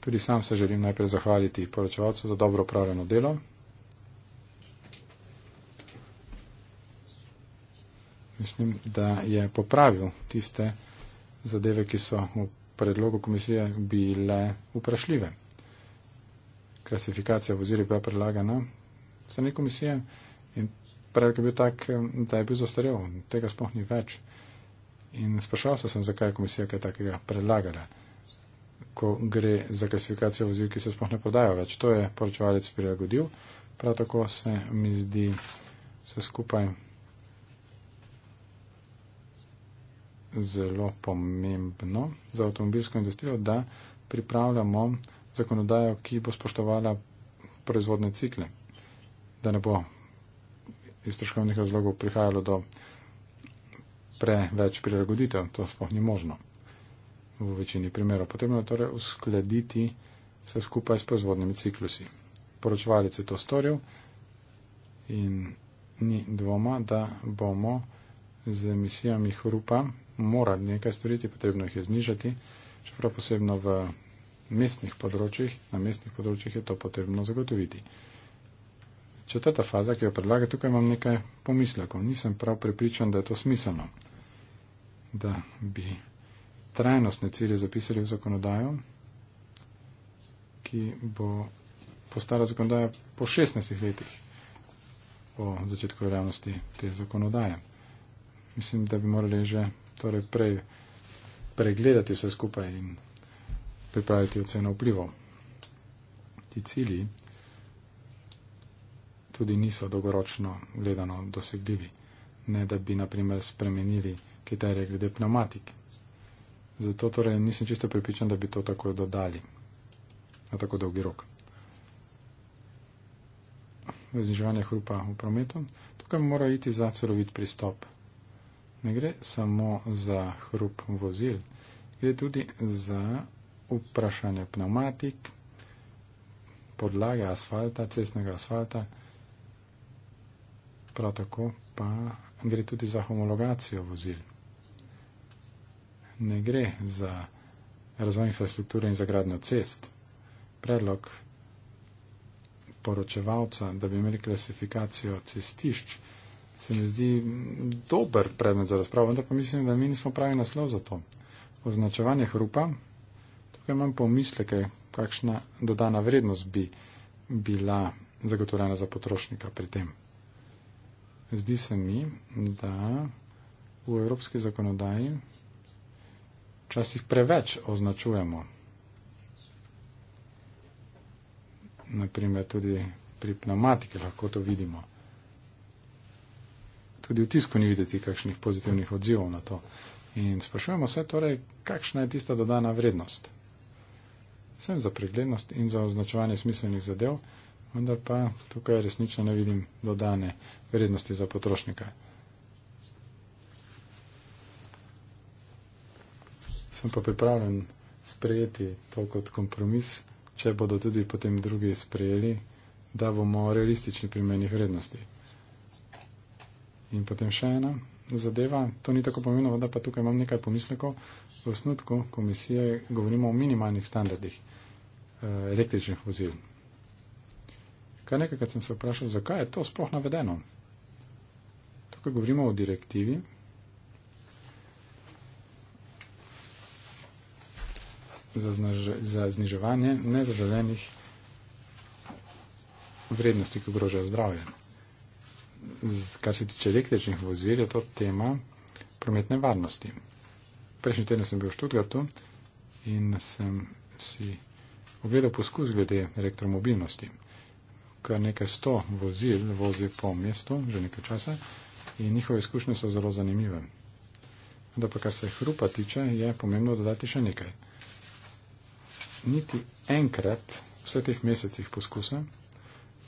Tudi sam se želim najprej zahvaliti poročevalcu za dobro upravljeno delo. Mislim, da je popravil tiste zadeve, ki so v predlogu komisije bile vprašljive klasifikacija vozil bila predlagana strani komisije in predlog je bil tak, eh, da je bil zastarel, tega sploh ni več. In sprašal se sem, zakaj je komisija kaj takega predlagala, ko gre za klasifikacijo vozil, ki se sploh ne prodajo več. To je poročevalec prilagodil, prav tako se mi zdi vse skupaj zelo pomembno za avtomobilsko industrijo, da pripravljamo zakonodajo, ki bo spoštovala proizvodne cikle, da ne bo iz troškovnih razlogov prihajalo do preveč prilagoditev. To sploh ni možno v večini primerov. Potrebno je torej uskladiti vse skupaj s proizvodnimi ciklusi. Poročevalec je to storil in ni dvoma, da bomo z emisijami hrupa morali nekaj storiti, potrebno jih je znižati, čeprav posebno v mestnih področjih, na mestnih področjih je to potrebno zagotoviti. Četrta faza, ki jo predlaga, tukaj imam nekaj pomislekov. Nisem prav prepričan, da je to smiselno, da bi trajnostne cilje zapisali v zakonodajo, ki bo postala zakonodaja po 16 letih o začetku veljavnosti te zakonodaje. Mislim, da bi morali že torej prej pregledati vse skupaj in pripraviti oceno vplivo. Ti cilji tudi niso dolgoročno gledano dosegljivi, ne da bi, naprimer, spremenili kriterije glede pneumatik. Zato torej nisem čisto pripričan, da bi to tako dodali na tako dolgi rok. Zniževanje hrupa v prometu. Tukaj mora iti za celovit pristop. Ne gre samo za hrup vozil, gre tudi za vprašanje pneumatik, podlage asfalta, cestnega asfalta, prav tako pa gre tudi za homologacijo vozil. Ne gre za razvoj infrastrukture in za gradnjo cest. Predlog poročevalca, da bi imeli klasifikacijo cestišč, se mi zdi dober predmet za razpravo, vendar pa mislim, da mi nismo pravi naslov za to. Označevanje hrupa tukaj imam pomisleke, kakšna dodana vrednost bi bila zagotovljena za potrošnika pri tem. Zdi se mi, da v evropski zakonodaji včasih preveč označujemo. Naprimer, tudi pri pneumatiki lahko to vidimo. Tudi v tisku ni videti kakšnih pozitivnih odzivov na to. In sprašujemo se torej, kakšna je tista dodana vrednost sem za preglednost in za označevanje smiselnih zadev, vendar pa tukaj resnično ne vidim dodane vrednosti za potrošnika. Sem pa pripravljen sprejeti to kot kompromis, če bodo tudi potem drugi sprejeli, da bomo realistični pri menih vrednosti. In potem še ena zadeva. To ni tako pomembno, da pa tukaj imam nekaj pomislekov. V osnutku komisije govorimo o minimalnih standardih eh, električnih vozil. Kaj nekaj, kad sem se vprašal, zakaj je to sploh navedeno? Tukaj govorimo o direktivi. Za, znaž, za zniževanje nezaželenih vrednosti, ki ogrožajo zdravje kar se tiče električnih vozil, je to tema prometne varnosti. Prejšnji teden sem bil v Študgatu in sem si ogledal poskus glede elektromobilnosti. Kar nekaj sto vozil vozi po mestu že nekaj časa in njihove izkušnje so zelo zanimive. Da pa kar se hrupa tiče, je pomembno dodati še nekaj. Niti enkrat v vseh teh mesecih poskusa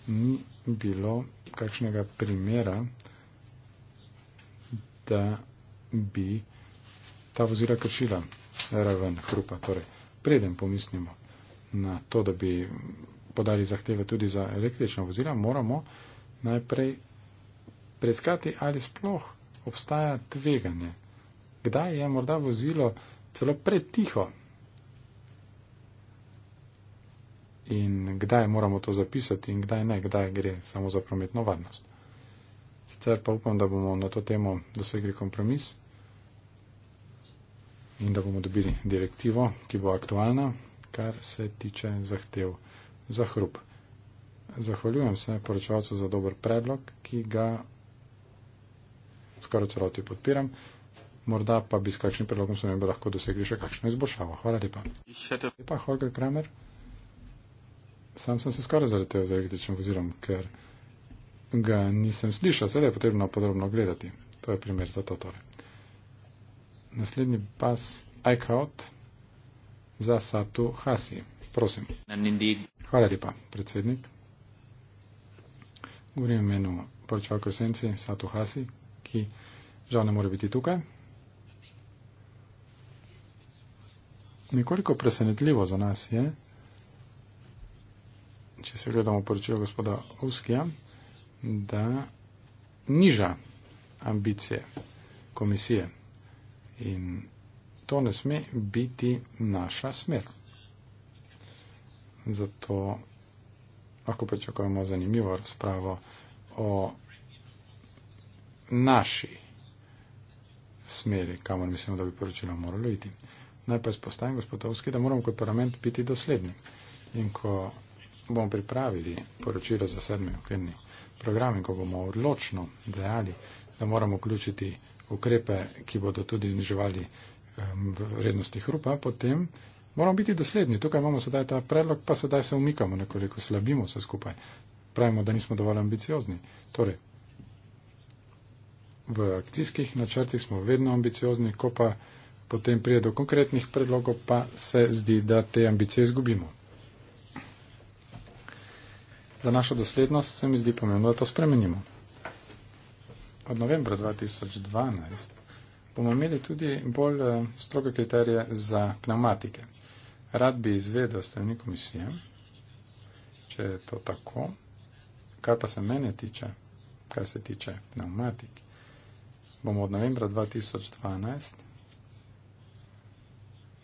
ni bilo kakšnega primera, da bi ta vozila kršila raven hrupa. Torej, preden pomislimo na to, da bi podali zahteve tudi za električna vozila, moramo najprej preiskati, ali sploh obstaja tveganje. Kdaj je morda vozilo celo pretiho, in kdaj moramo to zapisati in kdaj ne, kdaj gre samo za prometno varnost. Sicer pa upam, da bomo na to temo dosegli kompromis in da bomo dobili direktivo, ki bo aktualna, kar se tiče zahtev za hrup. Zahvaljujem se poročevalcu za dober predlog, ki ga skoraj celoti podpiram. Morda pa bi s kakšnim predlogom se ne bi lahko dosegli še kakšno izboljšavo. Hvala lepa. Lepa, Holger Kramer sam sem se skoraj zaletel z električnim vozilom, ker ga nisem slišal, sedaj je potrebno podrobno gledati. To je primer za to torej. Naslednji pas iCloud za Satu Hasi. Prosim. Hvala lepa, predsednik. Govorim v imenu poročevalke v senci Satu Hasi, ki žal ne more biti tukaj. Nekoliko presenetljivo za nas je, če se gledamo poročilo gospoda Uskija, da niža ambicije komisije in to ne sme biti naša smer. Zato lahko pričakujemo zanimivo razpravo o naši smeri, kamor mislimo, da bi poročilo moralo iti. Najprej spostavim gospodovski, da moramo kot parlament biti dosledni. In ko bomo pripravili poročilo za sedmi okvirni program in ko bomo odločno dejali, da moramo vključiti ukrepe, ki bodo tudi zniževali vrednosti hrupa, potem moramo biti dosledni. Tukaj imamo sedaj ta predlog, pa sedaj se umikamo nekoliko, slabimo se skupaj. Pravimo, da nismo dovolj ambiciozni. Torej, v akcijskih načrtih smo vedno ambiciozni, ko pa potem pride do konkretnih predlogov, pa se zdi, da te ambicije izgubimo za našo doslednost se mi zdi pomembno, da to spremenimo. Od novembra 2012 bomo imeli tudi bolj eh, stroge kriterije za pneumatike. Rad bi izvedel strani komisije, če je to tako, kar pa se mene tiče, kar se tiče pneumatik, bomo od novembra 2012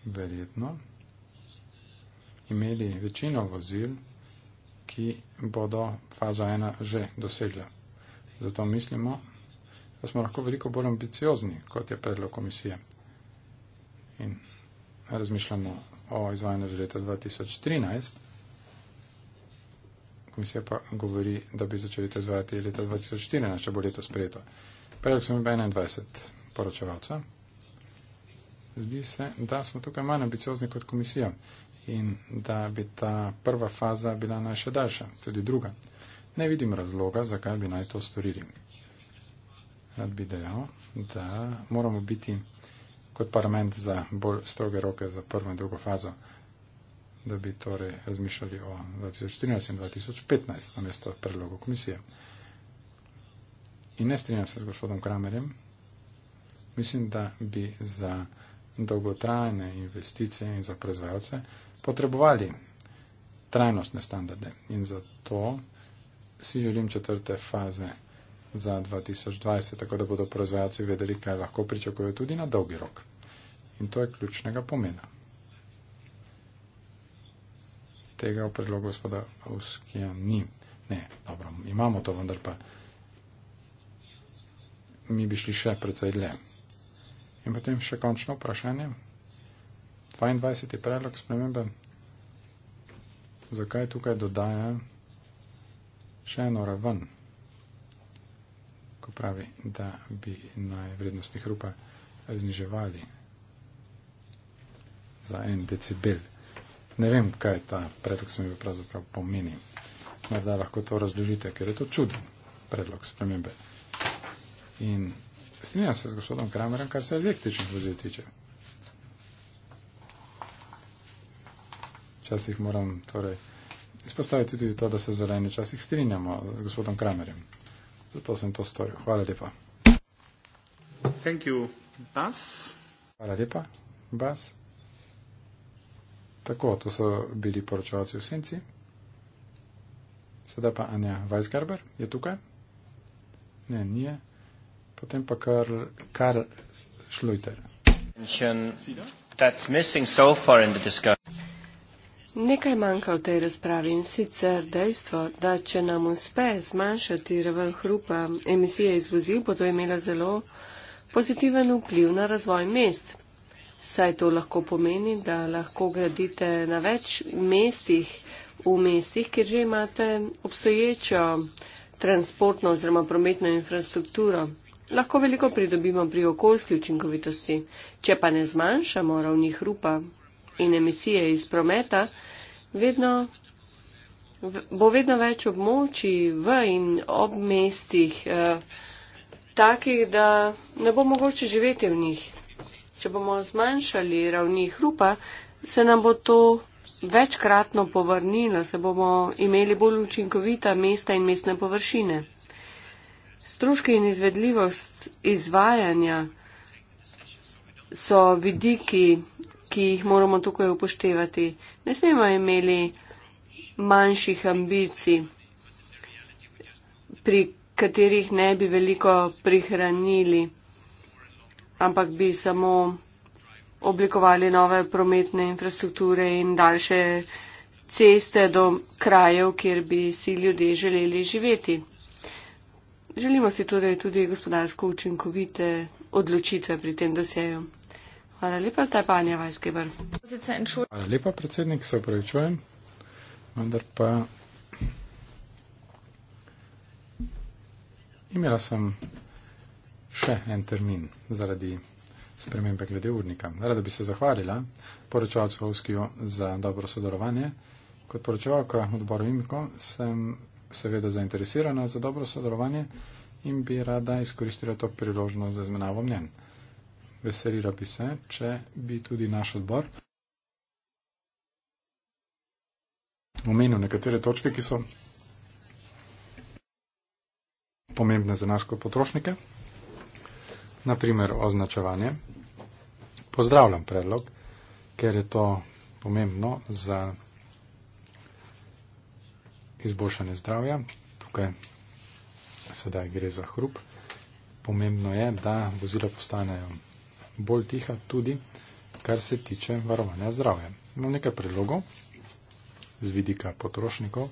verjetno imeli večino vozil ki bodo fazo ena že dosegla. Zato mislimo, da smo lahko veliko bolj ambiciozni, kot je predlog komisije. In razmišljamo o izvajanju že leta 2013. Komisija pa govori, da bi začeli to izvajati leta 2014, če bo leto sprejeto. Predlog sem imel 21 poročevalca. Zdi se, da smo tukaj manj ambiciozni kot komisija in da bi ta prva faza bila naj še daljša, tudi druga. Ne vidim razloga, zakaj bi naj to storili. Rad bi dejal, da moramo biti kot parlament za bolj stroge roke za prvo in drugo fazo, da bi torej razmišljali o 2014 in 2015 namesto predlogu komisije. In ne strinjam se z gospodom Kramerjem. Mislim, da bi za dolgotrajne investicije in za proizvajalce potrebovali trajnostne standarde. In zato si želim četrte faze za 2020, tako da bodo proizvajalci vedeli, kaj lahko pričakujejo tudi na dolgi rok. In to je ključnega pomena. Tega v predlogu gospoda Uskija ni. Ne, dobro, imamo to, vendar pa mi bi šli še predsej dlje. In potem še končno vprašanje. 22. predlog spremembe. Zakaj tukaj dodaja še eno raven, ko pravi, da bi naj vrednostnih rupa zniževali za en decibel. Ne vem, kaj ta predlog spremembe pravzaprav pomeni. Morda lahko to razložite, ker je to čuden predlog spremembe. In strinjam se z gospodom Kramerem, kar se električnih vozil tiče. Včasih moram torej, izpostaviti tudi to, da se zeleni včasih strinjamo z gospodom Kramerjem. Zato sem to storil. Hvala lepa. Thank you, Bas. Hvala lepa, Bas. Tako, to so bili poročavci v senci. Sedaj pa Anja Weisgerber je tukaj. Ne, nije. Potem pa kar Karl Schluter. That's missing so far in the discussion. Nekaj manjka v tej razpravi in sicer dejstvo, da če nam uspe zmanjšati raven hrupa emisije iz vozil, bo to imelo zelo pozitiven vpliv na razvoj mest. Saj to lahko pomeni, da lahko gradite na več mestih, v mestih, kjer že imate obstoječo transportno oziroma prometno infrastrukturo. Lahko veliko pridobimo pri okoljski učinkovitosti, če pa ne zmanjšamo ravni hrupa, in emisije iz prometa, vedno, bo vedno več območij v in ob mestih eh, takih, da ne bo mogoče živeti v njih. Če bomo zmanjšali ravni hrupa, se nam bo to večkratno povrnilo, se bomo imeli bolj učinkovita mesta in mestne površine. Stroški in izvedljivost izvajanja so vidiki ki jih moramo tukaj upoštevati. Ne smemo imeli manjših ambicij, pri katerih ne bi veliko prihranili, ampak bi samo oblikovali nove prometne infrastrukture in daljše ceste do krajev, kjer bi si ljudje želeli živeti. Želimo si torej tudi gospodarsko učinkovite odločitve pri tem dosegu. Hvala lepa, zdaj pa Anja Vajsgeber. Hvala lepa, predsednik, se upravičujem. Vendar pa imela sem še en termin zaradi spremembe glede urnika. Rada bi se zahvalila poročevalcu Ovskiju za dobro sodelovanje. Kot poročevalka odboru IMKO sem seveda zainteresirana za dobro sodelovanje in bi rada izkoristila to priložnost za izmenavo mnenja veselila bi se, če bi tudi naš odbor omenil nekatere točke, ki so pomembne za naše potrošnike, naprimer označevanje. Pozdravljam predlog, ker je to pomembno za izboljšanje zdravja. Tukaj sedaj gre za hrup. Pomembno je, da vozila postanejo bolj tiha tudi, kar se tiče varovanja zdravja. Imam nekaj predlogov z vidika potrošnikov.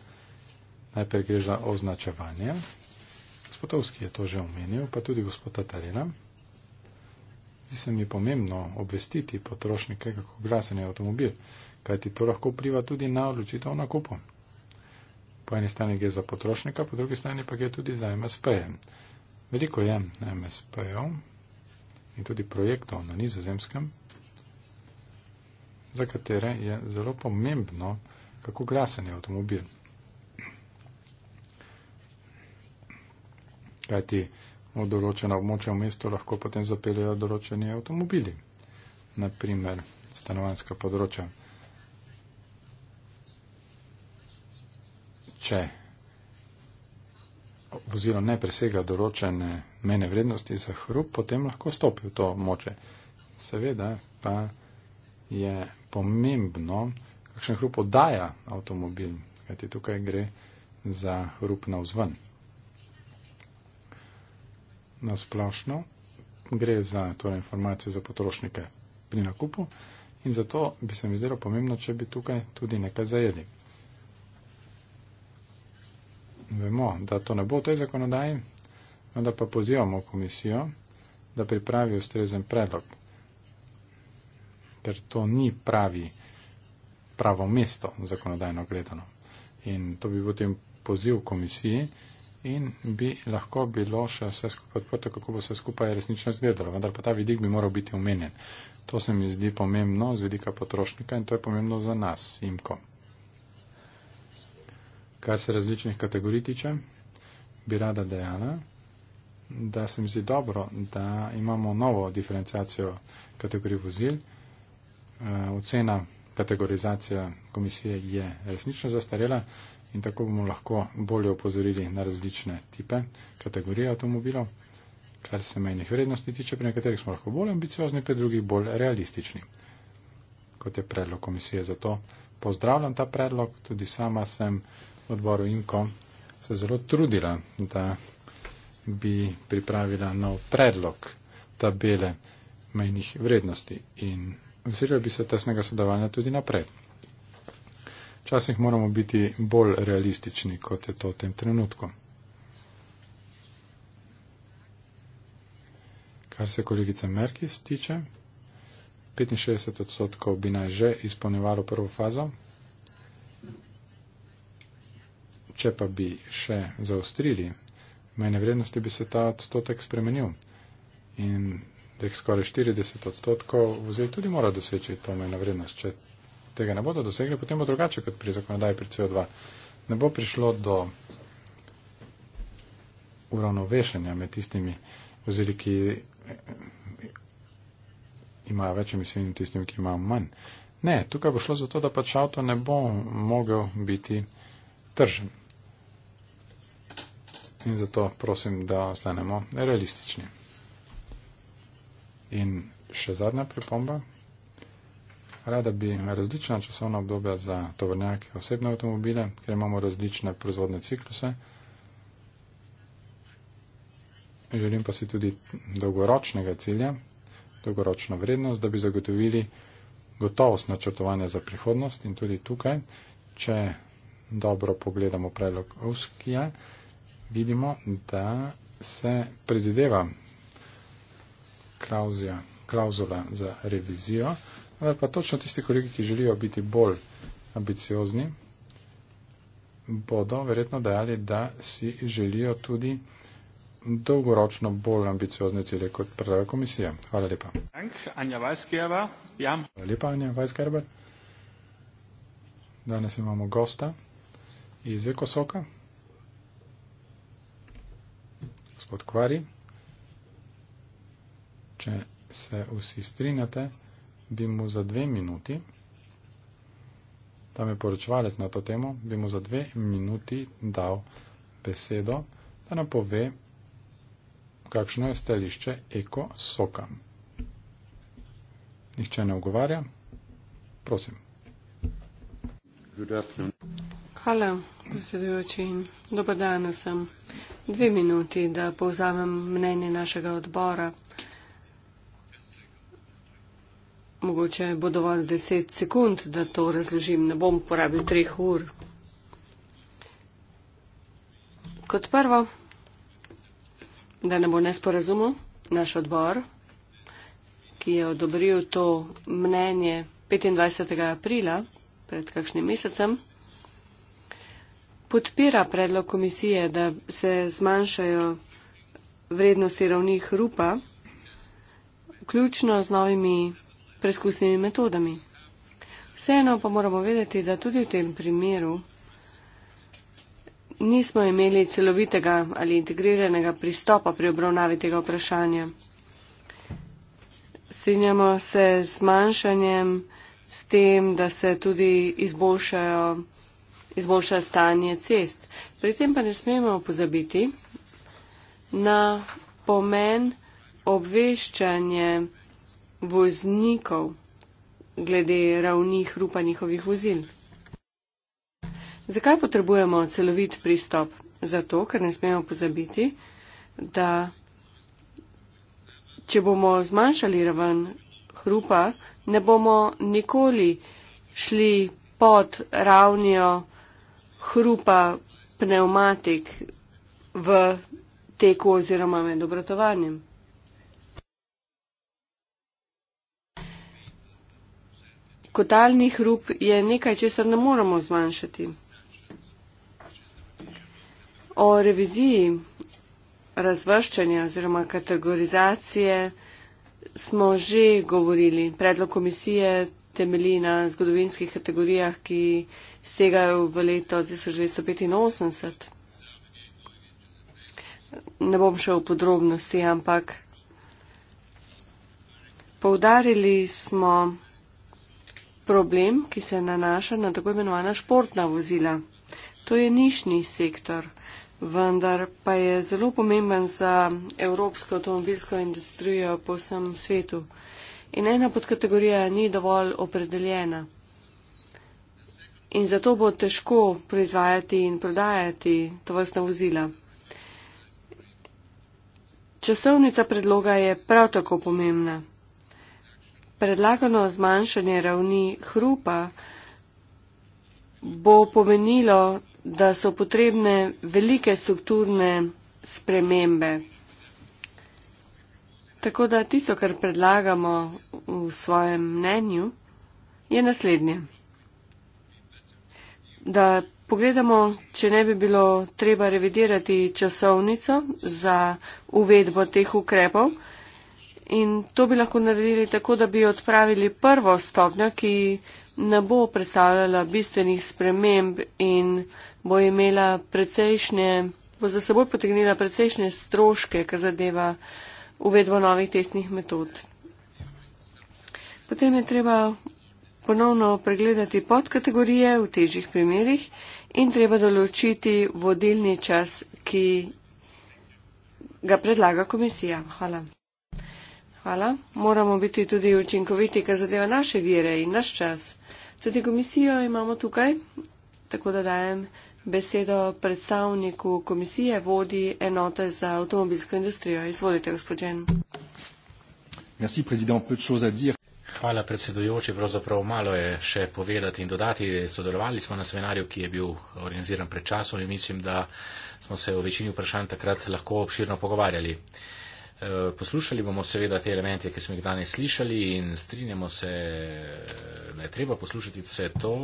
Najprej gre za označevanje. Gospod Ovski je to že omenil, pa tudi gospod Tatarina. Zdi se mi pomembno obvestiti potrošnike, kako glasen je avtomobil, kajti to lahko vpliva tudi na odločitev o nakupu. Po eni strani gre za potrošnika, po drugi strani pa gre tudi za MSP. Veliko je MSP-ov, in tudi projektov na nizozemskem, za katere je zelo pomembno, kako glasen je avtomobil. Kajti v določena območja v mestu lahko potem zapeljajo določeni avtomobili, naprimer stanovanska področja. Če vozilo ne presega določene mene vrednosti za hrup, potem lahko stopi v to moče. Seveda pa je pomembno, kakšen hrup oddaja avtomobil, kajti tukaj gre za hrup navzven. Nasplošno gre za torej, informacije za potrošnike pri nakupu in zato bi se mi zdelo pomembno, če bi tukaj tudi nekaj zajeli. Vemo, da to ne bo v tej zakonodaji, vendar pa pozivamo komisijo, da pripravi ustrezen predlog, ker to ni pravi, pravo mesto zakonodajno gledano. In to bi potem poziv komisiji in bi lahko bilo še vse skupaj odprto, kako bo vse skupaj resnično izgledalo, vendar pa ta vidik bi moral biti omenjen. To se mi zdi pomembno z vidika potrošnika in to je pomembno za nas, imko. Kar se različnih kategorij tiče, bi rada dejala, da se mi zdi dobro, da imamo novo diferencijacijo kategorij vozil. Eh, ocena kategorizacija komisije je resnično zastarela in tako bomo lahko bolje upozorili na različne tipe kategorije avtomobilov, kar se menjih vrednosti tiče, pri nekaterih smo lahko bolj ambiciozni, pri drugih bolj realistični, kot je predlog komisije. Zato pozdravljam ta predlog, tudi sama sem odboru Inko se zelo trudila, da bi pripravila nov predlog tabele mejnih vrednosti in vzela bi se tesnega sodelovanja tudi naprej. Včasih moramo biti bolj realistični, kot je to v tem trenutku. Kar se kolegice Merkis tiče, 65 odstotkov bi naj že izpolnjevalo prvo fazo. Če pa bi še zaostrili mejne vrednosti, bi se ta odstotek spremenil. In da jih skoraj 40 odstotkov vozil tudi mora doseči to mejno vrednost. Če tega ne bodo dosegli, potem bo drugače kot pri zakonodaji pri CO2. Ne bo prišlo do uravnovešanja med tistimi vozili, ki eh, imajo več emisij in tistimi, ki imajo manj. Ne, tukaj bo šlo za to, da pač avto ne bo mogel biti tržen in zato prosim, da ostanemo realistični. In še zadnja pripomba. Rada bi različna časovna obdobja za tovrnjake osebne avtomobile, ker imamo različne proizvodne cikluse. Želim pa si tudi dolgoročnega cilja, dolgoročno vrednost, da bi zagotovili gotovost načrtovanja za prihodnost in tudi tukaj, če dobro pogledamo predlog Ovskija, vidimo, da se predvideva klauzija, klauzula za revizijo, ali pa točno tisti kolegi, ki želijo biti bolj ambiciozni, bodo verjetno dejali, da si želijo tudi dolgoročno bolj ambiciozne cilje kot predlaga komisija. Hvala lepa. Dank, Anja ja. Hvala lepa, Anja Weisgerber. Danes imamo gosta iz Ekosoka gospod Kvari. Če se vsi strinjate, bi mu za dve minuti, tam je poročevalec na to temo, bi mu za dve minuti dal besedo, da nam pove, kakšno je stališče Eko Soka. Nihče ne ogovarja. Prosim. Hvala, predsedujoči. Dobar dan sem dve minuti, da povzamem mnenje našega odbora. Mogoče bo dovolj deset sekund, da to razložim. Ne bom porabil treh ur. Kot prvo, da ne bo nesporazumov, naš odbor, ki je odobril to mnenje 25. aprila pred kakšnim mesecem podpira predlog komisije, da se zmanjšajo vrednosti ravni hrupa, vključno z novimi preizkusnimi metodami. Vseeno pa moramo vedeti, da tudi v tem primeru nismo imeli celovitega ali integriranega pristopa pri obravnavi tega vprašanja. Strinjamo se z manjšanjem, s tem, da se tudi izboljšajo izboljša stanje cest. Pri tem pa ne smemo pozabiti na pomen obveščanje voznikov glede ravni hrupa njihovih vozil. Zakaj potrebujemo celovit pristop? Zato, ker ne smemo pozabiti, da če bomo zmanjšali raven hrupa, ne bomo nikoli šli pod ravnjo hrupa pneumatik v teku oziroma med obratovanjem. Kotalni hrup je nekaj, česar ne moramo zmanjšati. O reviziji razvrščanja oziroma kategorizacije smo že govorili. Predlog komisije temelji na zgodovinskih kategorijah, ki segajo v leto 1985. Ne bom šel v podrobnosti, ampak poudarili smo problem, ki se nanaša na tako imenovana športna vozila. To je nišni sektor, vendar pa je zelo pomemben za evropsko avtomobilsko industrijo po vsem svetu. In ena podkategorija ni dovolj opredeljena in zato bo težko proizvajati in prodajati to vrstna vozila. Časovnica predloga je prav tako pomembna. Predlagano zmanjšanje ravni hrupa bo pomenilo, da so potrebne velike strukturne spremembe. Tako da tisto, kar predlagamo v svojem mnenju, je naslednje da pogledamo, če ne bi bilo treba revidirati časovnico za uvedbo teh ukrepov. In to bi lahko naredili tako, da bi odpravili prvo stopnjo, ki ne bo predstavljala bistvenih sprememb in bo imela precejšnje, bo za seboj potegnila precejšnje stroške, kar zadeva uvedbo novih testnih metod. Potem je treba ponovno pregledati podkategorije v težjih primerih in treba določiti vodilni čas, ki ga predlaga komisija. Hvala. Hvala. Moramo biti tudi učinkoviti, kar zadeva naše vire in naš čas. Tudi komisijo imamo tukaj, tako da dajem besedo predstavniku komisije, vodi enote za avtomobilsko industrijo. Izvolite, gospod Jen. Merci, Hvala predsedujoči. Pravzaprav malo je še povedati in dodati. Sodelovali smo na seminarju, ki je bil organiziran pred časom in mislim, da smo se o večini vprašanj takrat lahko obširno pogovarjali. Eh, poslušali bomo seveda te elemente, ki smo jih danes slišali in strinjamo se, da je treba poslušati vse to.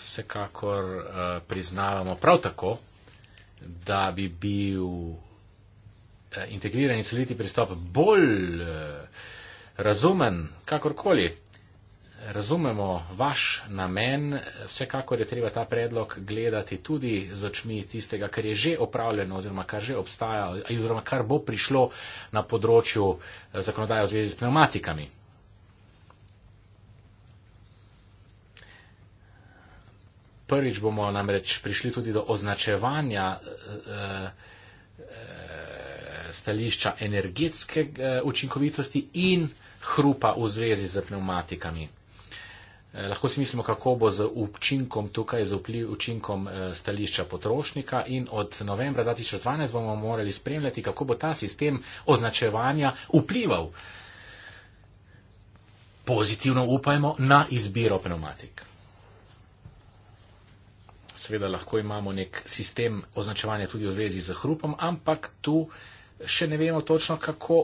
Vsekakor eh, priznavamo prav tako, da bi bil eh, integriran in celiti pristop bolj razumen, kakorkoli. Razumemo vaš namen, vsekakor je treba ta predlog gledati tudi z očmi tistega, kar je že opravljeno oziroma kar že obstaja oziroma kar bo prišlo na področju eh, zakonodaje v zvezi s pneumatikami. Prvič bomo namreč prišli tudi do označevanja eh, eh, stališča energetske učinkovitosti in hrupa v zvezi z pneumatikami. Eh, lahko si mislimo, kako bo z učinkom tukaj, z vpliv, učinkom eh, stališča potrošnika in od novembra 2012 bomo morali spremljati, kako bo ta sistem označevanja vplival pozitivno, upajmo, na izbiro pneumatik. Seveda lahko imamo nek sistem označevanja tudi v zvezi z hrupom, ampak tu še ne vemo točno, kako,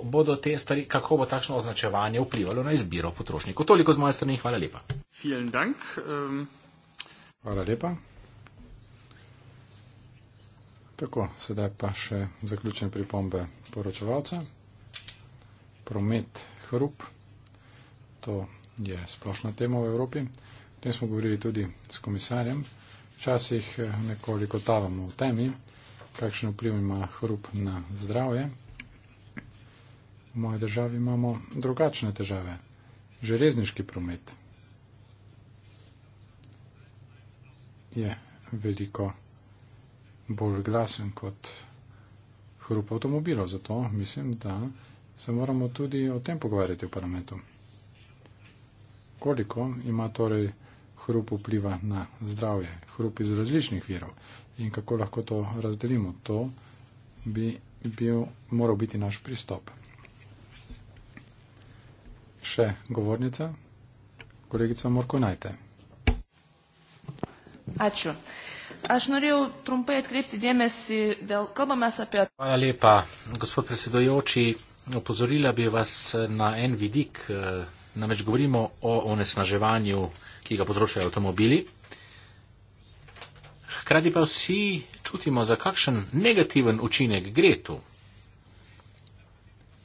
te stvari, kako bo takšno označevanje vplivalo na izbiro potrošnikov. Toliko z moje strani, hvala lepa. Dank, um... Hvala lepa. Tako, sedaj pa še zaključene pripombe poročevalca. Promet hrup, to je splošna tema v Evropi. O tem smo govorili tudi s komisarjem. Včasih eh, nekoliko tavamo v temi kakšen vpliv ima hrup na zdravje. V moji državi imamo drugačne težave. Železniški promet je veliko bolj glasen kot hrup avtomobilov, zato mislim, da se moramo tudi o tem pogovarjati v parlamentu. Koliko ima torej hrup vpliva na zdravje? Hrup iz različnih virov in kako lahko to razdelimo. To bi bil, moral biti naš pristop. Še govornica, kolegica Morko Najte. Ačiū. Aš norėjau trumpai atkreipti dėmesį, dėl kalbame apie. Hvala lepa, gospod presidojoči. Opozorila bi vas na en vidik, namreč govorimo o onesnaževanju, ki ga povzročajo avtomobili hkrati pa vsi čutimo, za kakšen negativen učinek gre tu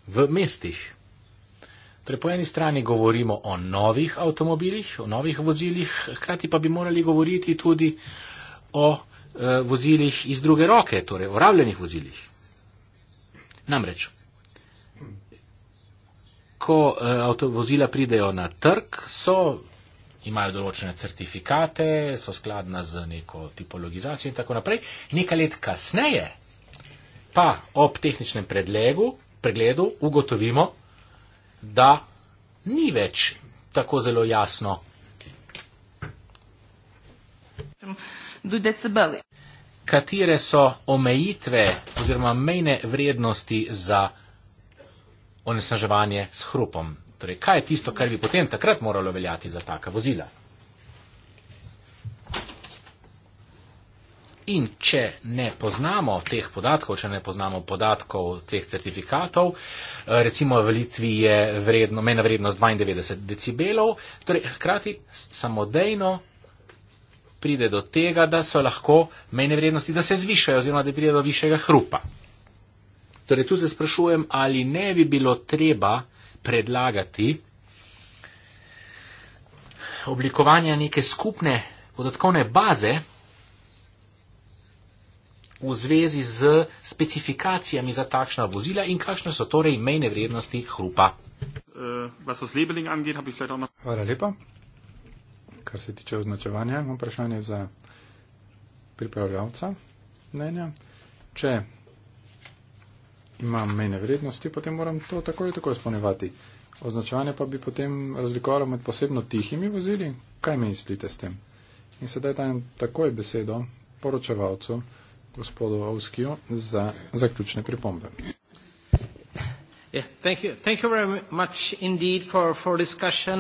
v mestih. Torej, po eni strani govorimo o novih avtomobilih, o novih vozilih, hkrati pa bi morali govoriti tudi o e, vozilih iz druge roke, torej o rabljenih vozilih. Namreč, ko e, eh, avtovozila pridejo na trg, so imajo določene certifikate, so skladna z neko tipologizacijo in tako naprej. Nekaj let kasneje, pa ob tehničnem predlegu, pregledu, ugotovimo, da ni več tako zelo jasno. Do decibeli. Katere so omejitve oziroma mejne vrednosti za onesnaževanje s hrupom Torej, kaj je tisto, kar bi potem takrat moralo veljati za taka vozila? In če ne poznamo teh podatkov, če ne poznamo podatkov teh certifikatov, eh, recimo v Litvi je vredno, mena vrednost 92 decibelov, torej hkrati samodejno pride do tega, da so lahko mene vrednosti, da se zvišajo oziroma da pride do višjega hrupa. Torej tu se sprašujem, ali ne bi bilo treba predlagati oblikovanje neke skupne podatkovne baze v zvezi z specifikacijami za takšna vozila in kakšne so torej mejne vrednosti hrupa. Eh, Hvala lepa. Kar se tiče označevanja, imam vprašanje za pripravljavca mnenja. Če imam mejne vrednosti, potem moram to tako ali tako izpolnevati. Označevanje pa bi potem razlikovalo med posebno tihimi vozili. Kaj mislite s tem? In sedaj dajem takoj besedo poročevalcu, gospodu Ovskiju, za zaključne pripombe. Uh,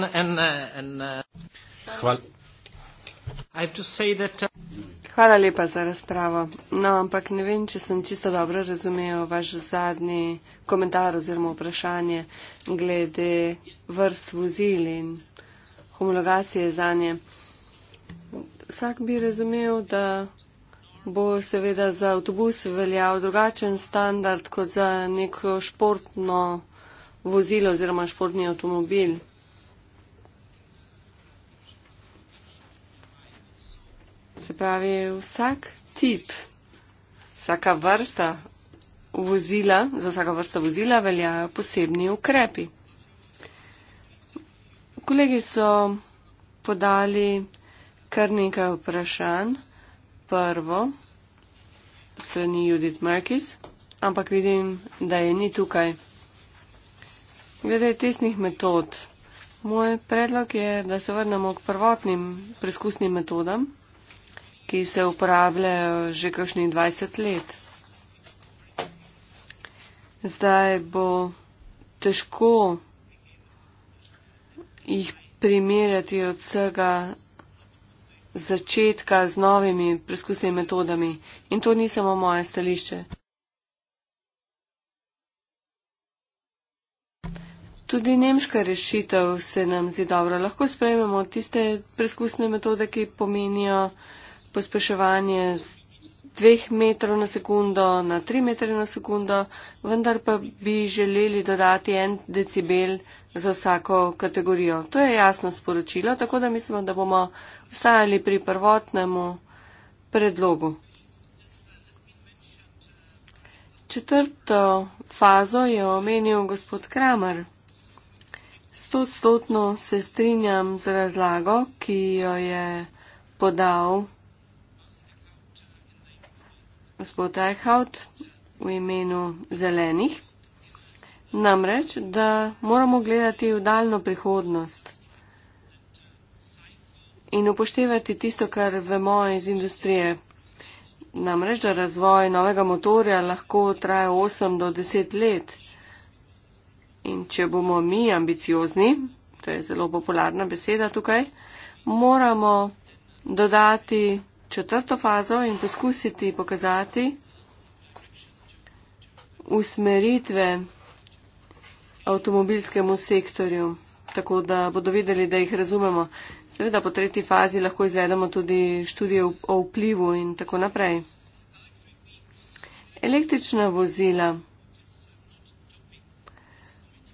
uh, Hvala. Hvala lepa za razpravo. No, ampak ne vem, če sem čisto dobro razumel vaš zadnji komentar oziroma vprašanje glede vrst vozil in homologacije za nje. Vsak bi razumel, da bo seveda za avtobus veljal drugačen standard kot za neko športno vozilo oziroma športni avtomobil. se pravi, vsak tip, vsaka vrsta vozila, za vsaka vrsta vozila veljajo posebni ukrepi. Kolegi so podali kar nekaj vprašanj. Prvo, strani Judith Merkis, ampak vidim, da je ni tukaj. Glede testnih metod, moj predlog je, da se vrnemo k prvotnim preizkusnim metodam ki se uporabljajo že kakšni 20 let. Zdaj bo težko jih primerjati od vsega začetka z novimi preskusnimi metodami. In to ni samo moje stališče. Tudi nemška rešitev se nam zdi dobro. Lahko sprejmemo tiste preskusne metode, ki pomenijo, pospeševanje z 2 metrov na sekundo na 3 metre na sekundo, vendar pa bi želeli dodati en decibel za vsako kategorijo. To je jasno sporočilo, tako da mislimo, da bomo ostajali pri prvotnemu predlogu. Četrto fazo je omenil gospod Kramer. Stotno se strinjam z razlago, ki jo je podal gospod Eichhout v imenu zelenih. Namreč, da moramo gledati v daljno prihodnost in upoštevati tisto, kar vemo iz industrije. Namreč, da razvoj novega motorja lahko traja 8 do 10 let. In če bomo mi ambiciozni, to je zelo popularna beseda tukaj, moramo dodati četrto fazo in poskusiti pokazati usmeritve avtomobilskemu sektorju, tako da bodo videli, da jih razumemo. Seveda po tretji fazi lahko izvedemo tudi študije o vplivu in tako naprej. Električna vozila.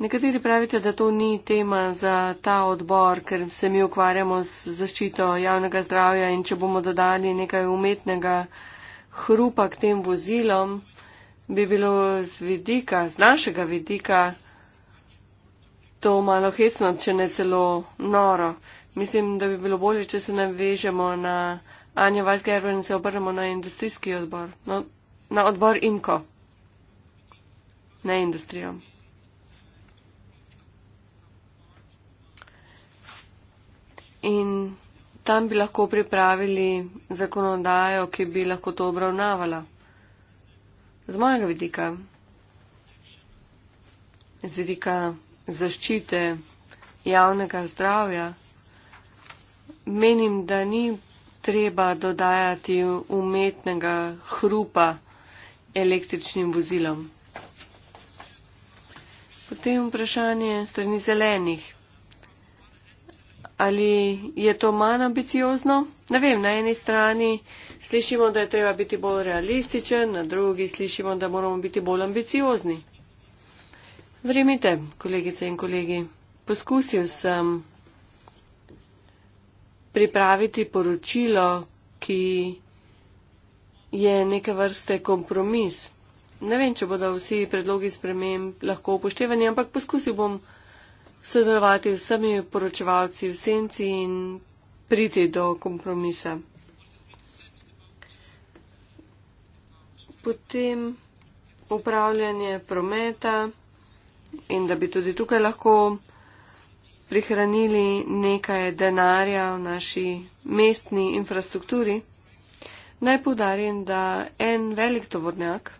Nekateri pravite, da to ni tema za ta odbor, ker se mi ukvarjamo z zaščito javnega zdravja in če bomo dodali nekaj umetnega hrupa k tem vozilom, bi bilo z vidika, z našega vidika, to malo hecno, če ne celo noro. Mislim, da bi bilo bolje, če se navežemo na Anja Vajsgerber in se obrnemo na industrijski odbor, no, na odbor Inko, ne industrijom. in tam bi lahko pripravili zakonodajo, ki bi lahko to obravnavala. Z mojega vidika, z vidika zaščite javnega zdravja, menim, da ni treba dodajati umetnega hrupa električnim vozilom. Potem vprašanje strani zelenih ali je to manj ambiciozno? Ne vem, na eni strani slišimo, da je treba biti bolj realističen, na drugi slišimo, da moramo biti bolj ambiciozni. Verjemite, kolegice in kolegi, poskusil sem pripraviti poročilo, ki je neke vrste kompromis. Ne vem, če bodo vsi predlogi sprememb lahko upoštevani, ampak poskusil bom sodelovati z vsemi poročevalci v senci in priti do kompromisa. Potem upravljanje prometa in da bi tudi tukaj lahko prihranili nekaj denarja v naši mestni infrastrukturi. Naj podarim, da en velik tovornjak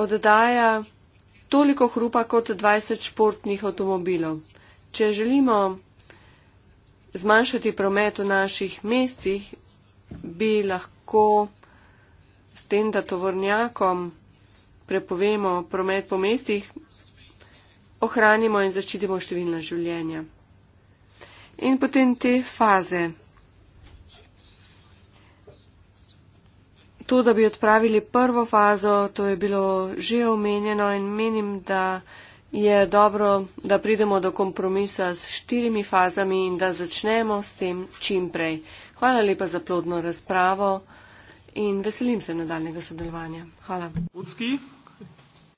oddaja toliko hrupa kot 20 športnih avtomobilov. Če želimo zmanjšati promet v naših mestih, bi lahko s tem, da tovornjakom prepovemo promet po mestih, ohranimo in zaščitimo številna življenja. In potem te faze. to, da bi odpravili prvo fazo, to je bilo že omenjeno in menim, da je dobro, da pridemo do kompromisa s štirimi fazami in da začnemo s tem čim prej. Hvala lepa za plodno razpravo in veselim se nadaljnega sodelovanja. Hvala. Ucki.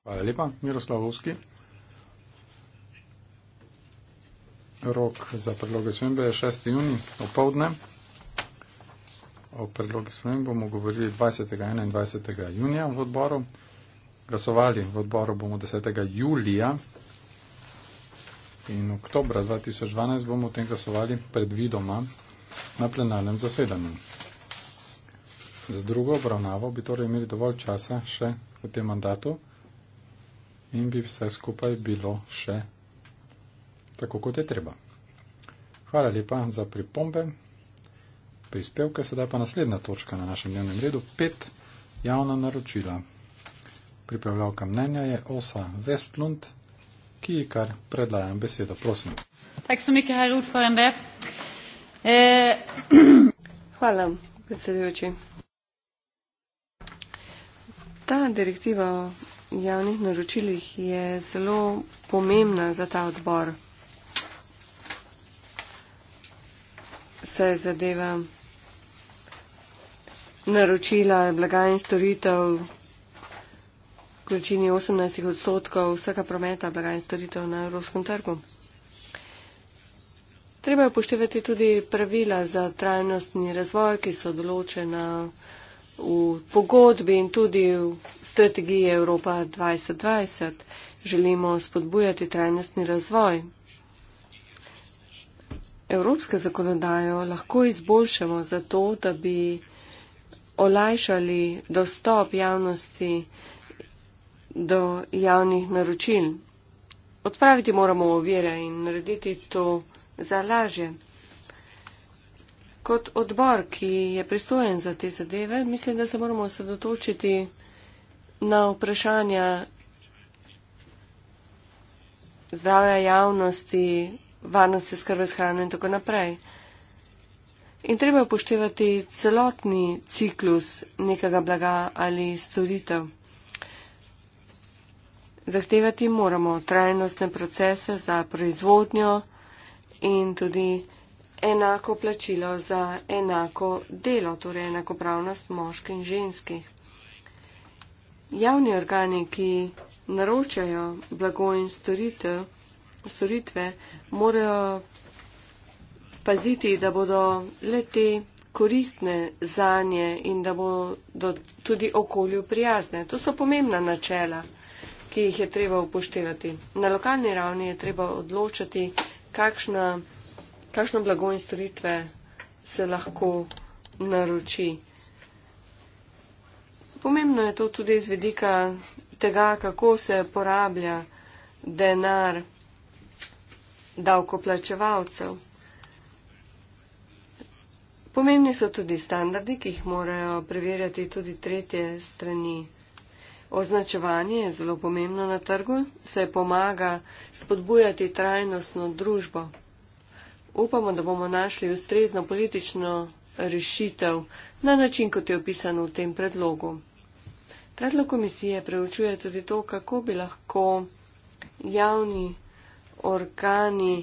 Hvala lepa, Miroslavovski. Rok za predloge svembe je 6. juni, opovdne o predlogi spremem bomo govorili 20. in 21. junija v odboru. Glasovali v odboru bomo 10. julija in oktobra 2012 bomo o tem glasovali predvidoma na plenarnem zasedanju. Za drugo obravnavo bi torej imeli dovolj časa še v tem mandatu in bi vse skupaj bilo še tako, kot je treba. Hvala lepa za pripombe prispevke, sedaj pa naslednja točka na našem dnevnem redu, pet javna naročila. Pripravljavka mnenja je Osa Westlund, ki ji kar predlagam besedo. Prosim. Tak so mi, kaj je urfarende. Hvala, predsedujoči. Ta direktiva o javnih naročilih je zelo pomembna za ta odbor. Se zadeva naročila blaga in storitev v količini 18 odstotkov vsega prometa blaga in storitev na evropskem trgu. Treba je upoštevati tudi pravila za trajnostni razvoj, ki so določena v pogodbi in tudi v strategiji Evropa 2020. Želimo spodbujati trajnostni razvoj. Evropske zakonodajo lahko izboljšamo zato, da bi olajšali dostop javnosti do javnih naročil. Odpraviti moramo ovire in narediti to za lažje. Kot odbor, ki je pristojen za te zadeve, mislim, da se moramo osredotočiti na vprašanja zdravja javnosti, varnosti skrbe s hrano in tako naprej. In treba upoštevati celotni ciklus nekega blaga ali storitev. Zahtevati moramo trajnostne procese za proizvodnjo in tudi enako plačilo za enako delo, torej enakopravnost moških in ženskih. Javni organi, ki naročajo blago in storitev, storitve, morajo paziti, da bodo le te koristne zanje in da bodo tudi okolju prijazne. To so pomembna načela, ki jih je treba upoštevati. Na lokalni ravni je treba odločati, kakšna, kakšno blago in storitve se lahko naroči. Pomembno je to tudi izvedika tega, kako se porablja denar davkoplačevalcev. Pomembni so tudi standardi, ki jih morajo preverjati tudi tretje strani. Označevanje je zelo pomembno na trgu, saj pomaga spodbujati trajnostno družbo. Upamo, da bomo našli ustrezno politično rešitev na način, kot je opisano v tem predlogu. Predlog komisije preučuje tudi to, kako bi lahko javni organi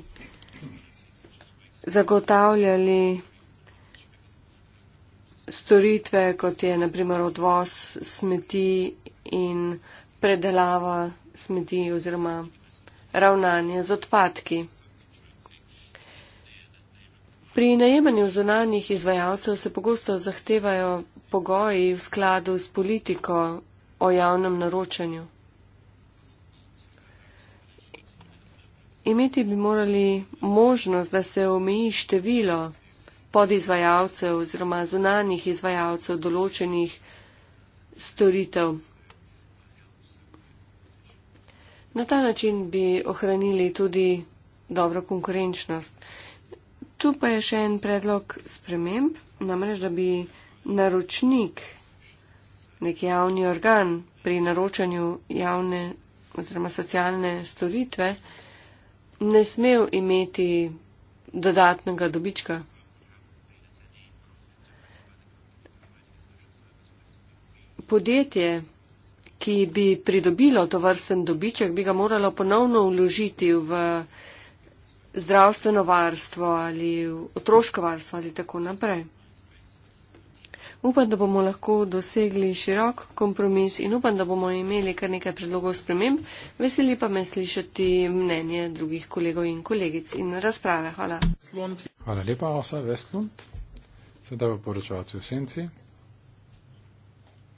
zagotavljali storitve, kot je naprimer odvoz smeti in predelava smeti oziroma ravnanje z odpadki. Pri najemanju zunanjih izvajalcev se pogosto zahtevajo pogoji v skladu s politiko o javnem naročanju. Imeti bi morali možnost, da se omeji število podizvajalcev oziroma zunanjih izvajalcev določenih storitev. Na ta način bi ohranili tudi dobro konkurenčnost. Tu pa je še en predlog sprememb, namreč da bi naročnik, neki javni organ pri naročanju javne oziroma socialne storitve, ne smel imeti dodatnega dobička. podjetje, ki bi pridobilo to vrsten dobiček, bi ga moralo ponovno vložiti v zdravstveno varstvo ali otroško varstvo ali tako naprej. Upam, da bomo lahko dosegli širok kompromis in upam, da bomo imeli kar nekaj predlogov sprememb. Veseli pa me slišati mnenje drugih kolegov in kolegic in razprave. Hvala. Hvala lepa, Osa Vestlund. Sedaj v poročavcu v Senci.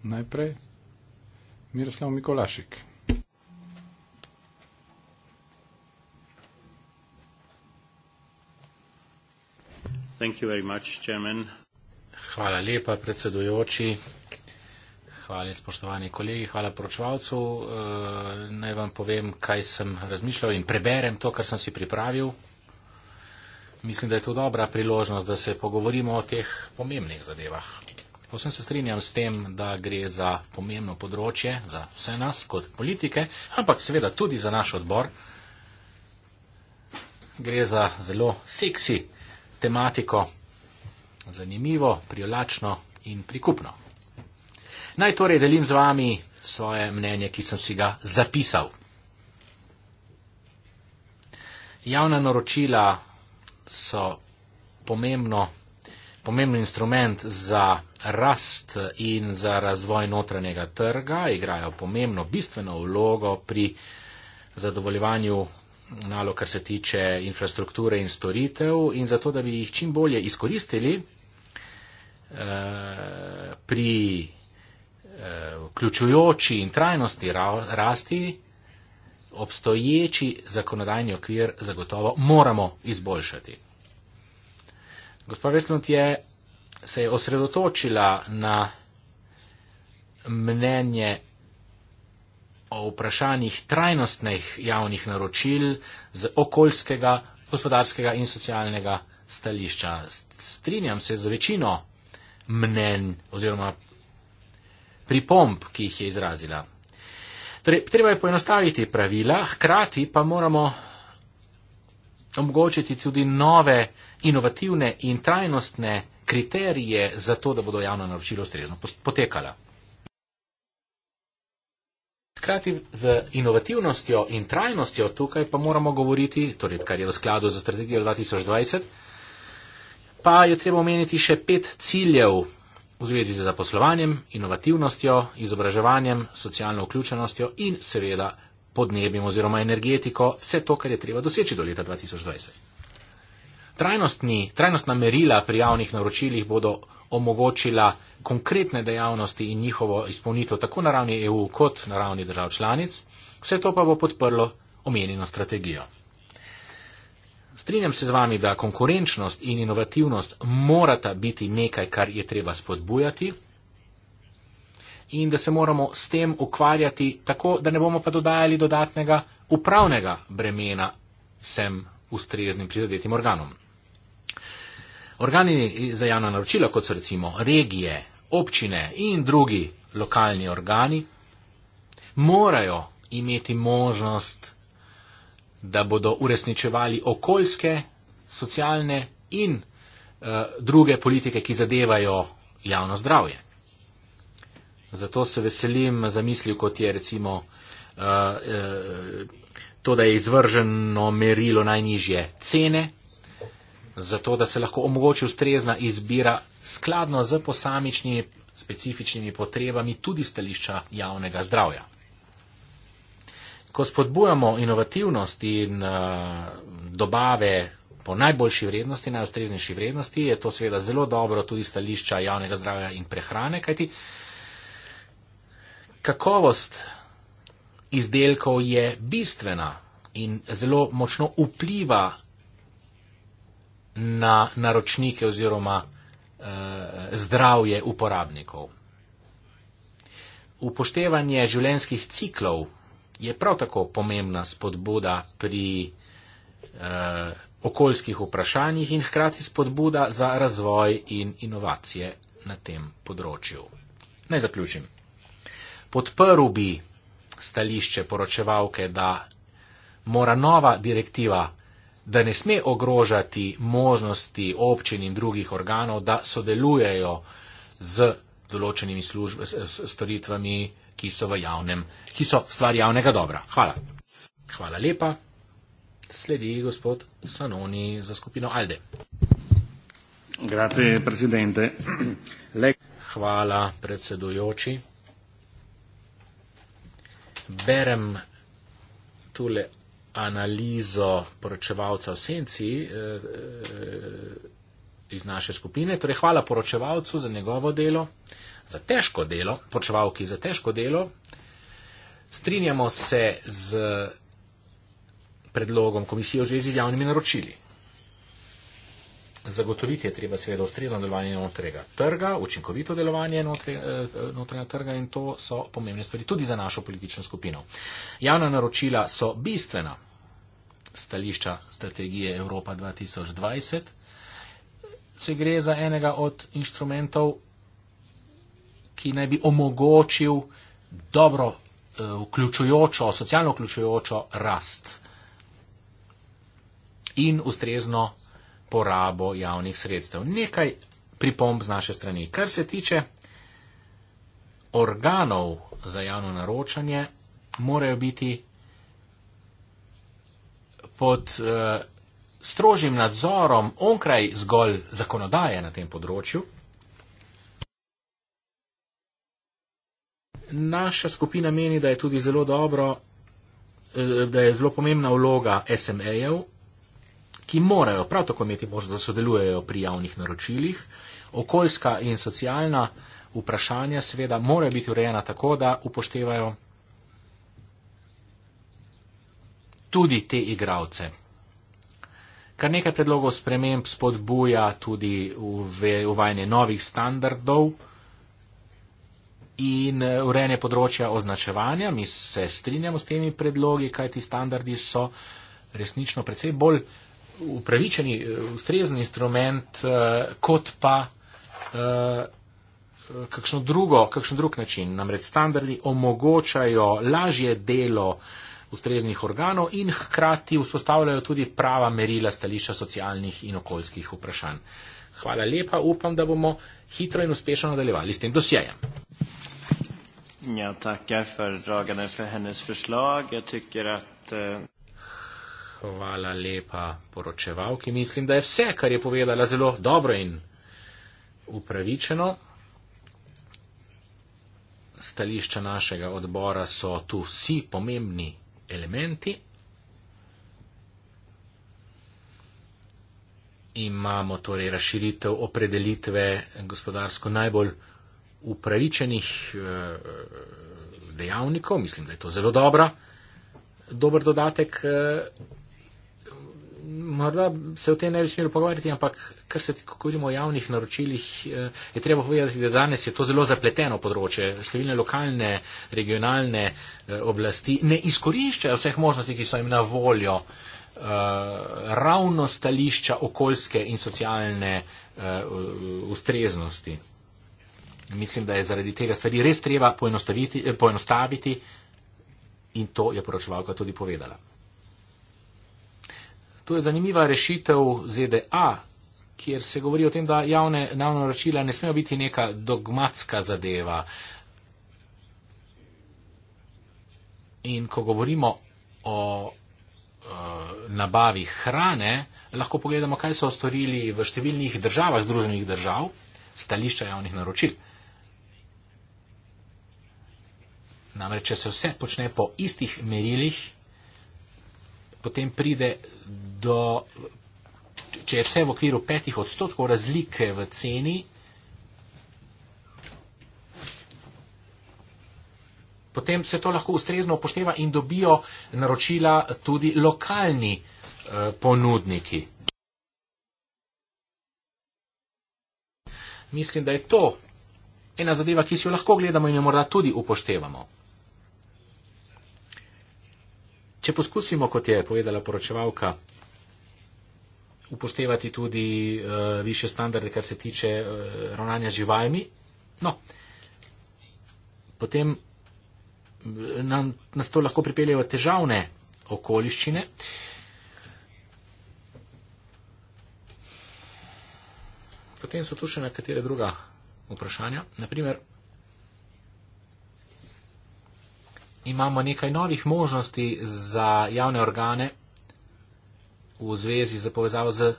Najprej Miroslav Mikolašik. Hvala lepa, predsedujoči. Hvala, spoštovani kolegi, hvala poročevalcu. E, naj vam povem, kaj sem razmišljal in preberem to, kar sem si pripravil. Mislim, da je to dobra priložnost, da se pogovorimo o teh pomembnih zadevah. Posem se strinjam s tem, da gre za pomembno področje za vse nas kot politike, ampak seveda tudi za naš odbor. Gre za zelo seksi tematiko, zanimivo, privlačno in prikupno. Naj torej delim z vami svoje mnenje, ki sem si ga zapisal. Javna naročila so pomembno, pomembno instrument za rast in za razvoj notranjega trga igrajo pomembno, bistveno vlogo pri zadovoljevanju nalog, kar se tiče infrastrukture in storitev in zato, da bi jih čim bolje izkoristili eh, pri eh, vključujoči in trajnosti rasti, obstoječi zakonodajni okvir zagotovo moramo izboljšati. Gospod Veslund je se je osredotočila na mnenje o vprašanjih trajnostnih javnih naročil z okoljskega, gospodarskega in socialnega stališča. Strinjam se z večino mnen oziroma pripomb, ki jih je izrazila. Torej, treba je poenostaviti pravila, hkrati pa moramo omogočiti tudi nove, inovativne in trajnostne kriterije za to, da bodo javna naročila ustrezno potekala. Hkrati z inovativnostjo in trajnostjo tukaj pa moramo govoriti, torej kar je v skladu z strategijo 2020, pa je treba omeniti še pet ciljev v zvezi z zaposlovanjem, inovativnostjo, izobraževanjem, socialno vključenostjo in seveda podnebjem oziroma energetiko, vse to, kar je treba doseči do leta 2020. Trajnostni, trajnostna merila pri javnih naročilih bodo omogočila konkretne dejavnosti in njihovo izpolnitev tako na ravni EU kot na ravni držav članic, vse to pa bo podprlo omenjeno strategijo. Strinjam se z vami, da konkurenčnost in inovativnost morata biti nekaj, kar je treba spodbujati in da se moramo s tem ukvarjati tako, da ne bomo pa dodajali dodatnega upravnega bremena vsem ustreznim prizadetim organom. Organi za javna naročila, kot so recimo regije, občine in drugi lokalni organi, morajo imeti možnost, da bodo uresničevali okoljske, socialne in uh, druge politike, ki zadevajo javno zdravje. Zato se veselim zamisli, kot je recimo uh, uh, to, da je izvrženo merilo najnižje cene zato da se lahko omogoči ustrezna izbira skladno z posamičnimi specifičnimi potrebami tudi stališča javnega zdravja. Ko spodbujamo inovativnost in eh, dobave po najboljši vrednosti, najustreznejši vrednosti, je to seveda zelo dobro tudi stališča javnega zdravja in prehrane, kajti kakovost izdelkov je bistvena in zelo močno vpliva na naročnike oziroma eh, zdravje uporabnikov. Upoštevanje življenjskih ciklov je prav tako pomembna spodbuda pri eh, okoljskih vprašanjih in hkrati spodbuda za razvoj in inovacije na tem področju. Naj zaključim. Podprl bi stališče poročevalke, da mora nova direktiva da ne sme ogrožati možnosti občin in drugih organov, da sodelujejo z določenimi služb, s, s, storitvami, ki so, javnem, ki so stvar javnega dobra. Hvala. Hvala lepa. Sledi gospod Sanoni za skupino Alde. Grazie, presidente. Le... Hvala, predsedujoči. Berem tule analizo poročevalca v senci eh, eh, iz naše skupine. Torej, hvala poročevalcu za njegovo delo, za težko delo, poročevalki za težko delo. Strinjamo se z predlogom komisije v zvezi z javnimi naročili. Zagotoviti je treba seveda ustrezno delovanje notrega trga, učinkovito delovanje notrega eh, trga in to so pomembne stvari tudi za našo politično skupino. Javna naročila so bistvena stališča strategije Evropa 2020. Se gre za enega od inštrumentov, ki naj bi omogočil dobro eh, vključujočo, socialno vključujočo rast in ustrezno porabo javnih sredstev. Nekaj pripomb z naše strani. Kar se tiče organov za javno naročanje, morajo biti pod uh, strožjim nadzorom onkraj zgolj zakonodaje na tem področju. Naša skupina meni, da je tudi zelo dobro, eh, da je zelo pomembna vloga SME-jev ki morajo prav tako imeti možnost, da sodelujejo pri javnih naročilih. Okoljska in socialna vprašanja seveda morajo biti urejena tako, da upoštevajo tudi te igravce. Kar nekaj predlogov sprememb spodbuja tudi uvajanje novih standardov in eh, urejanje področja označevanja. Mi se strinjamo s temi predlogi, kajti standardi so resnično predvsej bolj upravičeni, eh, ustrezen instrument, eh, kot pa eh, kakšno drugo, kakšen drug način. Namreč standardi omogočajo lažje delo ustreznih organov in hkrati vzpostavljajo tudi prava merila stališča socialnih in okoljskih vprašanj. Hvala lepa, upam, da bomo hitro in uspešno nadaljevali s tem dosjejem. Ja, takaj, fördragane, fehenes, fešlag, ja, tykker, at... Uh... Hvala lepa poročevalki. Mislim, da je vse, kar je povedala, zelo dobro in upravičeno. Stališča našega odbora so tu vsi pomembni elementi. Imamo torej razširitev opredelitve gospodarsko najbolj upravičenih eh, dejavnikov. Mislim, da je to zelo dobra. Dober dodatek eh, morda se o tem ne bi smeli pogovarjati, ampak kar se govorimo o javnih naročilih, eh, je treba povedati, da danes je to zelo zapleteno področje. Številne lokalne, regionalne eh, oblasti ne izkoriščajo vseh možnosti, ki so jim na voljo eh, ravno stališča okoljske in socialne ustreznosti. Mislim, da je zaradi tega stvari res treba poenostaviti in to je poročevalka tudi povedala. Tu je zanimiva rešitev ZDA, kjer se govori o tem, da javne naročila ne smejo biti neka dogmatska zadeva. In ko govorimo o uh, nabavi hrane, lahko pogledamo, kaj so storili v številnih državah, združenih držav, stališča javnih naročil. Namreč, če se vse počne po istih merilih, potem pride do, če je vse v okviru petih odstotkov razlike v ceni, potem se to lahko ustrezno upošteva in dobijo naročila tudi lokalni eh, ponudniki. Mislim, da je to ena zadeva, ki si jo lahko gledamo in jo morda tudi upoštevamo. Če poskusimo, kot je povedala poročevalka, upoštevati tudi uh, eh, više standarde, kar se tiče uh, ravnanja z živalmi, no, potem eh, nam, nas to lahko pripelje v težavne okoliščine. Potem so tu še nekatere druga vprašanja. Naprimer, imamo nekaj novih možnosti za javne organe v zvezi z povezavo z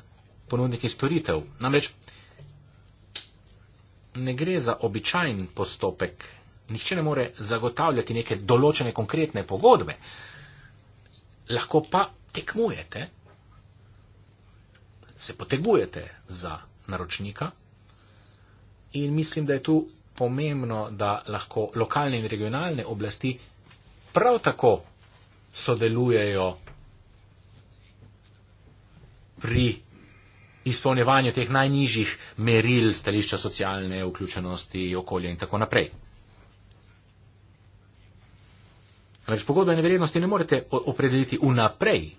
ponudniki storitev. Namreč ne gre za običajen postopek. Nihče ne more zagotavljati neke določene konkretne pogodbe. Lahko pa tekmujete, se potegujete za naročnika in mislim, da je tu pomembno, da lahko lokalne in regionalne oblasti prav tako sodelujejo pri izpolnjevanju teh najnižjih meril stališča socialne vključenosti, okolja in tako naprej. Namreč pogodbene vrednosti ne morete opredeliti vnaprej,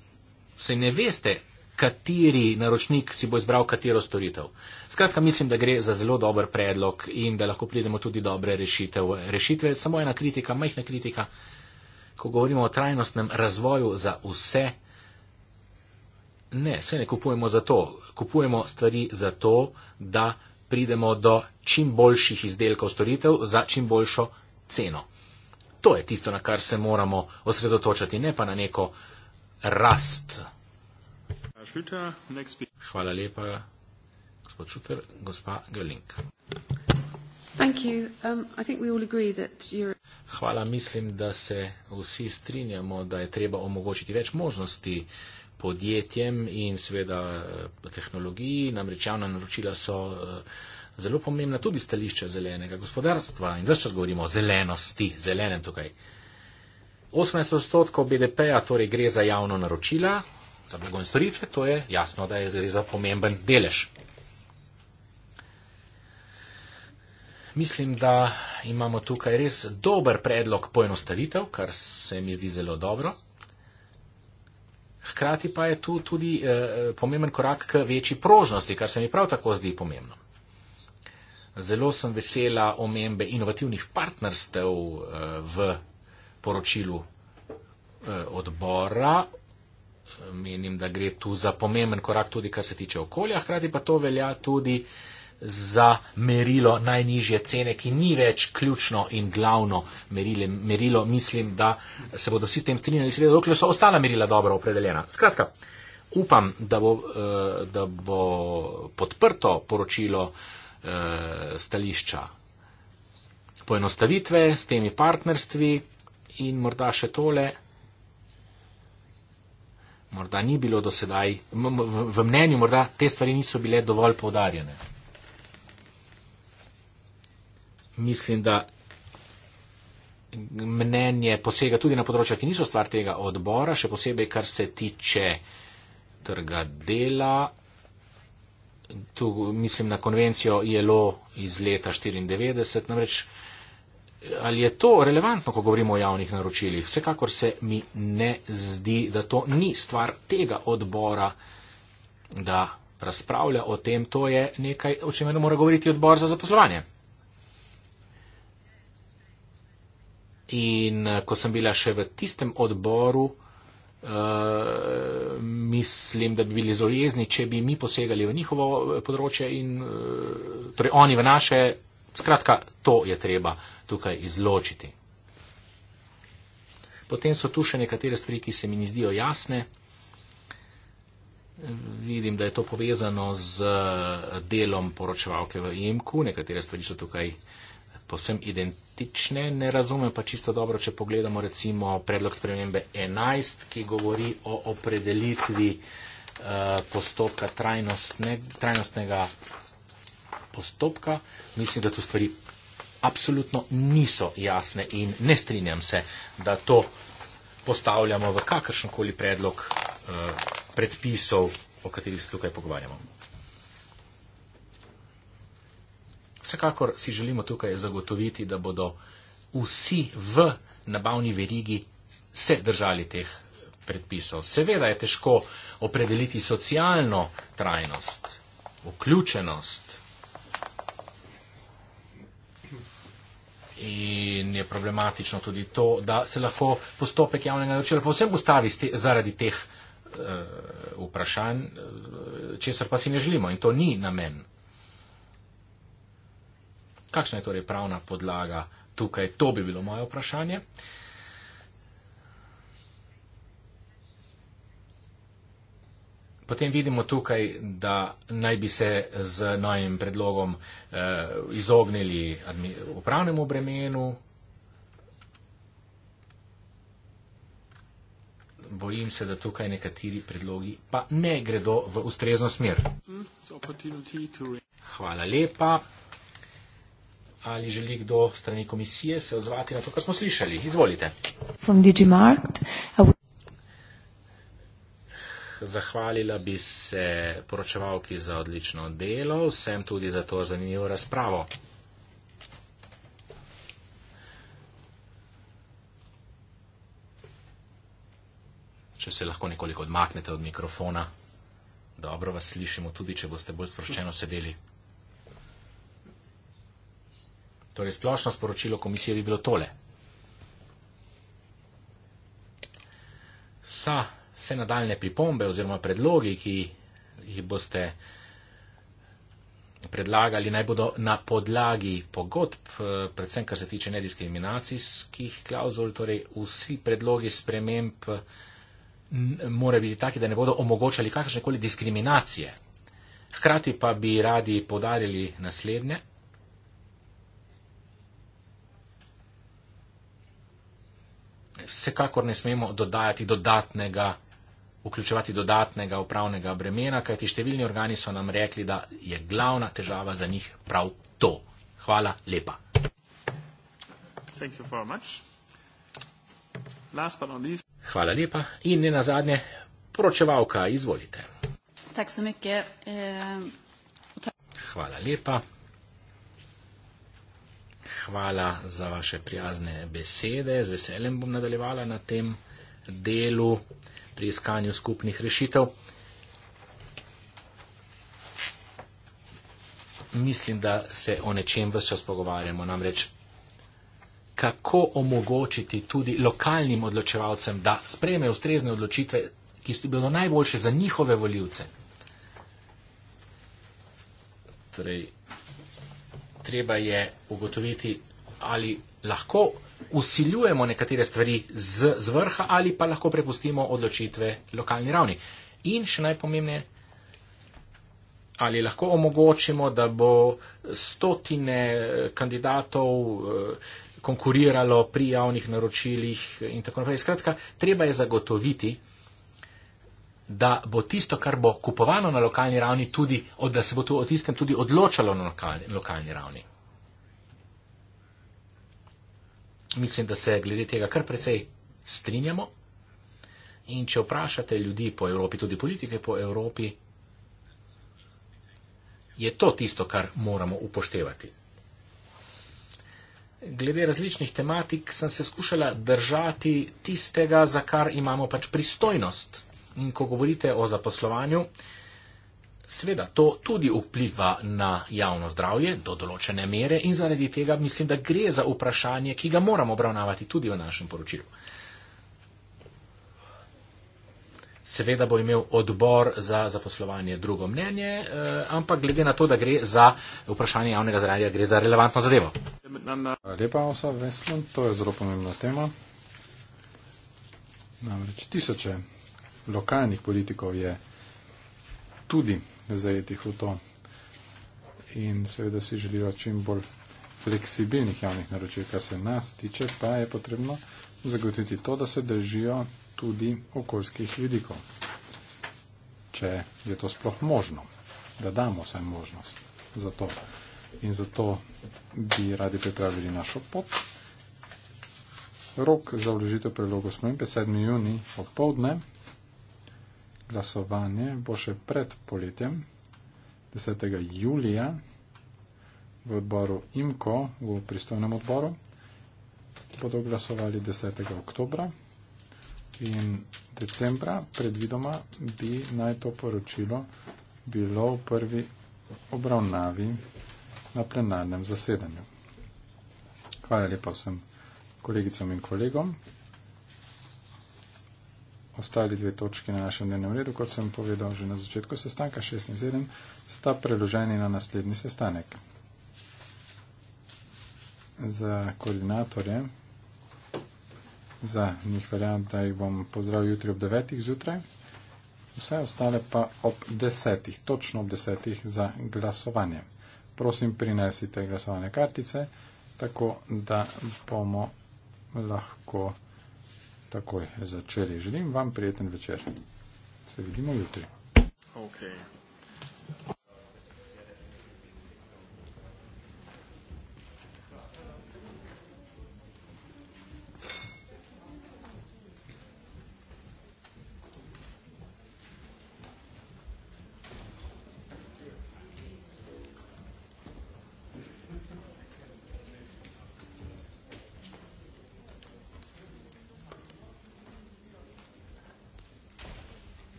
se ne veste, kateri naročnik si bo izbral katero storitev. Skratka, mislim, da gre za zelo dober predlog in da lahko pridemo tudi dobre rešitev. rešitve. Samo ena kritika, majhna kritika, ko govorimo o trajnostnem razvoju za vse. Ne, vse ne kupujemo za to. Kupujemo stvari za to, da pridemo do čim boljših izdelkov storitev za čim boljšo ceno. To je tisto, na kar se moramo osredotočati, ne pa na neko rast. Hvala lepa, gospod Šuter, gospa Gerling. Hvala. Mislim, da se vsi strinjamo, da je treba omogočiti več možnosti podjetjem in seveda eh, tehnologiji. Namreč javna naročila so eh, zelo pomembna tudi stališča zelenega gospodarstva. In vse čas govorimo o zelenosti, zelenem tukaj. 18 odstotkov BDP-a torej gre za javno naročila, za blago in storitve, to je jasno, da je zelo pomemben delež. Mislim, da imamo tukaj res dober predlog poenostavitev, kar se mi zdi zelo dobro. Hkrati pa je tu tudi eh, pomemben korak k večji prožnosti, kar se mi prav tako zdi pomembno. Zelo sem vesela omembe inovativnih partnerstev eh, v poročilu eh, odbora. Menim, da gre tu za pomemben korak tudi, kar se tiče okolja, hkrati pa to velja tudi za merilo najnižje cene, ki ni več ključno in glavno merile, merilo. Mislim, da se bodo vsi s tem strinjali, seveda, dokler so ostala merila dobro opredeljena. Skratka, upam, da bo, eh, da bo podprto poročilo eh, stališča poenostavitve s temi partnerstvi in morda še tole. Morda ni bilo do sedaj, v mnenju morda te stvari niso bile dovolj poudarjene mislim, da mnenje posega tudi na področja, ki niso stvar tega odbora, še posebej, kar se tiče trga dela. Tu mislim na konvencijo ILO iz leta 1994. Namreč, ali je to relevantno, ko govorimo o javnih naročilih? Vsekakor se mi ne zdi, da to ni stvar tega odbora, da razpravlja o tem. To je nekaj, o čemer mora govoriti odbor za zaposlovanje. In eh, ko sem bila še v tistem odboru, uh, mislim, da bi bili zelo jezni, če bi mi posegali v njihovo eh, področje in uh, torej oni v naše. Skratka, to je treba tukaj izločiti. Potem so tu še nekatere stvari, ki se mi ni zdijo jasne. Vidim, da je to povezano z delom poročevalke v IMK-u. Nekatere stvari so tukaj uh, povsem identične, ne razumem pa čisto dobro, če pogledamo recimo predlog spremembe 11, ki govori o opredelitvi eh, postopka trajnostne, trajnostnega postopka. Mislim, da tu stvari absolutno niso jasne in ne strinjam se, da to postavljamo v kakršenkoli predlog eh, predpisov, o katerih se tukaj pogovarjamo. Vsekakor si želimo tukaj zagotoviti, da bodo vsi v nabavni verigi se držali teh predpisov. Seveda je težko opredeliti socialno trajnost, vključenost. In je problematično tudi to, da se lahko postopek javnega naročila povsem ustavi te, zaradi teh uh, vprašanj, eh, česar pa si ne želimo. In to ni namen Kakšna je torej pravna podlaga tukaj? To bi bilo moje vprašanje. Potem vidimo tukaj, da naj bi se z novim predlogom eh, izognili upravnemu bremenu. Bojim se, da tukaj nekateri predlogi pa ne gredo v ustrezno smer. Mm, Hvala lepa ali želi kdo strani komisije se odzvati na to, kar smo slišali. Izvolite. Zahvalila bi se poročevalki za odlično delo, vsem tudi za to zanimivo razpravo. Če se lahko nekoliko odmaknete od mikrofona, dobro vas slišimo, tudi če boste bolj sproščeno sedeli. Torej, splošno sporočilo komisije bi bilo tole. Vsa, vse nadaljne pripombe oziroma predlogi, ki jih boste predlagali, naj bodo na podlagi pogodb, eh, predvsem kar se tiče nediskriminacijskih klauzul, torej vsi predlogi sprememb eh, mora biti taki, da ne bodo omogočali kakršnekoli diskriminacije. Hkrati pa bi radi podarili naslednje. vsekakor ne smemo dodajati dodatnega, vključevati dodatnega upravnega bremena, kajti številni organi so nam rekli, da je glavna težava za njih prav to. Hvala lepa. Hvala lepa. In ne nazadnje, poročevalka, izvolite. Eh, Hvala lepa hvala za vaše prijazne besede. Z veseljem bom nadaljevala na tem delu pri iskanju skupnih rešitev. Mislim, da se o nečem vse čas pogovarjamo, namreč kako omogočiti tudi lokalnim odločevalcem, da spreme ustrezne odločitve, ki so bilo najboljše za njihove voljivce. Torej, treba je ugotoviti, ali lahko usiljujemo nekatere stvari z, z vrha ali pa lahko prepustimo odločitve lokalni ravni. In še najpomembneje, ali lahko omogočimo, da bo stotine kandidatov eh, konkuriralo pri javnih naročilih in tako naprej. Skratka, treba je zagotoviti, da bo tisto, kar bo kupovano na lokalni ravni, tudi, da se bo to o tistem tudi odločalo na lokalni, lokalni ravni. Mislim, da se glede tega kar precej strinjamo. In če vprašate ljudi po Evropi, tudi politike po Evropi, je to tisto, kar moramo upoštevati. Glede različnih tematik sem se skušala držati tistega, za kar imamo pač pristojnost. In ko govorite o zaposlovanju, seveda to tudi vpliva na javno zdravje do določene mere in zaradi tega mislim, da gre za vprašanje, ki ga moramo obravnavati tudi v našem poročilu. Seveda bo imel odbor za zaposlovanje drugo mnenje, eh, ampak glede na to, da gre za vprašanje javnega zdravja, gre za relevantno zadevo. Lepa osa, Vestland, to je zelo pomembna tema. Namreč tisoče lokalnih politikov je tudi zajetih v to in seveda si želijo čim bolj fleksibilnih javnih naročil, kar se nas tiče, pa je potrebno zagotoviti to, da se držijo tudi okoljskih vidikov, če je to sploh možno, da damo vsaj možnost za to. In zato bi radi pripravili našo pot. Rok za vložitev predlogov smo in 7. juni opoldne glasovanje bo še pred poletjem, 10. julija, v odboru IMKO, v pristojnem odboru, bodo glasovali 10. oktobra in decembra predvidoma bi naj to poročilo bilo v prvi obravnavi na plenarnem zasedanju. Hvala lepa vsem kolegicam in kolegom ostali dve točki na našem dnevnem redu, kot sem povedal že na začetku sestanka 6 in 7, sta preloženi na naslednji sestanek. Za koordinatorje, za njih verjam, da jih bom pozdravil jutri ob 9. zjutraj, vse ostale pa ob 10. točno ob 10. za glasovanje. Prosim, prinesite glasovane kartice, tako da bomo lahko takoj začeli. Želim vam prijeten večer. Se vidimo jutri. Okay.